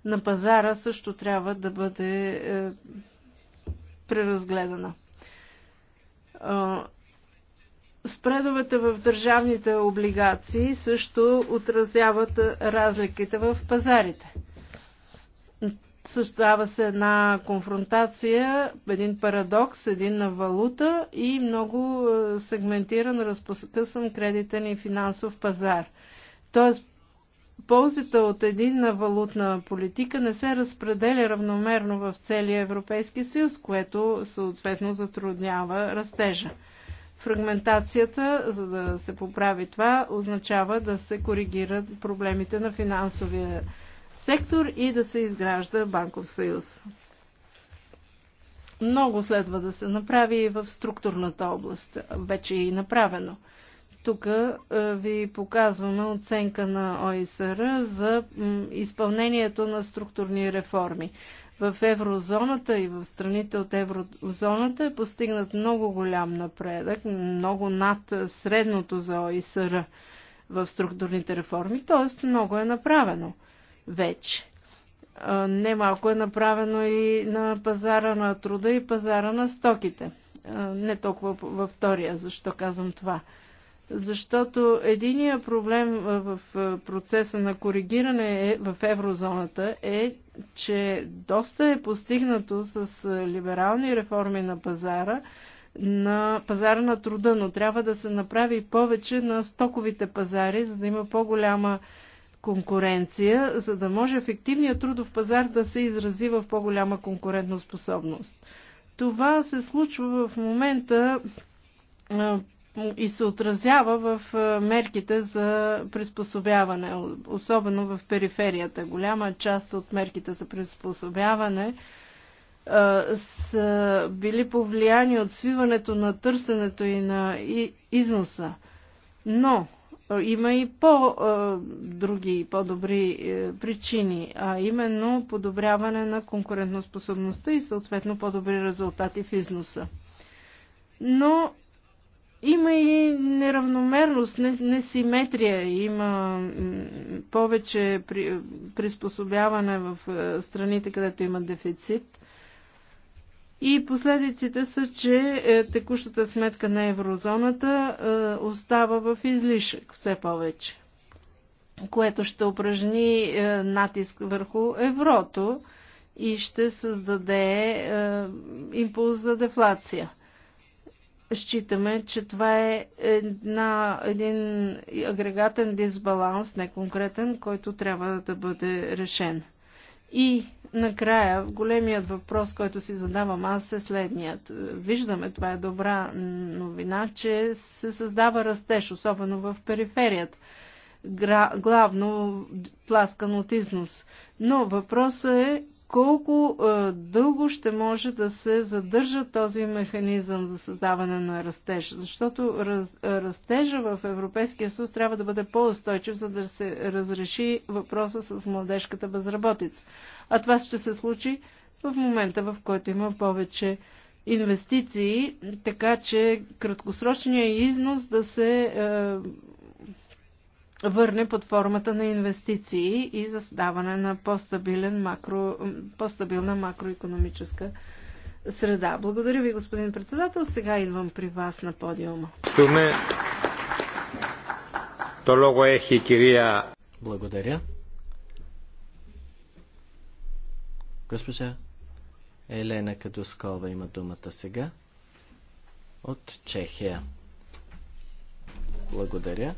на пазара също трябва да бъде е, преразгледана. Спредовете в държавните облигации също отразяват разликите в пазарите. Състава се една конфронтация, един парадокс, един на валута и много е, сегментиран, разпокъсан кредитен и финансов пазар. Тоест, ползата от единна валутна политика не се разпределя равномерно в целия Европейски съюз, което съответно затруднява растежа. Фрагментацията, за да се поправи това, означава да се коригират проблемите на финансовия сектор и да се изгражда банков съюз. Много следва да се направи и в структурната област. Вече е и направено. Тук е, ви показваме оценка на ОИСР за изпълнението на структурни реформи. В еврозоната и в страните от еврозоната е постигнат много голям напредък, много над средното за ОИСР в структурните реформи, т.е. много е направено вече. Е, немалко е направено и на пазара на труда и пазара на стоките. Е, не толкова във втория, защо казвам това защото единия проблем в процеса на коригиране е в еврозоната е, че доста е постигнато с либерални реформи на пазара, на пазара на труда, но трябва да се направи повече на стоковите пазари, за да има по-голяма конкуренция, за да може ефективният трудов пазар да се изрази в по-голяма конкурентоспособност. Това се случва в момента и се отразява в е, мерките за приспособяване, особено в периферията. Голяма част от мерките за приспособяване е, са били повлияни от свиването на търсенето и на износа. Но е, има и по-други, по-добри причини, а именно подобряване на конкурентоспособността и съответно по-добри резултати в износа. Но има и неравномерност, несиметрия, има повече приспособяване в е, страните, където има дефицит. И последиците са, че е, текущата сметка на еврозоната е, остава в излишък все повече, което ще упражни натиск върху еврото и ще създаде импулс за дефлация считаме, че това е една, един агрегатен дисбаланс, не конкретен, който трябва да бъде решен. И накрая, големият въпрос, който си задавам аз е следният. Виждаме, това е добра новина, че се създава растеж, особено в периферията. Главно тласкан от износ. Но въпросът е колко а, е, дълго ще може да се задържа този механизъм за създаване на растеж. Защото раз, растежа в Европейския съюз трябва да бъде по-устойчив, за да се разреши въпроса с младежката безработица. А това ще се случи в момента, в който има повече инвестиции, така че краткосрочният износ да се е, върне под формата на инвестиции и създаване на по-стабилен макро, по-стабилна макроекономическа среда. Благодаря ви, господин председател. Сега идвам при вас на подиума. Е, Благодаря. Госпожа Елена Кадускова има думата сега от Чехия. Благодаря.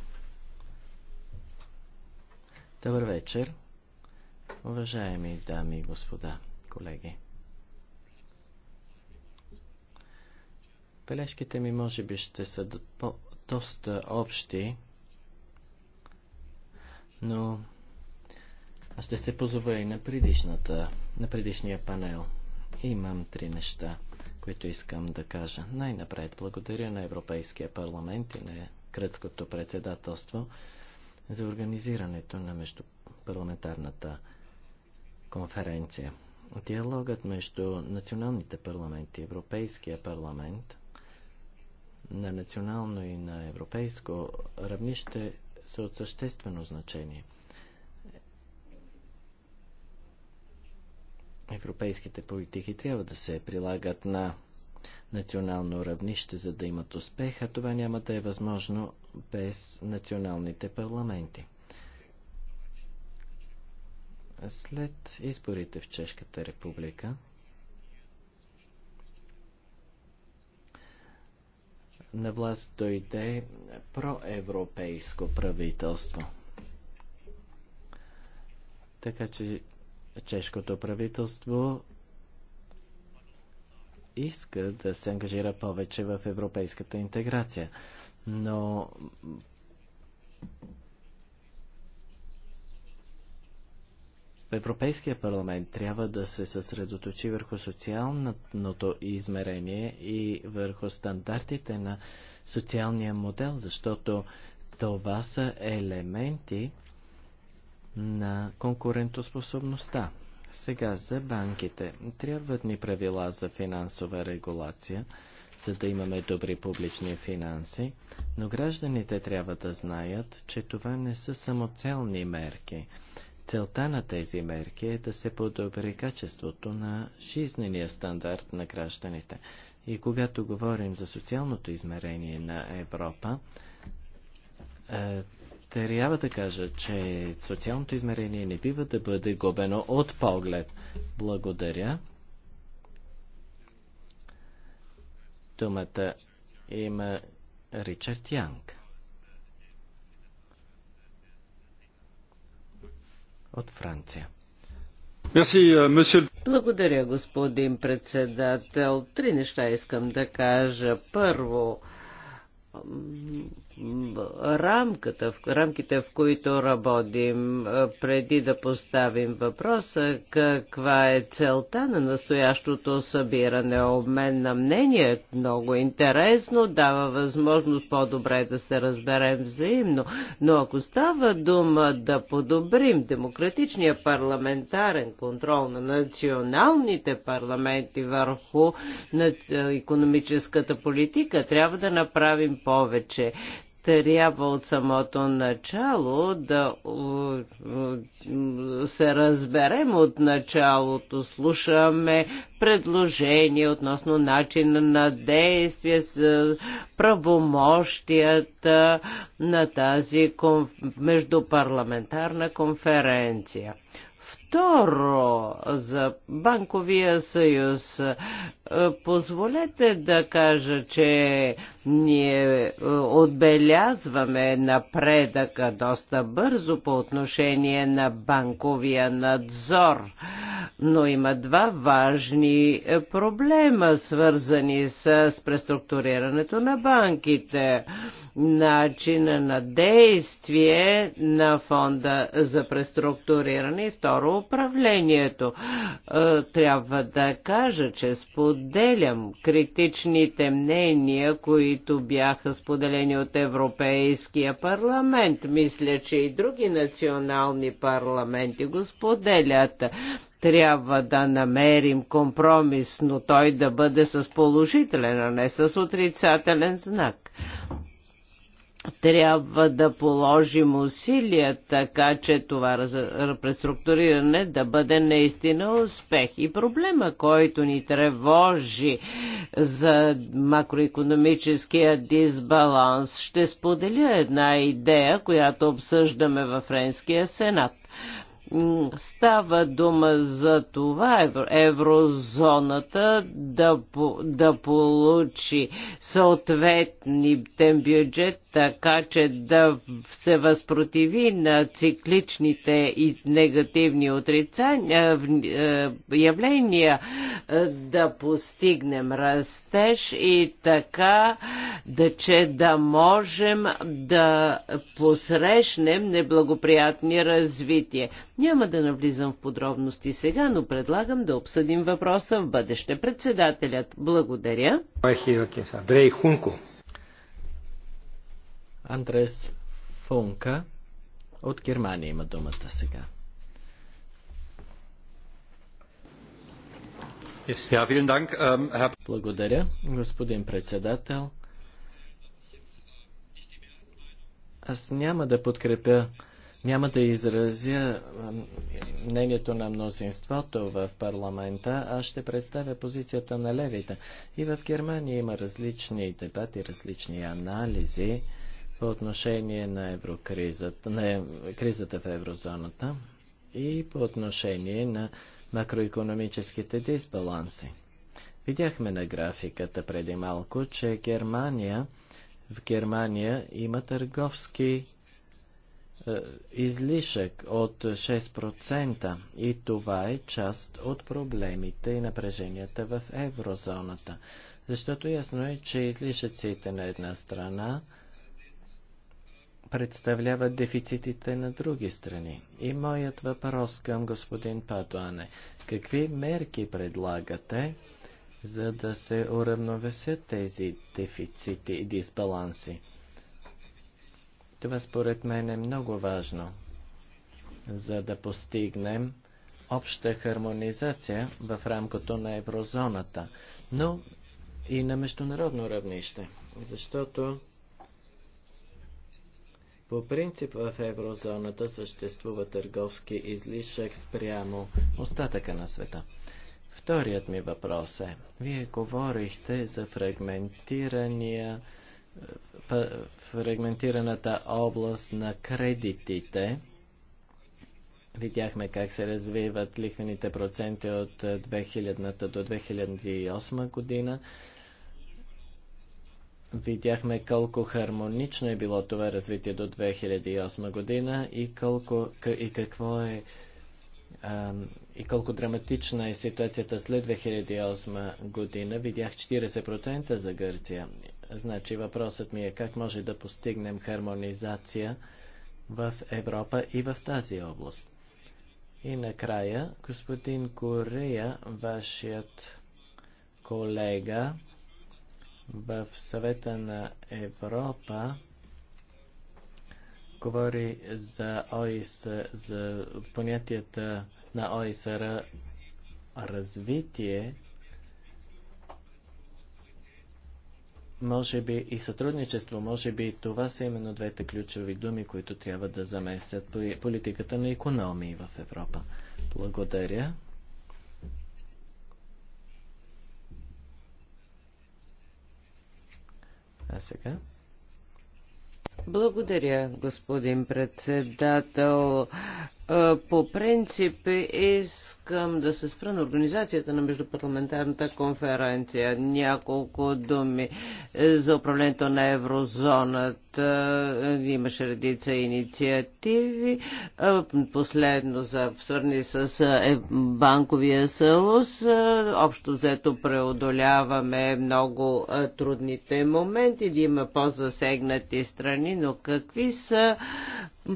Добър вечер, уважаеми дами и господа, колеги. Бележките ми може би ще са до, по, доста общи, но аз ще се позова и на, предишната, на предишния панел. Имам три неща, които искам да кажа. Най-напред благодаря на Европейския парламент и на Кръцкото председателство за организирането на междупарламентарната конференция. Диалогът между националните парламенти Европейския парламент на национално и на европейско равнище са от съществено значение. Европейските политики трябва да се прилагат на национално равнище, за да имат успех, а това няма да е възможно без националните парламенти. След изборите в Чешката република, на власт дойде проевропейско правителство. Така че чешкото правителство иска да се ангажира повече в европейската интеграция. Но в Европейския парламент трябва да се съсредоточи върху социалното измерение и върху стандартите на социалния модел, защото това са елементи на конкурентоспособността. Сега за банките. Трябват ни правила за финансова регулация, за да имаме добри публични финанси, но гражданите трябва да знаят, че това не са самоцелни мерки. Целта на тези мерки е да се подобри качеството на жизнения стандарт на гражданите. И когато говорим за социалното измерение на Европа, е, трябва да кажа, че социалното измерение не бива да бъде губено от поглед. Благодаря. Думата има Ричард Янг. От Франция. Euh, Благодаря, господин председател. Три неща искам да кажа. Първо, рамката, в рамките, в които работим, преди да поставим въпроса каква е целта на настоящото събиране, обмен на мнение. Е много интересно, дава възможност по-добре да се разберем взаимно. Но ако става дума да подобрим демократичния парламентарен контрол на националните парламенти върху на економическата политика, трябва да направим повече трябва от самото начало да се разберем от началото. Слушаме предложения относно начина на действие с правомощията на тази междупарламентарна конференция. Второ, за банковия съюз е, позволете да кажа, че ние е, отбелязваме напредъка доста бързо по отношение на банковия надзор, но има два важни е, проблема, свързани с преструктурирането на банките. Начина на действие на фонда за преструктуриране и второ управлението. Трябва да кажа, че спод споделям критичните мнения, които бяха споделени от Европейския парламент. Мисля, че и други национални парламенти го споделят трябва да намерим компромис, но той да бъде с положителен, а не с отрицателен знак трябва да положим усилия, така че това преструктуриране да бъде наистина успех. И проблема, който ни тревожи за макроекономическия дисбаланс, ще споделя една идея, която обсъждаме във Френския сенат. Става дума за това еврозоната да, да получи съответните бюджет, така че да се възпротиви на цикличните и негативни отрицания, е, е, явления, е, да постигнем растеж и така, да че да можем да посрещнем неблагоприятни развития. Няма да навлизам в подробности сега, но предлагам да обсъдим въпроса в бъдеще. Председателят, благодаря. Андрей Хунко. Андрес Функа от Германия има думата сега. Ähm, благодаря, господин председател. Аз няма да подкрепя няма да изразя мнението на мнозинството в парламента, а ще представя позицията на левите. И в Германия има различни дебати, различни анализи по отношение на, еврокризата, на кризата в еврозоната и по отношение на макроекономическите дисбаланси. Видяхме на графиката преди малко, че Германия, в Германия има търговски е, излишък от 6% и това е част от проблемите и напреженията в еврозоната. Защото ясно е, че излишъците на една страна представляват дефицитите на други страни. И моят въпрос към господин Патуане. Какви мерки предлагате, за да се уравновесят тези дефицити и дисбаланси? Това според мен е много важно, за да постигнем обща хармонизация в рамкото на еврозоната, но и на международно равнище, защото по принцип в еврозоната съществува търговски излишък спрямо остатъка на света. Вторият ми въпрос е, вие говорихте за фрагментирания е, фрагментираната област на кредитите. Видяхме как се развиват лихвените проценти от 2000 е, до 2008 година. Видяхме колко хармонично е било това развитие до 2008 година и, колко, и какво е и колко драматична е ситуацията след 2008 година, видях 40% за Гърция. Значи въпросът ми е как може да постигнем хармонизация в Европа и в тази област. И накрая, господин Корея, вашият колега в съвета на Европа говори за, ОИС, за понятията на ОИСР развитие може би и сътрудничество, може би това са именно двете ключови думи, които трябва да заместят политиката на економии в Европа. Благодаря. А сега? Благодаря, господин председател. По принцип искам да се спра на организацията на Междупарламентарната конференция. Няколко думи е, за управлението на еврозоната. Е, имаше редица инициативи. Е, последно за свърни с банковия съюз. Общо взето преодоляваме много трудните моменти. Да има по-засегнати страни, но какви са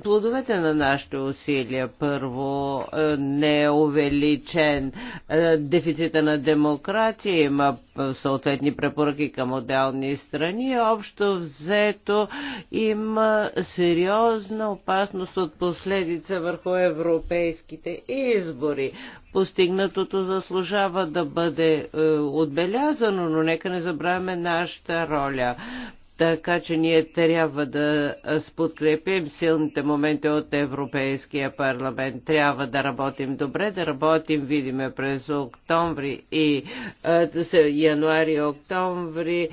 плодовете на нашите усилия. Първо, не е увеличен е, дефицита на демокрация, има е, съответни препоръки към отделни страни. Общо взето има сериозна опасност от последица върху европейските избори. Постигнатото заслужава да бъде е, отбелязано, но нека не забравяме нашата роля. Така че ние трябва да подкрепим силните моменти от Европейския парламент. Трябва да работим добре, да работим, видиме през октомври и януари и октомври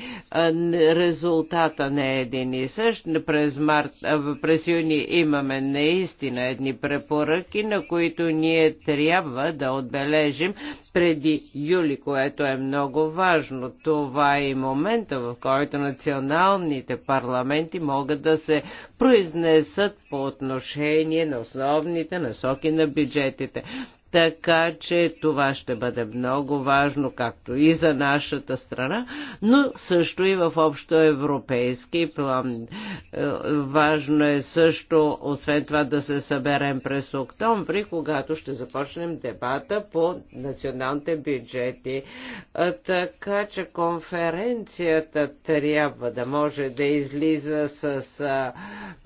резултата не е един и същ. През, март, през юни имаме наистина едни препоръки, на които ние трябва да отбележим преди юли, което е много важно. Това е и момента, в който национално Основните парламенти могат да се произнесат по отношение на основните насоки на бюджетите. Така че това ще бъде много важно, както и за нашата страна, но също и в общо европейски план. Е, важно е също, освен това, да се съберем през октомври, когато ще започнем дебата по националните бюджети. Е, така че конференцията трябва да може да излиза с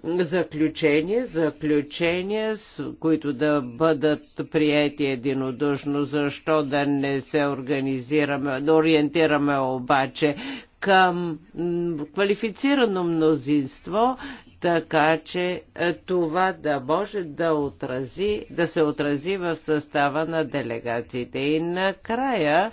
заключения, заключения, които да бъдат приети приети единодушно. Защо да не се организираме, да ориентираме обаче към квалифицирано мнозинство така че е, това да може да, отрази, да се отрази в състава на делегациите. И накрая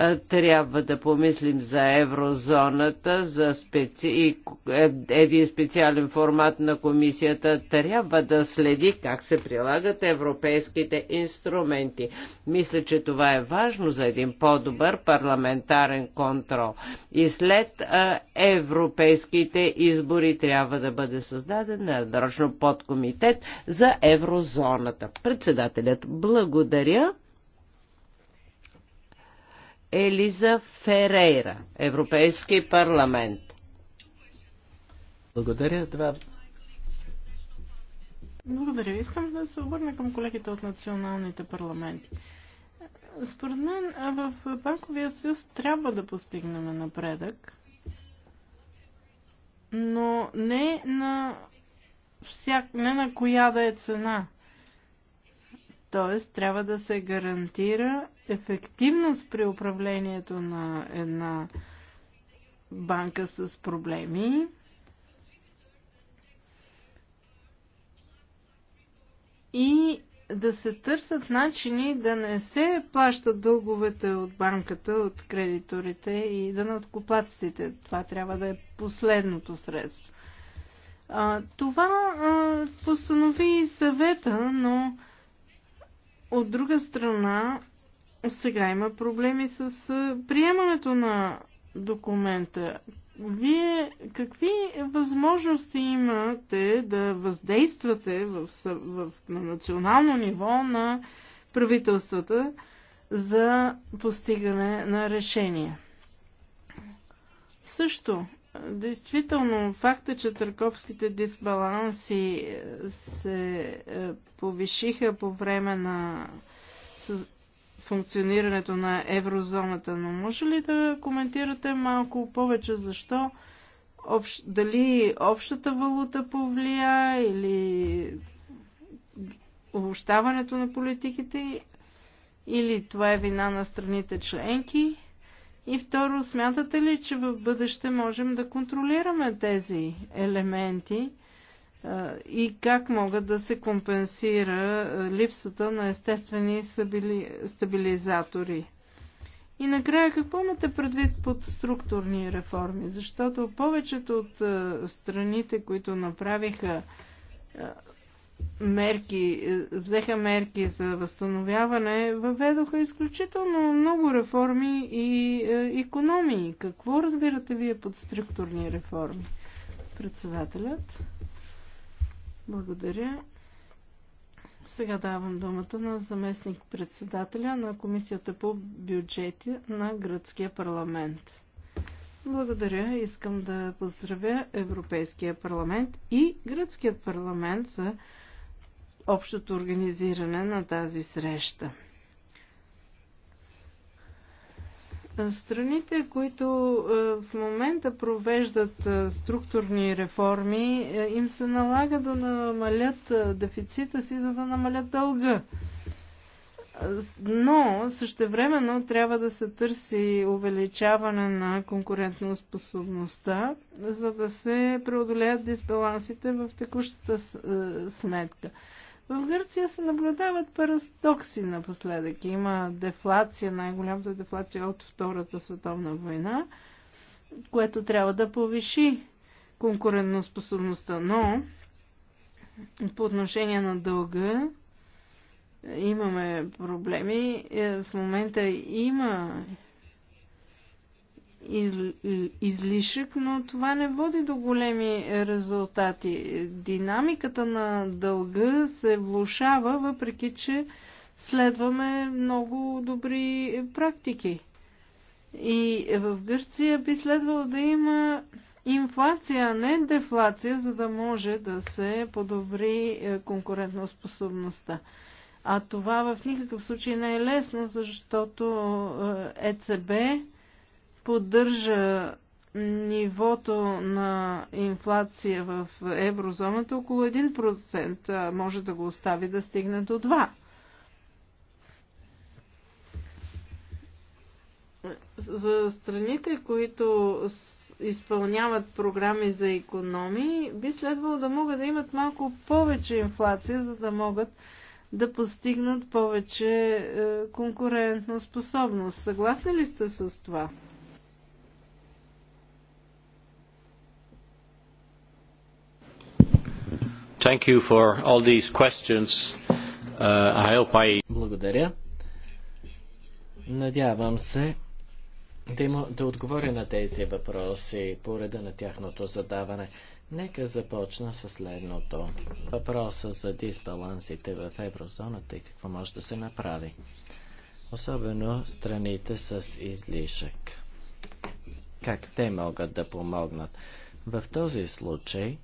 е, трябва да помислим за еврозоната, за специ... Е, един специален формат на комисията трябва да следи как се прилагат европейските инструменти. Мисля, че това е важно за един по-добър парламентарен контрол. И след европейските избори трябва да бъде създаден нарочно подкомитет за еврозоната. Председателят, благодаря. Елиза Ферейра, Европейски парламент. Благодаря. Това благодаря. Искам да се обърна към колегите от националните парламенти. Според мен в Банковия съюз трябва да постигнем напредък но не на, всяк, не на коя да е цена. Тоест, трябва да се гарантира ефективност при управлението на една банка с проблеми. И да се търсят начини да не се плащат дълговете от банката, от кредиторите и да надкопаците. Това трябва да е последното средство. А, това а, постанови и съвета, но от друга страна сега има проблеми с приемането на документа. Вие какви възможности имате да въздействате в, в, на национално ниво на правителствата за постигане на решения? Също, действително, факта, е, че търговските дисбаланси е, се е, повишиха по време на функционирането на еврозоната, но може ли да коментирате малко повече защо общ, дали общата валута повлия или обощаването на политиките или това е вина на страните членки? И второ, смятате ли, че в бъдеще можем да контролираме тези елементи? и как могат да се компенсира липсата на естествени стабилизатори. И накрая, какво имате предвид под структурни реформи? Защото повечето от страните, които направиха мерки, взеха мерки за възстановяване, въведоха изключително много реформи и економии. Какво разбирате вие под структурни реформи? Председателят. Благодаря. Сега давам думата на заместник председателя на Комисията по бюджети на Гръцкия парламент. Благодаря. Искам да поздравя Европейския парламент и Гръцкият парламент за общото организиране на тази среща. Страните, които е, в момента провеждат е, структурни реформи, е, им се налага да намалят дефицита си, за да намалят дълга. Но същевременно трябва да се търси увеличаване на конкурентоспособността, за да се преодолеят дисбалансите в текущата сметка. В Гърция се наблюдават парадокси напоследък. Има дефлация, най-голямата дефлация от Втората световна война, което трябва да повиши конкурентоспособността. Но по отношение на дълга имаме проблеми. Е, в момента има из, излишък, но това не води до големи резултати. Динамиката на дълга се влушава, въпреки че следваме много добри практики. И в Гърция би следвало да има инфлация, а не дефлация, за да може да се подобри е, конкурентоспособността. А това в никакъв случай не е лесно, защото ЕЦБ поддържа нивото на инфлация в еврозоната около 1%, може да го остави да стигне до 2%. За страните, които изпълняват програми за економии, би следвало да могат да имат малко повече инфлация, за да могат да постигнат повече е, конкурентна способност. Съгласни ли сте с това? Thank you for all these questions. Uh, I hope I... Благодаря. Надявам се да, има, да отговоря на тези въпроси по реда на тяхното задаване. Нека започна с следното. Въпроса за дисбалансите в еврозоната и какво може да се направи. Особено страните с излишък. Как те могат да помогнат? В този случай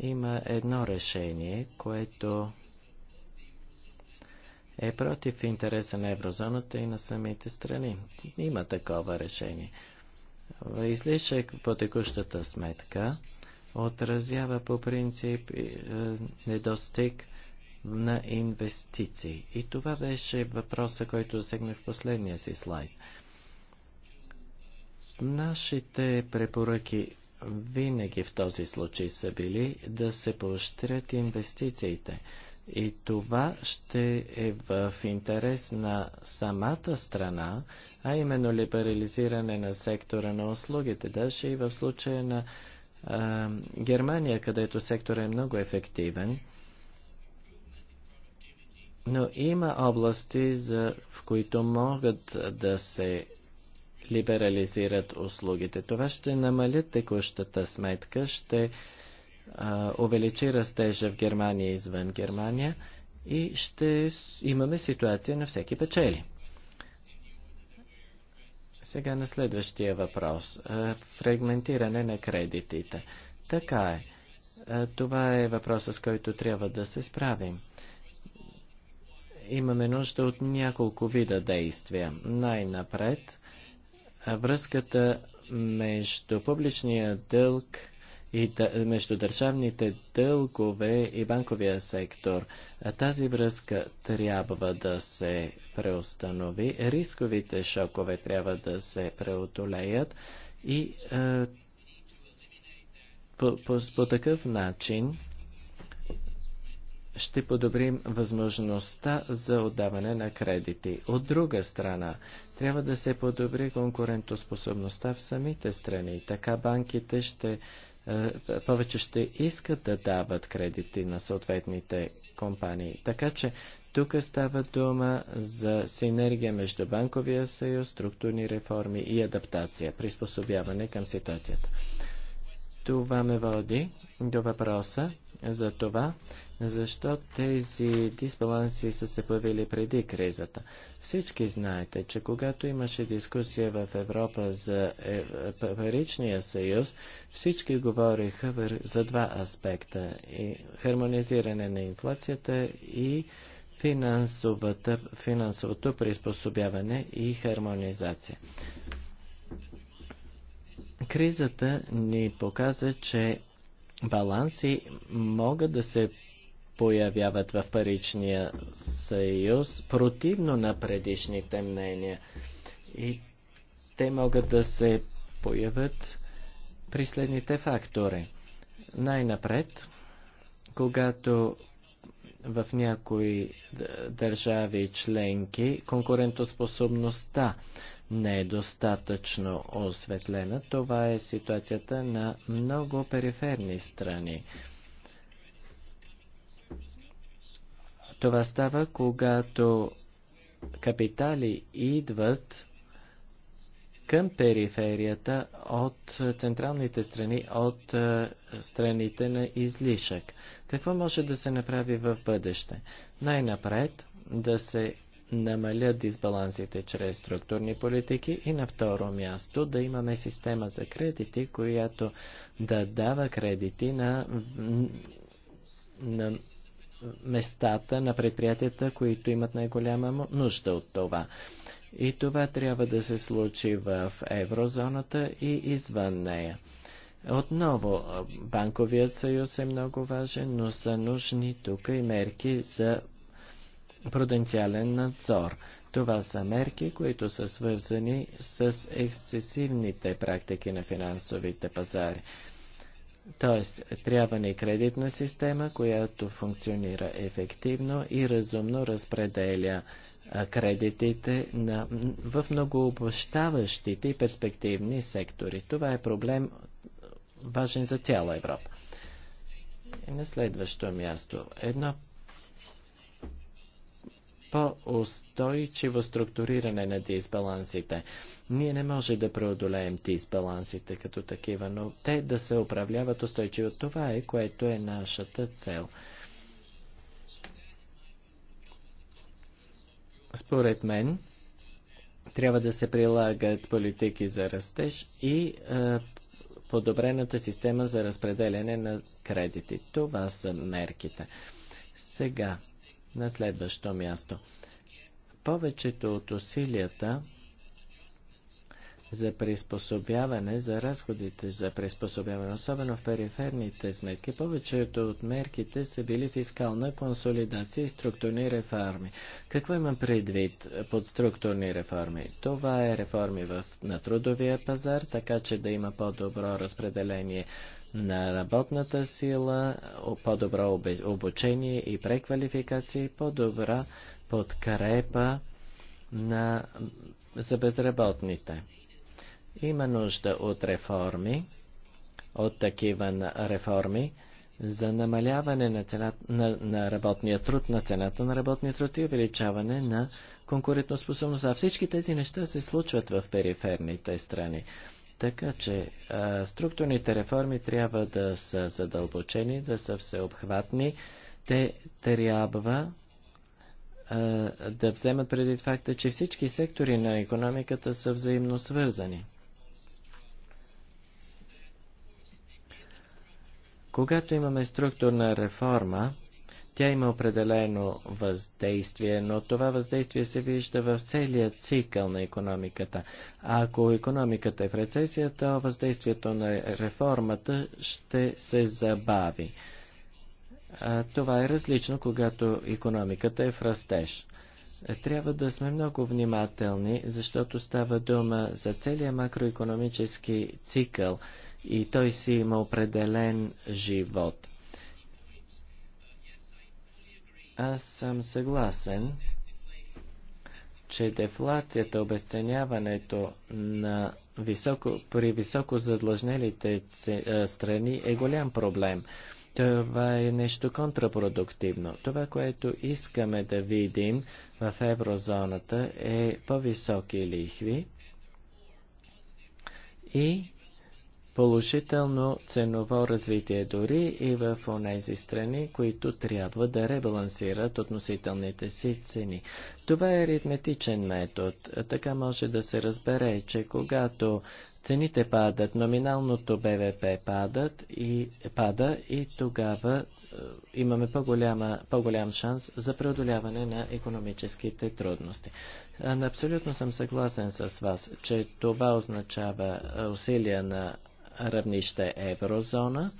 има едно решение, което е против интереса на еврозоната и на самите страни. Има такова решение. Излишък по текущата сметка отразява по принцип е, недостиг на инвестиции. И това беше въпроса, който засегнах в последния си слайд. Нашите препоръки винаги в този случай са били да се поощрят инвестициите. И това ще е в интерес на самата страна, а именно либерализиране на сектора на услугите, даже и в случая на а, Германия, където секторът е много ефективен. Но има области, за, в които могат да се либерализират услугите. Това ще намали текущата сметка, ще а, увеличи растежа в Германия и извън Германия и ще имаме ситуация на всеки печели. Сега на следващия въпрос. Фрагментиране на кредитите. Така е. Това е въпросът, с който трябва да се справим. Имаме нужда от няколко вида действия. Най-напред връзката между публичния дълг и между държавните дългове и банковия сектор. Тази връзка трябва да се преустанови, рисковите шокове трябва да се преодолеят и по, по, по, по такъв начин ще подобрим възможността за отдаване на кредити. От друга страна, трябва да се подобри конкурентоспособността в самите страни. Така банките ще, е, повече ще искат да дават кредити на съответните компании. Така че тук става дума за синергия между банковия съюз, структурни реформи и адаптация, приспособяване към ситуацията. Това ме води до въпроса за това, защо тези дисбаланси са се появили преди кризата. Всички знаете, че когато имаше дискусия в Европа за е, паричния съюз, всички говориха за два аспекта и хармонизиране на инфлацията и финансовото приспособяване и хармонизация. Кризата ни показа, че баланси могат да се появяват в паричния съюз противно на предишните мнения. И те могат да се появят при следните фактори. Най-напред, когато в някои държави членки конкурентоспособността не е достатъчно осветлена. Това е ситуацията на много периферни страни. Това става, когато капитали идват към периферията от централните страни, от е, страните на излишък. Какво може да се направи в бъдеще? Най-напред да се намалят дисбалансите чрез структурни политики и на второ място да имаме система за кредити, която да дава кредити на, на местата на предприятията, които имат най-голяма нужда от това. И това трябва да се случи в еврозоната и извън нея. Отново, банковият съюз е много важен, но са нужни тук и мерки за пруденциален надзор. Това са мерки, които са свързани с ексцесивните практики на финансовите пазари. Тоест, трябва ни кредитна система, която функционира ефективно и разумно разпределя кредитите на, в многообщаващите и перспективни сектори. Това е проблем важен за цяла Европа. И на следващо място, едно по-устойчиво структуриране на дисбалансите. Ние не може да преодолеем дисбалансите като такива, но те да се управляват устойчиво. Това е, което е нашата цел. Според мен, трябва да се прилагат политики за растеж и е, подобрената система за разпределяне на кредити. Това са мерките. Сега, на следващо място. Повечето от усилията за приспособяване, за разходите за приспособяване, особено в периферните сметки, повечето от мерките са били фискална консолидация и структурни реформи. Какво имам предвид под структурни реформи? Това е реформи в, на трудовия пазар, така че да има по-добро разпределение на работната сила, по-добро обучение и преквалификация по-добра подкрепа на, за безработните. Има нужда от реформи, от такива реформи, за намаляване на, цена, на, на работния труд, на цената на работния труд и увеличаване на конкурентоспособността. Всички тези неща се случват в периферните страни. Така че а, структурните реформи трябва да са задълбочени, да са всеобхватни. Те трябва а, да вземат преди факта, че всички сектори на економиката са взаимно свързани. Когато имаме структурна реформа, тя има определено въздействие, но това въздействие се вижда в целия цикъл на економиката. А ако економиката е в рецесия, то въздействието на реформата ще се забави. А, това е различно, когато економиката е в растеж. Трябва да сме много внимателни, защото става дума за целия макроекономически цикъл и той си има определен живот. Аз съм съгласен, че дефлацията, обесценяването на високо, при високо задлъжнелите страни е голям проблем. Това е нещо контрапродуктивно. Това, което искаме да видим в еврозоната е по-високи лихви и положително ценово развитие дори и в онези страни, които трябва да ребалансират относителните си цени. Това е аритметичен метод. Така може да се разбере, че когато цените падат, номиналното БВП падат и, пада и тогава е, имаме по-голям по шанс за преодоляване на економическите трудности. Е, абсолютно съм съгласен с вас, че това означава е, усилия на равнище еврозона,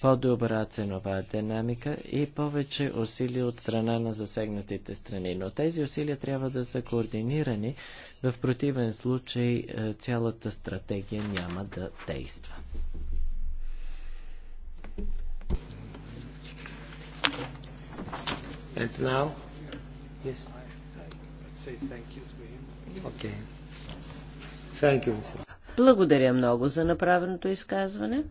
по-добра ценова динамика и повече усилия от страна на засегнатите страни. Но тези усилия трябва да са координирани, в противен случай е, цялата стратегия няма да действа. And now? Yes. Say thank you to him. Okay. Thank you, Mr. Благодаря много за направеното изказване.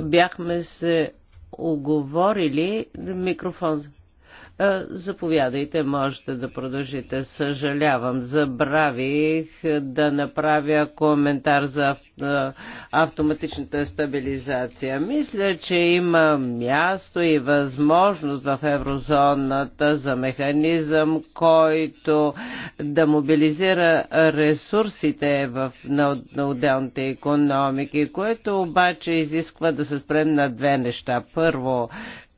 Бяхме се оговорили микрофон. Заповядайте, можете да продължите. Съжалявам, забравих да направя коментар за автоматичната стабилизация. Мисля, че има място и възможност в еврозоната за механизъм, който да мобилизира ресурсите в, на, на отделните економики, което обаче изисква да се спрем на две неща. Първо,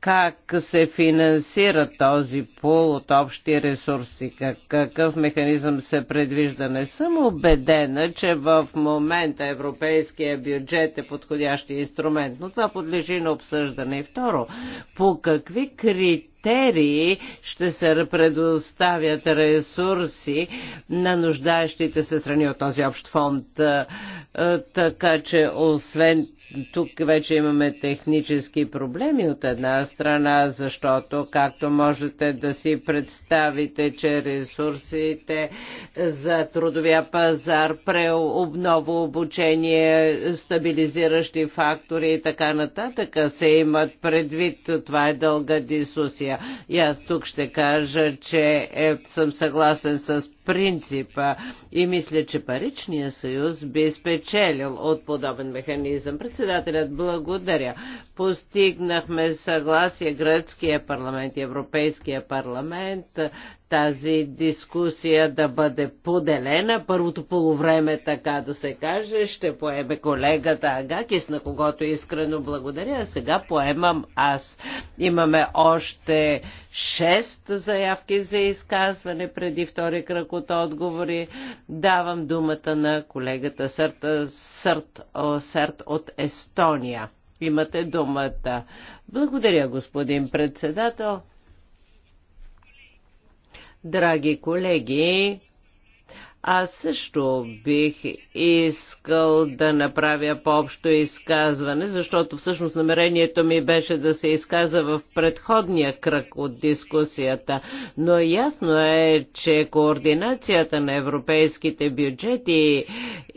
как се финансира този пул от общи ресурси, какъв механизъм се предвижда. Не съм убедена, че в момента европейския бюджет е подходящия инструмент, но това подлежи на обсъждане. И второ, по какви критерии ще се предоставят ресурси на нуждаещите се страни от този общ фонд. Е, е, така че, освен тук вече имаме технически проблеми от една страна, защото както можете да си представите, че ресурсите за трудовия пазар, преобново обучение, стабилизиращи фактори и така нататък се имат предвид. Това е дълга дискусия. И аз тук ще кажа, че е, съм съгласен с принцип и мисля, че Паричният съюз би спечелил от подобен механизъм. Председателят благодаря. Постигнахме съгласие Гръцкия парламент и Европейския парламент тази дискусия да бъде поделена. Първото полувреме, така да се каже, ще поеме колегата Агакис, на когото искрено благодаря. Сега поемам аз. Имаме още шест заявки за изказване преди втори кръг от отговори. Давам думата на колегата Сърт, Сърт, Сърт от Естония. Имате думата. Благодаря, господин председател. Драги колеги, аз също бих искал да направя по-общо изказване, защото всъщност намерението ми беше да се изказа в предходния кръг от дискусията. Но ясно е, че координацията на европейските бюджети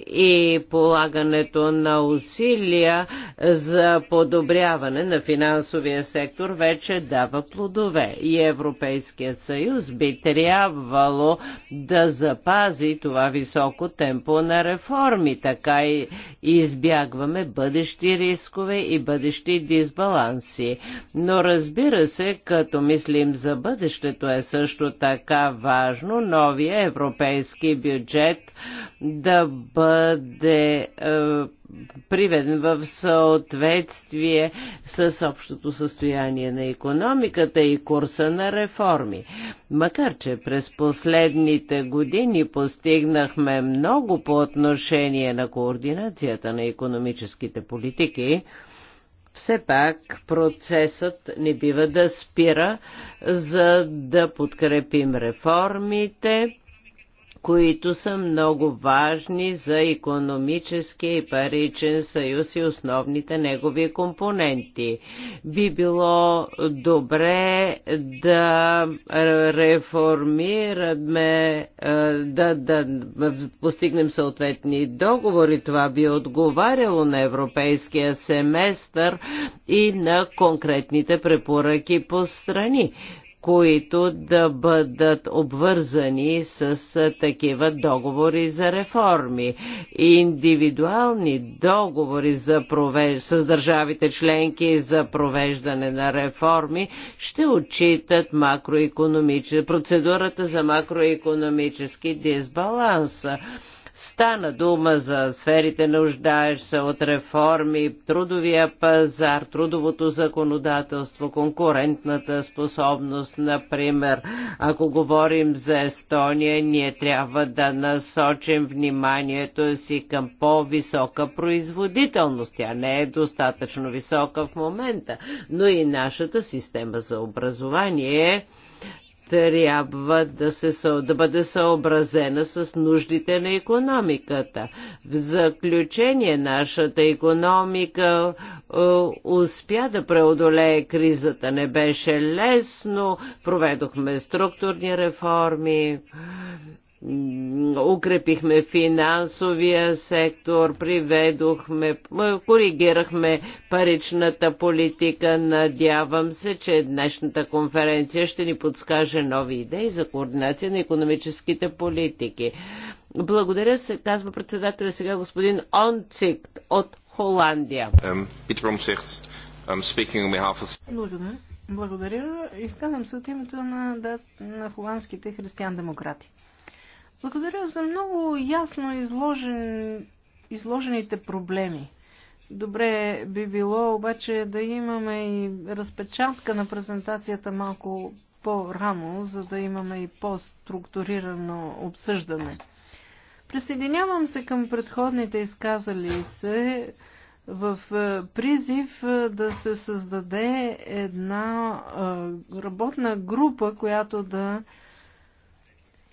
и полагането на усилия за подобряване на финансовия сектор вече дава плодове. И Европейският съюз би трябвало да запази това високо темпо на реформи. Така и избягваме бъдещи рискове и бъдещи дисбаланси. Но разбира се, като мислим за бъдещето е също така важно новия европейски бюджет да бъде е, приведен в съответствие с общото състояние на економиката и курса на реформи. Макар, че през последните години постигнахме много по отношение на координацията на економическите политики, все пак процесът не бива да спира, за да подкрепим реформите които са много важни за економическия и паричен съюз и основните негови компоненти. Би било добре да реформираме, е, да, да постигнем съответни договори. Това би отговаряло на европейския семестър и на конкретните препоръки по страни които да бъдат обвързани с такива договори за реформи. Индивидуални договори за провеж... с държавите членки за провеждане на реформи ще отчитат макроекономич... процедурата за макроекономически дисбаланс. Стана дума за сферите нуждаеш се от реформи, трудовия пазар, трудовото законодателство, конкурентната способност, например. Ако говорим за Естония, ние трябва да насочим вниманието си към по-висока производителност. Тя не е достатъчно висока в момента, но и нашата система за образование е трябва да, се, да бъде съобразена с нуждите на економиката. В заключение нашата економика е, успя да преодолее кризата. Не беше лесно, проведохме структурни реформи укрепихме финансовия сектор, приведохме, коригирахме паричната политика. Надявам се, че днешната конференция ще ни подскаже нови идеи за координация на економическите политики. Благодаря се, казва председателя сега господин Онцикт от Холандия. Благодаря. Благодаря. Изказвам се от името на, да, на холандските християн-демократи. Благодаря за много ясно изложен, изложените проблеми. Добре би било обаче да имаме и разпечатка на презентацията малко по-рано, за да имаме и по-структурирано обсъждане. Присъединявам се към предходните изказали се в е, призив е, да се създаде една е, работна група, която да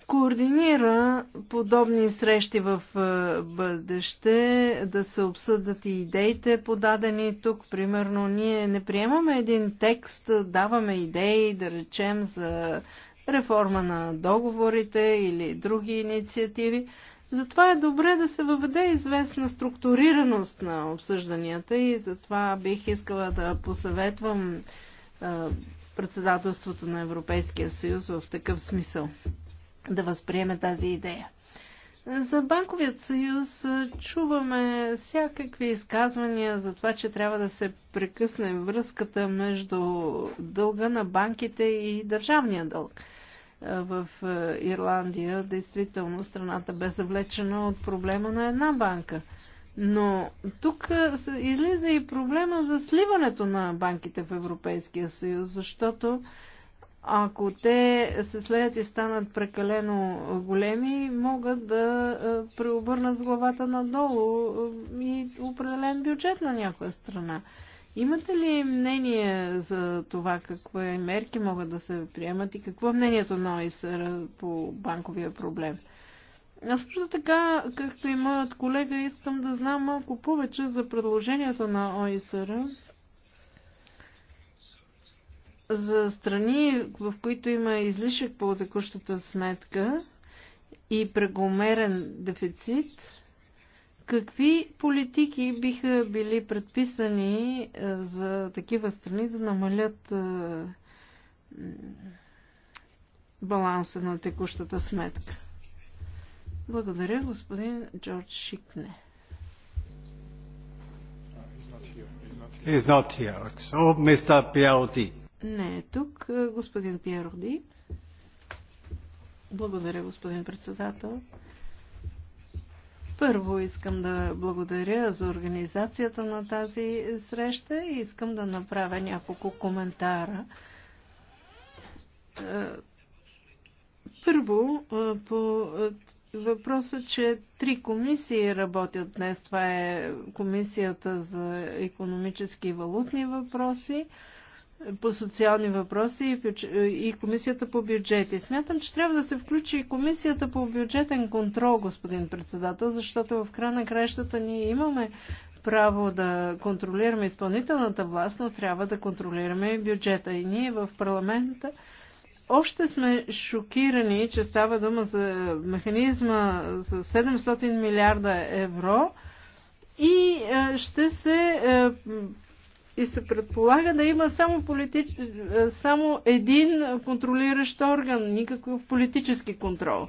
координира подобни срещи в е, бъдеще, да се обсъдат и идеите подадени тук. Примерно, ние не приемаме един текст, даваме идеи, да речем, за реформа на договорите или други инициативи. Затова е добре да се въведе известна структурираност на обсъжданията и затова бих искала да посъветвам е, председателството на Европейския съюз в такъв смисъл да възприеме тази идея. За Банковият съюз чуваме всякакви изказвания за това, че трябва да се прекъсне връзката между дълга на банките и държавния дълг. В Ирландия действително страната бе завлечена от проблема на една банка. Но тук излиза и проблема за сливането на банките в Европейския съюз, защото ако те се слеят и станат прекалено големи, могат да е, преобърнат с главата надолу е, и определен бюджет на някоя страна. Имате ли мнение за това какво мерки могат да се приемат и какво е мнението на ОИСР по банковия проблем? Аз също така, както и моят колега, искам да знам малко повече за предложението на ОИСР за страни, в които има излишък по текущата сметка и прегомерен дефицит, какви политики биха били предписани е, за такива страни да намалят е, баланса на текущата сметка? Благодаря, господин Джордж Шикне. He's not here. So, Mr. Piauti не е тук. Е, господин Пьер Роди. Благодаря, господин председател. Първо искам да благодаря за организацията на тази среща и искам да направя няколко коментара. Е, първо, е, по въпроса, че три комисии работят днес. Това е комисията за економически и валутни въпроси, по социални въпроси и комисията по бюджети. Смятам, че трябва да се включи и комисията по бюджетен контрол, господин председател, защото в края на краищата ние имаме право да контролираме изпълнителната власт, но трябва да контролираме и бюджета. И ние в парламента още сме шокирани, че става дума за механизма за 700 милиарда евро и е, ще се е, и се предполага да има само, политич... Е, само един контролиращ орган, никакъв политически контрол.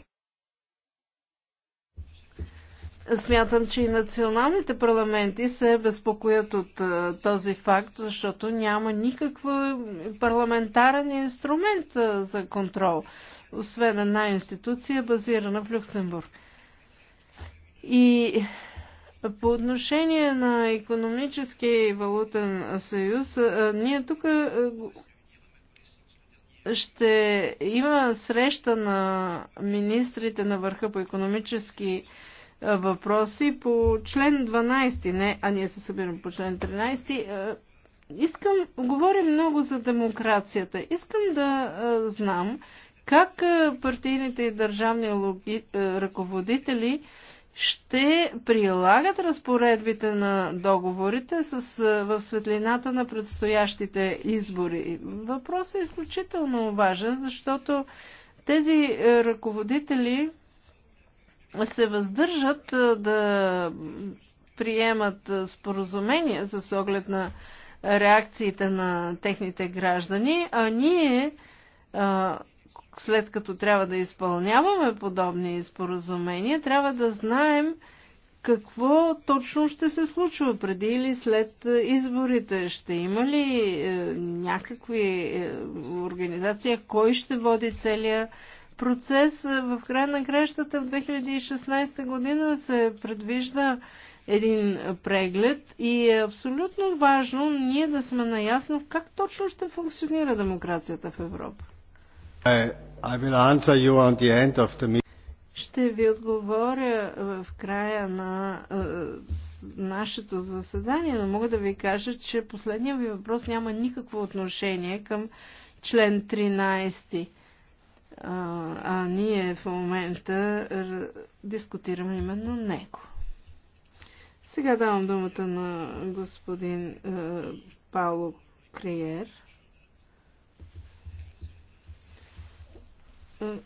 Смятам, че и националните парламенти се безпокоят от е, този факт, защото няма никакъв парламентарен инструмент е, за контрол, освен една институция, базирана в Люксембург. И по отношение на економически и валутен съюз, ние тук ще има среща на министрите на върха по економически въпроси по член 12, не, а ние се събираме по член 13. Искам, говорим много за демокрацията. Искам да знам как партийните и държавни ръководители ще прилагат разпоредбите на договорите с, в светлината на предстоящите избори. Въпросът е изключително важен, защото тези е, ръководители се въздържат да приемат споразумения с оглед на реакциите на техните граждани, а ние след като трябва да изпълняваме подобни споразумения, трябва да знаем какво точно ще се случва преди или след изборите. Ще има ли е, някакви е, организация, кой ще води целия процес. В края на кращата в 2016 година се предвижда един преглед и е абсолютно важно ние да сме наясно как точно ще функционира демокрацията в Европа. Ще ви отговоря е, в края на е, нашето заседание, но мога да ви кажа, че последния ви въпрос няма никакво отношение към член 13. А, а ние в момента е, дискутираме именно него. Сега давам думата на господин е, Пауло Криер.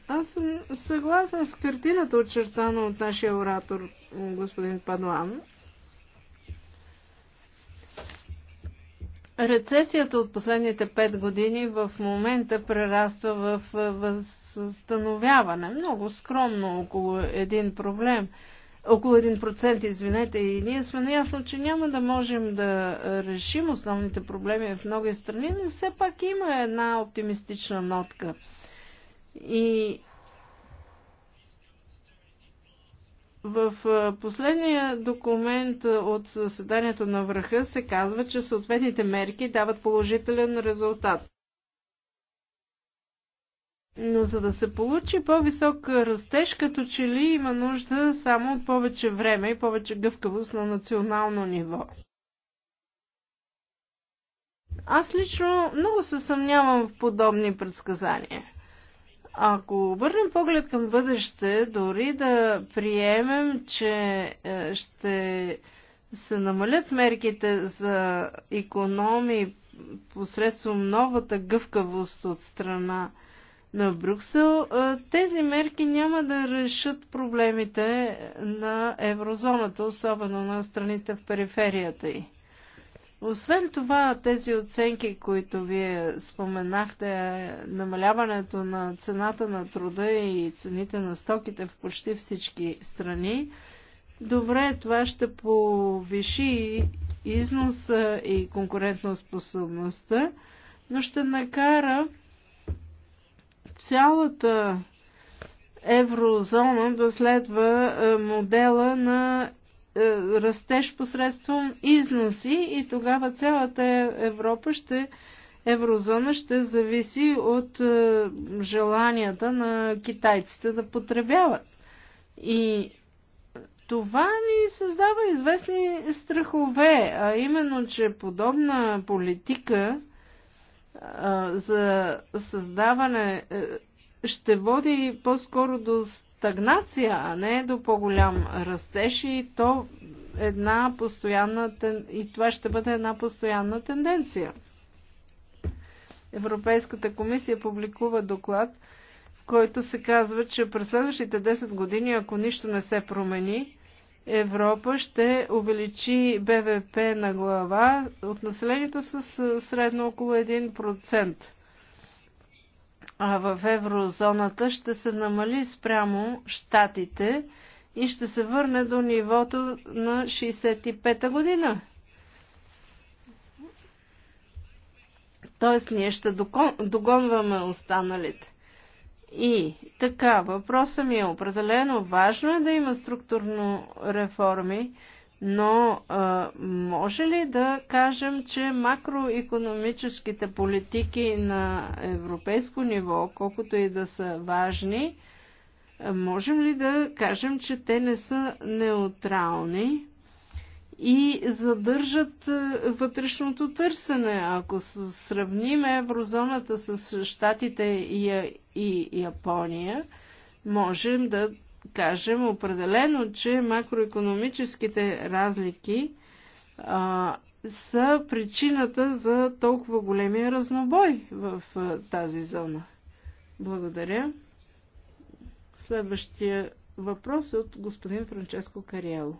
Аз съм съгласен с картината, очертана от нашия оратор, господин Падуан. Рецесията от последните пет години в момента прераства в възстановяване. Много скромно, около един проблем, около 1%, извинете, и ние сме наясно, че няма да можем да решим основните проблеми в много страни, но все пак има една оптимистична нотка – и в последния документ от съседанието на върха се казва, че съответните мерки дават положителен резултат. Но за да се получи по-висок растеж, като че ли има нужда само от повече време и повече гъвкавост на национално ниво. Аз лично много се съмнявам в подобни предсказания. Ако обърнем поглед към бъдеще, дори да приемем, че е, ще се намалят мерките за економии посредством новата гъвкавост от страна на Брюксел, е, тези мерки няма да решат проблемите на еврозоната, особено на страните в периферията й. Освен това, тези оценки, които вие споменахте, намаляването на цената на труда и цените на стоките в почти всички страни, добре, това ще повиши износа и конкурентоспособността, но ще накара цялата еврозона да следва модела на е, растеж посредством износи и тогава цялата Европа ще еврозона ще зависи от е, желанията на китайците да потребяват. И това ни създава известни страхове, а именно, че подобна политика а, е, за създаване а, ще води по-скоро до стагнация, а не до по-голям растеж и то една постоянна, и това ще бъде една постоянна тенденция. Европейската комисия публикува доклад, в който се казва, че през следващите 10 години, ако нищо не се промени, Европа ще увеличи БВП на глава от населението с средно около 1% а в еврозоната ще се намали спрямо щатите и ще се върне до нивото на 65-та година. Тоест ние ще догонваме останалите. И така, въпросът ми е определено важно е да има структурно реформи, но а, може ли да кажем, че макроекономическите политики на европейско ниво, колкото и да са важни, можем ли да кажем, че те не са неутрални и задържат вътрешното търсене? Ако сравним еврозоната с Штатите и Япония, можем да кажем определено, че макроекономическите разлики а, са причината за толкова големия разнобой в а, тази зона. Благодаря. Следващия въпрос е от господин Франческо Кариело.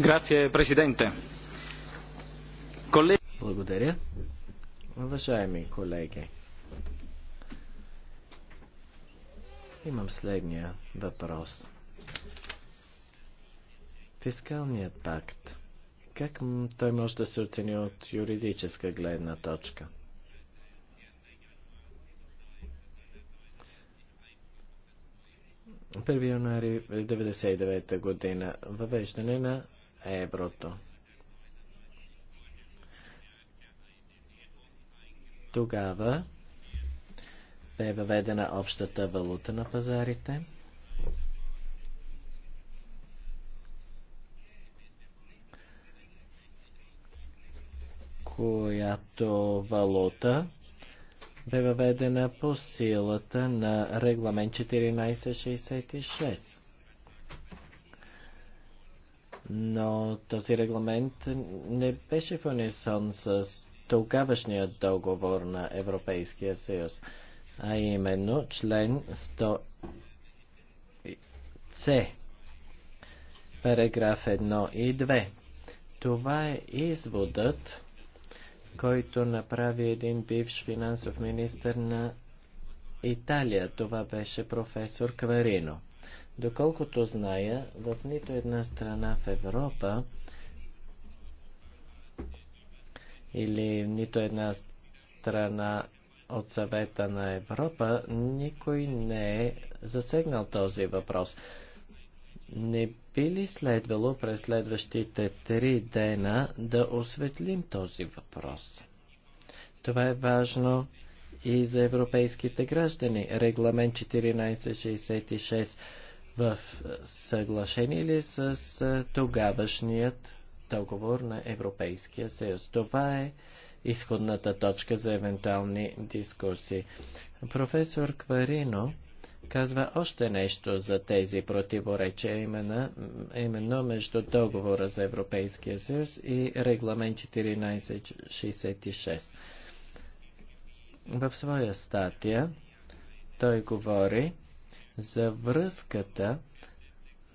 Грация, президенте. Колег... Благодаря. Уважаеми колеги, Имам следния въпрос. Фискалният пакт. Как той може да се оцени от юридическа гледна точка? Първи януари 1999 година въвеждане на еврото. Тогава бе въведена общата валута на пазарите. която валута бе въведена по силата на регламент 1466. Но този регламент не беше в унисон с тогавашният договор на Европейския съюз а именно член 100 С, параграф 1 и 2. Това е изводът, който направи един бивш финансов министр на Италия. Това беше професор Кварино. Доколкото зная, в нито една страна в Европа или нито една страна от съвета на Европа никой не е засегнал този въпрос. Не би ли следвало през следващите три дена да осветлим този въпрос? Това е важно и за европейските граждани. Регламент 1466 в съглашение ли с тогавашният договор на Европейския съюз? Това е изходната точка за евентуални дискурси. Професор Кварино казва още нещо за тези противоречия, именно, именно между договора за Европейския съюз и регламент 1466. В своя статия той говори за връзката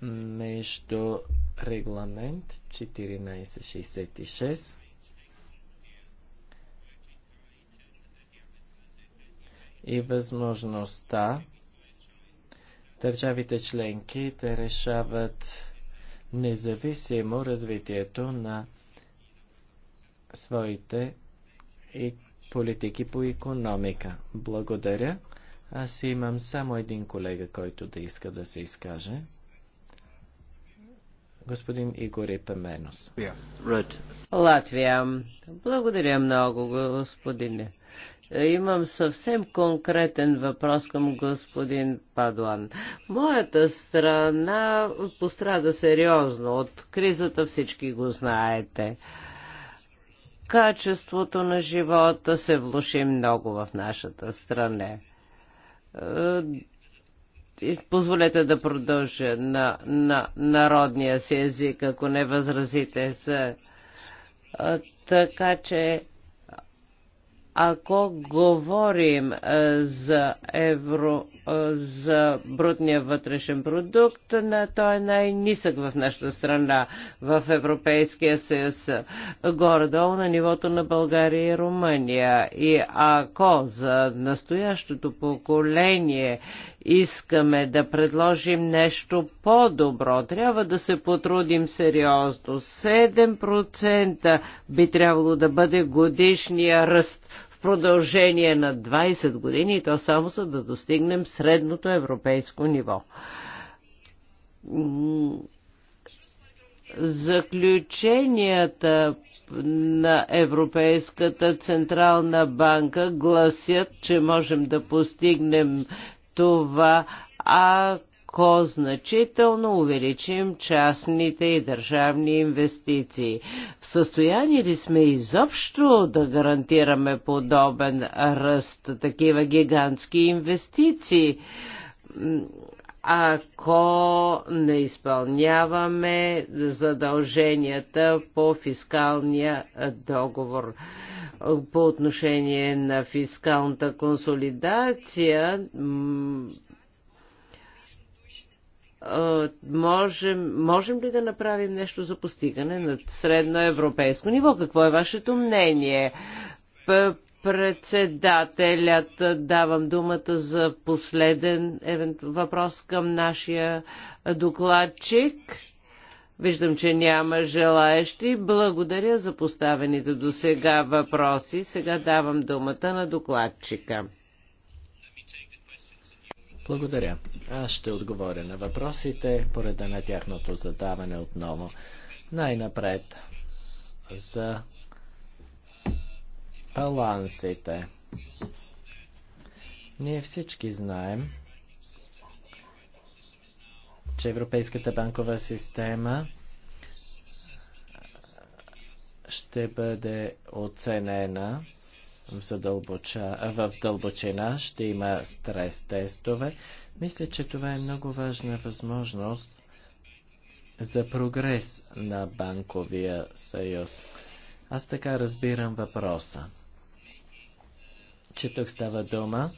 между регламент 1466 и възможността държавите членки да решават независимо развитието на своите и политики по економика. Благодаря. Аз имам само един колега, който да иска да се изкаже. Господин Игор Пеменос. Yeah. Right. Латвия. Благодаря много, господине. Имам съвсем конкретен въпрос към господин Падуан. Моята страна пострада сериозно от кризата, всички го знаете качеството на живота се влуши много в нашата страна. Е, позволете да продължа на, на народния си език, ако не възразите. За, така че ако говорим е, за евро, е, за брутния вътрешен продукт, той е най-нисък в нашата страна, в Европейския съюз, горе-долу на нивото на България и Румъния. И ако за настоящото поколение искаме да предложим нещо по-добро, трябва да се потрудим сериозно. 7% би трябвало да бъде годишния ръст продължение на 20 години и то само за да достигнем средното европейско ниво. Заключенията на Европейската Централна банка гласят, че можем да постигнем това, ако ако значително увеличим частните и държавни инвестиции. В състояние ли сме изобщо да гарантираме подобен ръст, такива гигантски инвестиции? ако не изпълняваме задълженията по фискалния договор. По отношение на фискалната консолидация, е, можем, можем ли да направим нещо за постигане на средноевропейско ниво? Какво е вашето мнение? Председателят, давам думата за последен въпрос към нашия докладчик. Виждам, че няма желаещи. Благодаря за поставените до сега въпроси. Сега давам думата на докладчика. Благодаря. Аз ще отговоря на въпросите по реда на тяхното задаване отново. Най-напред за балансите. Ние всички знаем, че Европейската банкова система ще бъде оценена в, в дълбочина, ще има стрес тестове. Мисля, че това е много важна възможност за прогрес на банковия съюз. Аз така разбирам въпроса, че тук става дума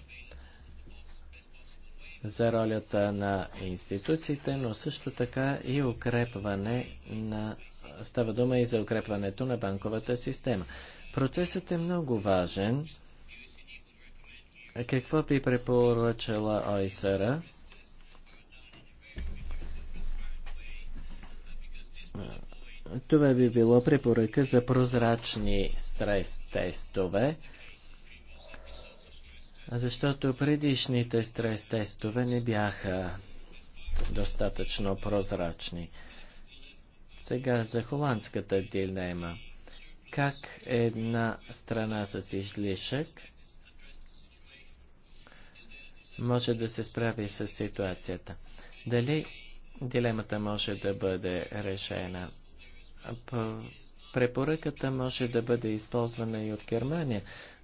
за ролята на институциите, но също така и укрепване на... Става дума и за укрепването на банковата система. Процесът е много важен. Какво би препоръчала Айсера? Това би било препоръка за прозрачни стрес-тестове, защото предишните стрес-тестове не бяха достатъчно прозрачни. Сега за холандската дилема как една страна с излишък може да се справи с ситуацията. Дали дилемата може да бъде решена? Препоръката може да бъде използвана и от Германия.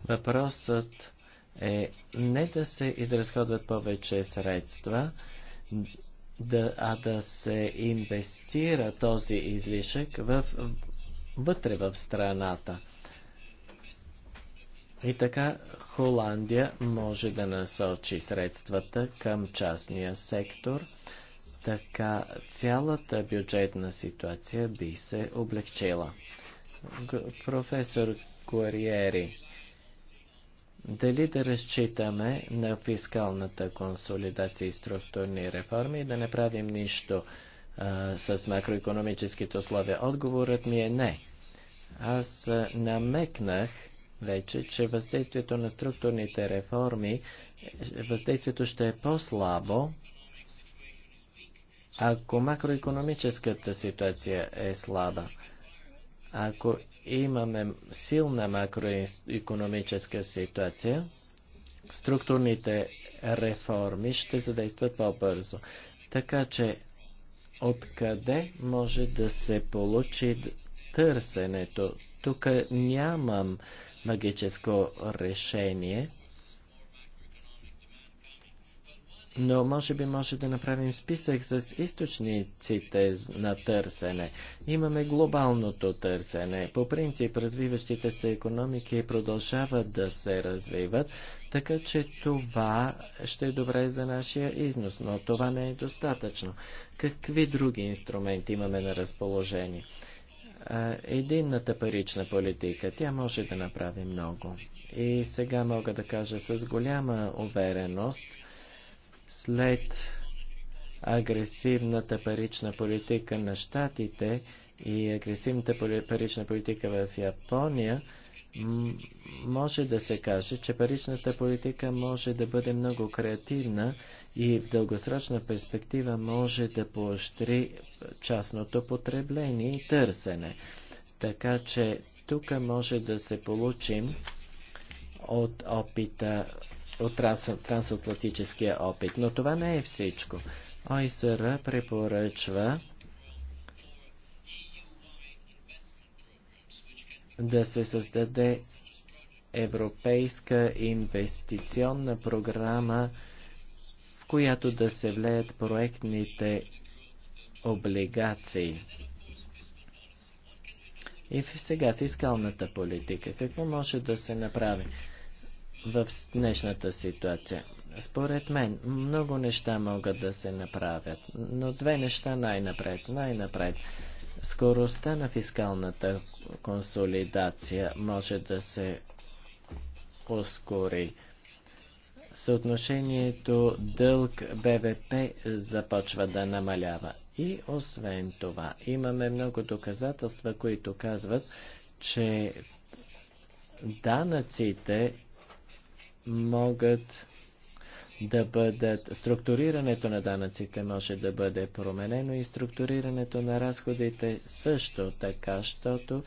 Въпросът е не да се изразходват повече средства, да, а да се инвестира този излишък в вътре в страната. И така Холандия може да насочи средствата към частния сектор, така цялата бюджетна ситуация би се облегчила. Професор Куриери, дали да разчитаме на фискалната консолидация и структурни реформи и да не правим нищо а, с макроекономическите условия? Отговорът ми е не. Аз намекнах вече, че въздействието на структурните реформи, е, въздействието ще е по-слабо, ако макроекономическата ситуация е слаба. Ако имаме силна макроекономическа ситуация, структурните реформи ще задействат по-бързо. Така че откъде може да се получи търсенето. Тук нямам магическо решение, но може би може да направим списък с източниците на търсене. Имаме глобалното търсене. По принцип, развиващите се економики продължават да се развиват, така че това ще е добре за нашия износ, но това не е достатъчно. Какви други инструменти имаме на разположение? единната парична политика, тя може да направи много. И сега мога да кажа с голяма увереност, след агресивната парична политика на щатите и агресивната парична политика в Япония, може да се каже, че паричната политика може да бъде много креативна и в дългосрочна перспектива може да поощри частното потребление и търсене. Така че тук може да се получим от опита, от трансатлантическия опит. Но това не е всичко. ОИСР препоръчва да се създаде европейска инвестиционна програма, в която да се влеят проектните облигации. И сега фискалната политика. Какво може да се направи в днешната ситуация? Според мен много неща могат да се направят, но две неща най-напред. Най-напред Скоростта на фискалната консолидация може да се ускори. Съотношението дълг БВП започва да намалява. И освен това, имаме много доказателства, които казват, че данъците могат да бъдат, структурирането на данъците може да бъде променено и структурирането на разходите също така, защото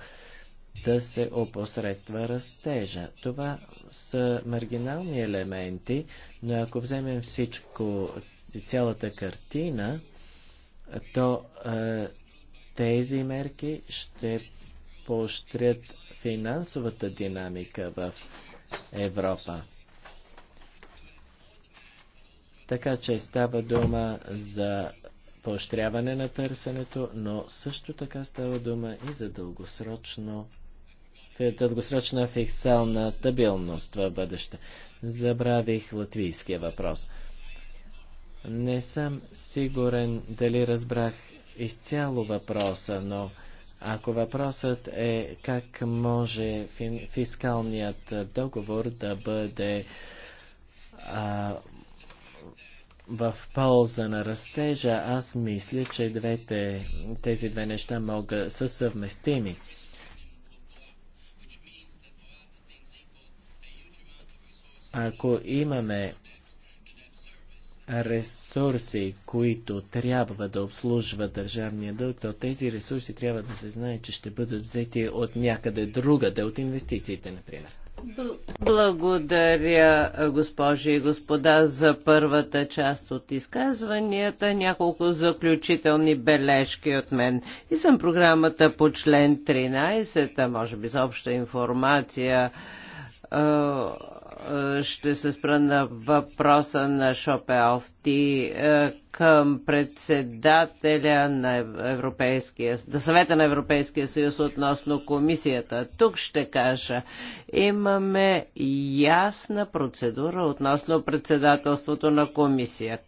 да се опосредства растежа. Това са маргинални елементи, но ако вземем всичко, цялата картина, то е, тези мерки ще поощрят финансовата динамика в Европа. Така че става дума за поощряване на търсенето, но също така става дума и за дългосрочно дългосрочна фиксална стабилност в бъдеще. Забравих латвийския въпрос. Не съм сигурен дали разбрах изцяло въпроса, но ако въпросът е как може фискалният договор да бъде а, в полза на растежа, аз мисля, че двете, тези две неща могат, са съвместими. Ако имаме ресурси, които трябва да обслужват държавния дълг, то тези ресурси трябва да се знае, че ще бъдат взети от някъде другаде, от инвестициите, например. Благодаря, госпожи и господа, за първата част от изказванията. Няколко заключителни бележки от мен. И съм програмата по член 13, а може би за обща информация ще се спра на въпроса на Шопеофти е, към председателя на Европейския, да съвета на Европейския съюз относно комисията. Тук ще кажа, имаме ясна процедура относно председателството на комисията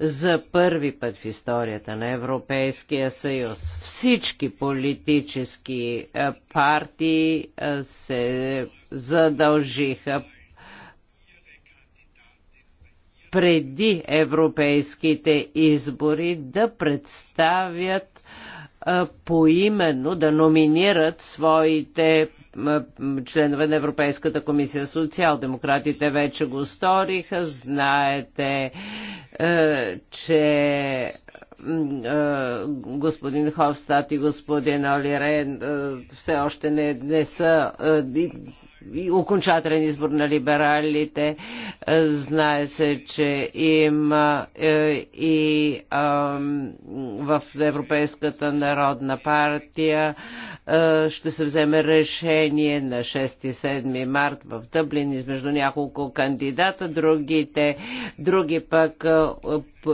за първи път в историята на Европейския съюз всички политически е, партии е, се задължиха преди европейските избори да представят поименно да номинират своите членове на Европейската комисия. Социал-демократите вече го сториха. Знаете, че господин Ховстат и господин Рен все още не, не са и, и окончателен избор на либералите. Знае се, че има и в Европейската народна партия ще се вземе решение на 6-7 март в Дъблин измежду няколко кандидата, другите, други пък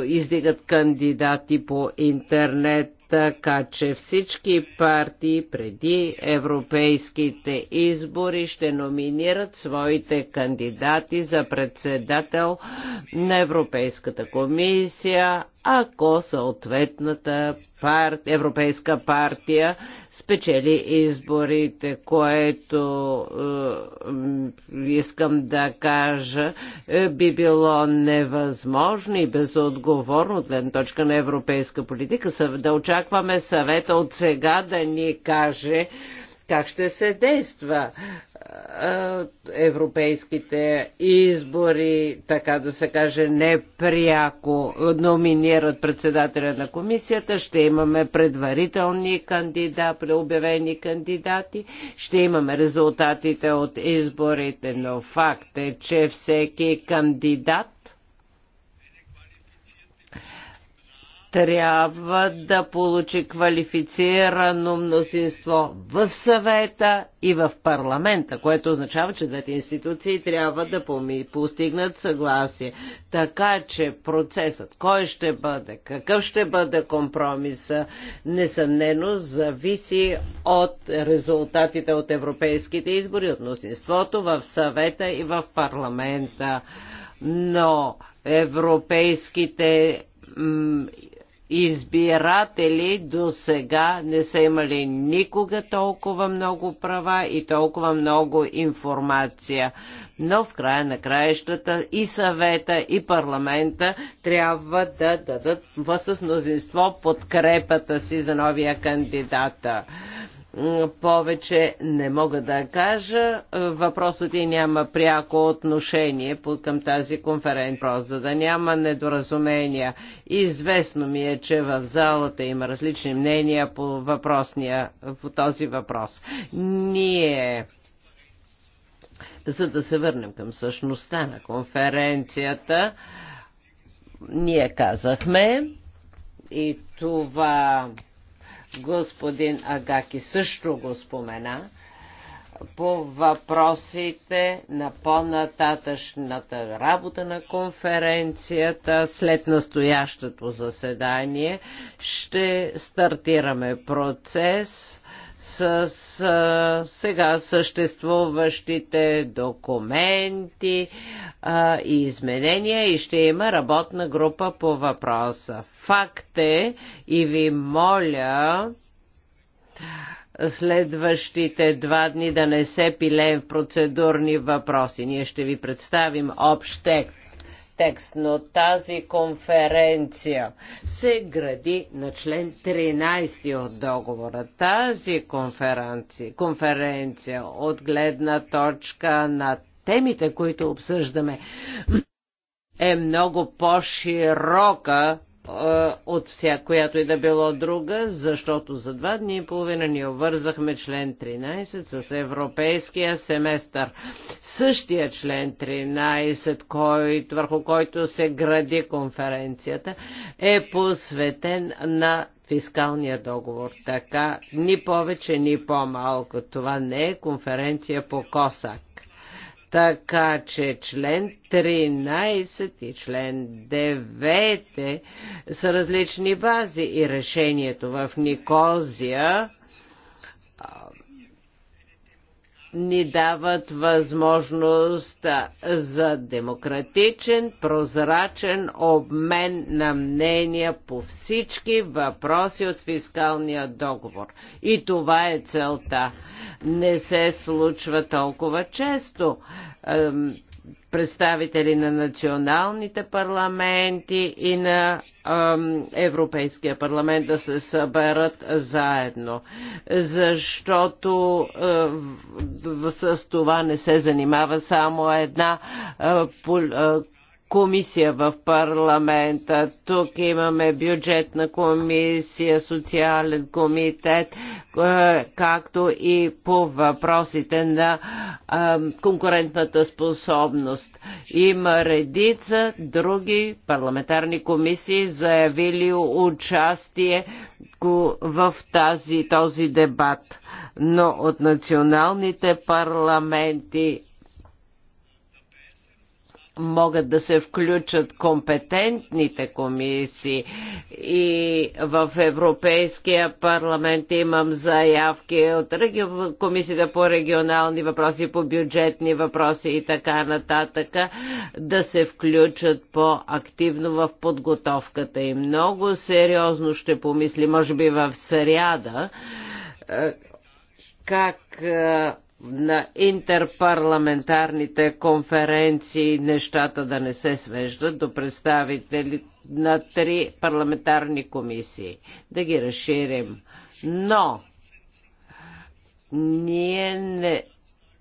издигат кандидати по интернет така че всички партии преди европейските избори ще номинират своите кандидати за председател на Европейската комисия, ако съответната пар... европейска партия спечели изборите, което е, искам да кажа е, би било невъзможно и безотговорно от гледна точка на европейска политика да очакваме съвета от сега да ни каже как ще се действа европейските избори, така да се каже, непряко номинират председателя на комисията, ще имаме предварителни кандидати, преобявени кандидати, ще имаме резултатите от изборите, но факт е, че всеки кандидат трябва да получи квалифицирано мнозинство в съвета и в парламента, което означава, че двете институции трябва да постигнат съгласие. Така че процесът, кой ще бъде, какъв ще бъде компромиса, несъмнено зависи от резултатите от европейските избори, от мнозинството в съвета и в парламента. Но европейските избиратели до сега не са имали никога толкова много права и толкова много информация. Но в края на краищата и съвета, и парламента трябва да дадат с мнозинство подкрепата си за новия кандидата повече не мога да кажа. Въпросът и няма пряко отношение към тази конференция, за да няма недоразумения. Известно ми е, че в залата има различни мнения по, въпросния, по този въпрос. Ние за да се върнем към същността на конференцията, ние казахме и това господин Агаки също го спомена, по въпросите на по-нататъчната работа на конференцията след настоящото заседание. Ще стартираме процес с а, сега съществуващите документи а, и изменения и ще има работна група по въпроса. Факт е и ви моля следващите два дни да не се пилеем в процедурни въпроси. Ние ще ви представим общ текст текст, но тази конференция се гради на член 13 от договора. Тази конференция, конференция от гледна точка на темите, които обсъждаме, е много по-широка е, от вся, която и да било друга, защото за два дни и половина ни обвързахме член 13 с европейския семестър. Същия член 13, който, върху който се гради конференцията, е посветен на фискалния договор. Така, ни повече, ни по-малко. Това не е конференция по КОСАК. Така че член 13 и член 9 са различни бази и решението в Никозия ни дават възможност за демократичен, прозрачен обмен на мнения по всички въпроси от фискалния договор. И това е целта не се случва толкова често. Представители на националните парламенти и на Европейския парламент да се съберат заедно, защото с това не се занимава само една комисия в парламента. Тук имаме бюджетна комисия, социален комитет, е, както и по въпросите на е, конкурентната способност. Има редица други парламентарни комисии, заявили участие в тази, този дебат. Но от националните парламенти могат да се включат компетентните комисии и в Европейския парламент имам заявки от Комисията по регионални въпроси, по бюджетни въпроси и така нататък да се включат по-активно в подготовката и много сериозно ще помисли, може би в сряда, е, как е, на интерпарламентарните конференции нещата да не се свеждат до представители на три парламентарни комисии. Да ги разширим. Но ние не,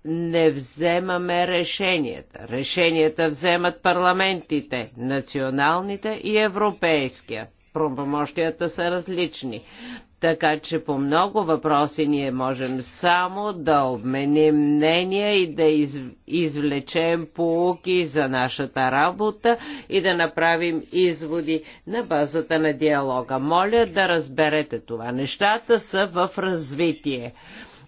не вземаме решенията. Решенията вземат парламентите, националните и европейския. Промощията са различни. Така че по много въпроси ние можем само да обменим мнения и да извлечем полуки за нашата работа и да направим изводи на базата на диалога. Моля да разберете това. Нещата са в развитие.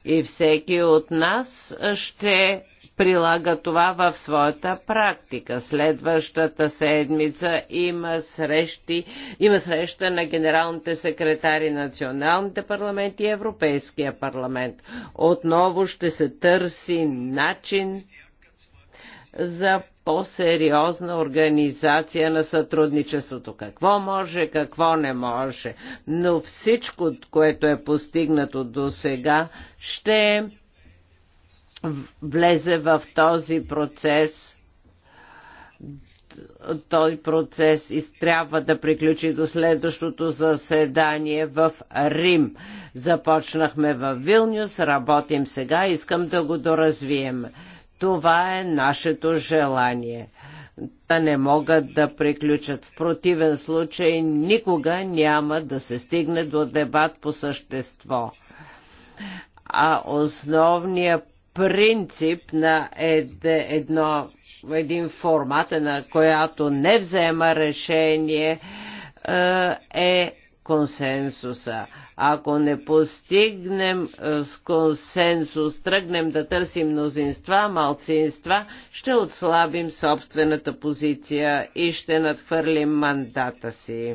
И всеки от нас ще прилага това в своята практика. Следващата седмица има, срещи, има среща на генералните секретари националните парламенти и Европейския парламент. Отново ще се търси начин за по-сериозна организация на сътрудничеството. Какво може, какво не може. Но всичко, което е постигнато до сега, ще е влезе в този процес. Този процес трябва да приключи до следващото заседание в Рим. Започнахме в Вилнюс, работим сега, искам да го доразвием. Това е нашето желание. Та не могат да приключат. В противен случай никога няма да се стигне до дебат по същество. А основният принцип на ед, едно, един формат, на която не взема решение, е, е консенсуса. Ако не постигнем е, с консенсус, тръгнем да търсим мнозинства, малцинства, ще отслабим собствената позиция и ще надхвърлим мандата си.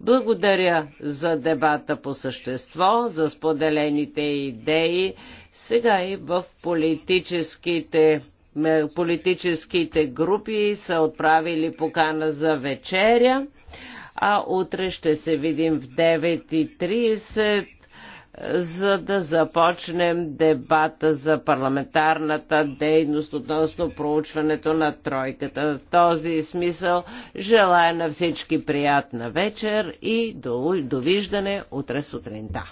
Благодаря за дебата по същество, за споделените идеи, сега и в политическите политическите групи са отправили покана за вечеря а утре ще се видим в 9.30 за да започнем дебата за парламентарната дейност относно проучването на тройката. В този смисъл желая на всички приятна вечер и довиждане утре сутринта.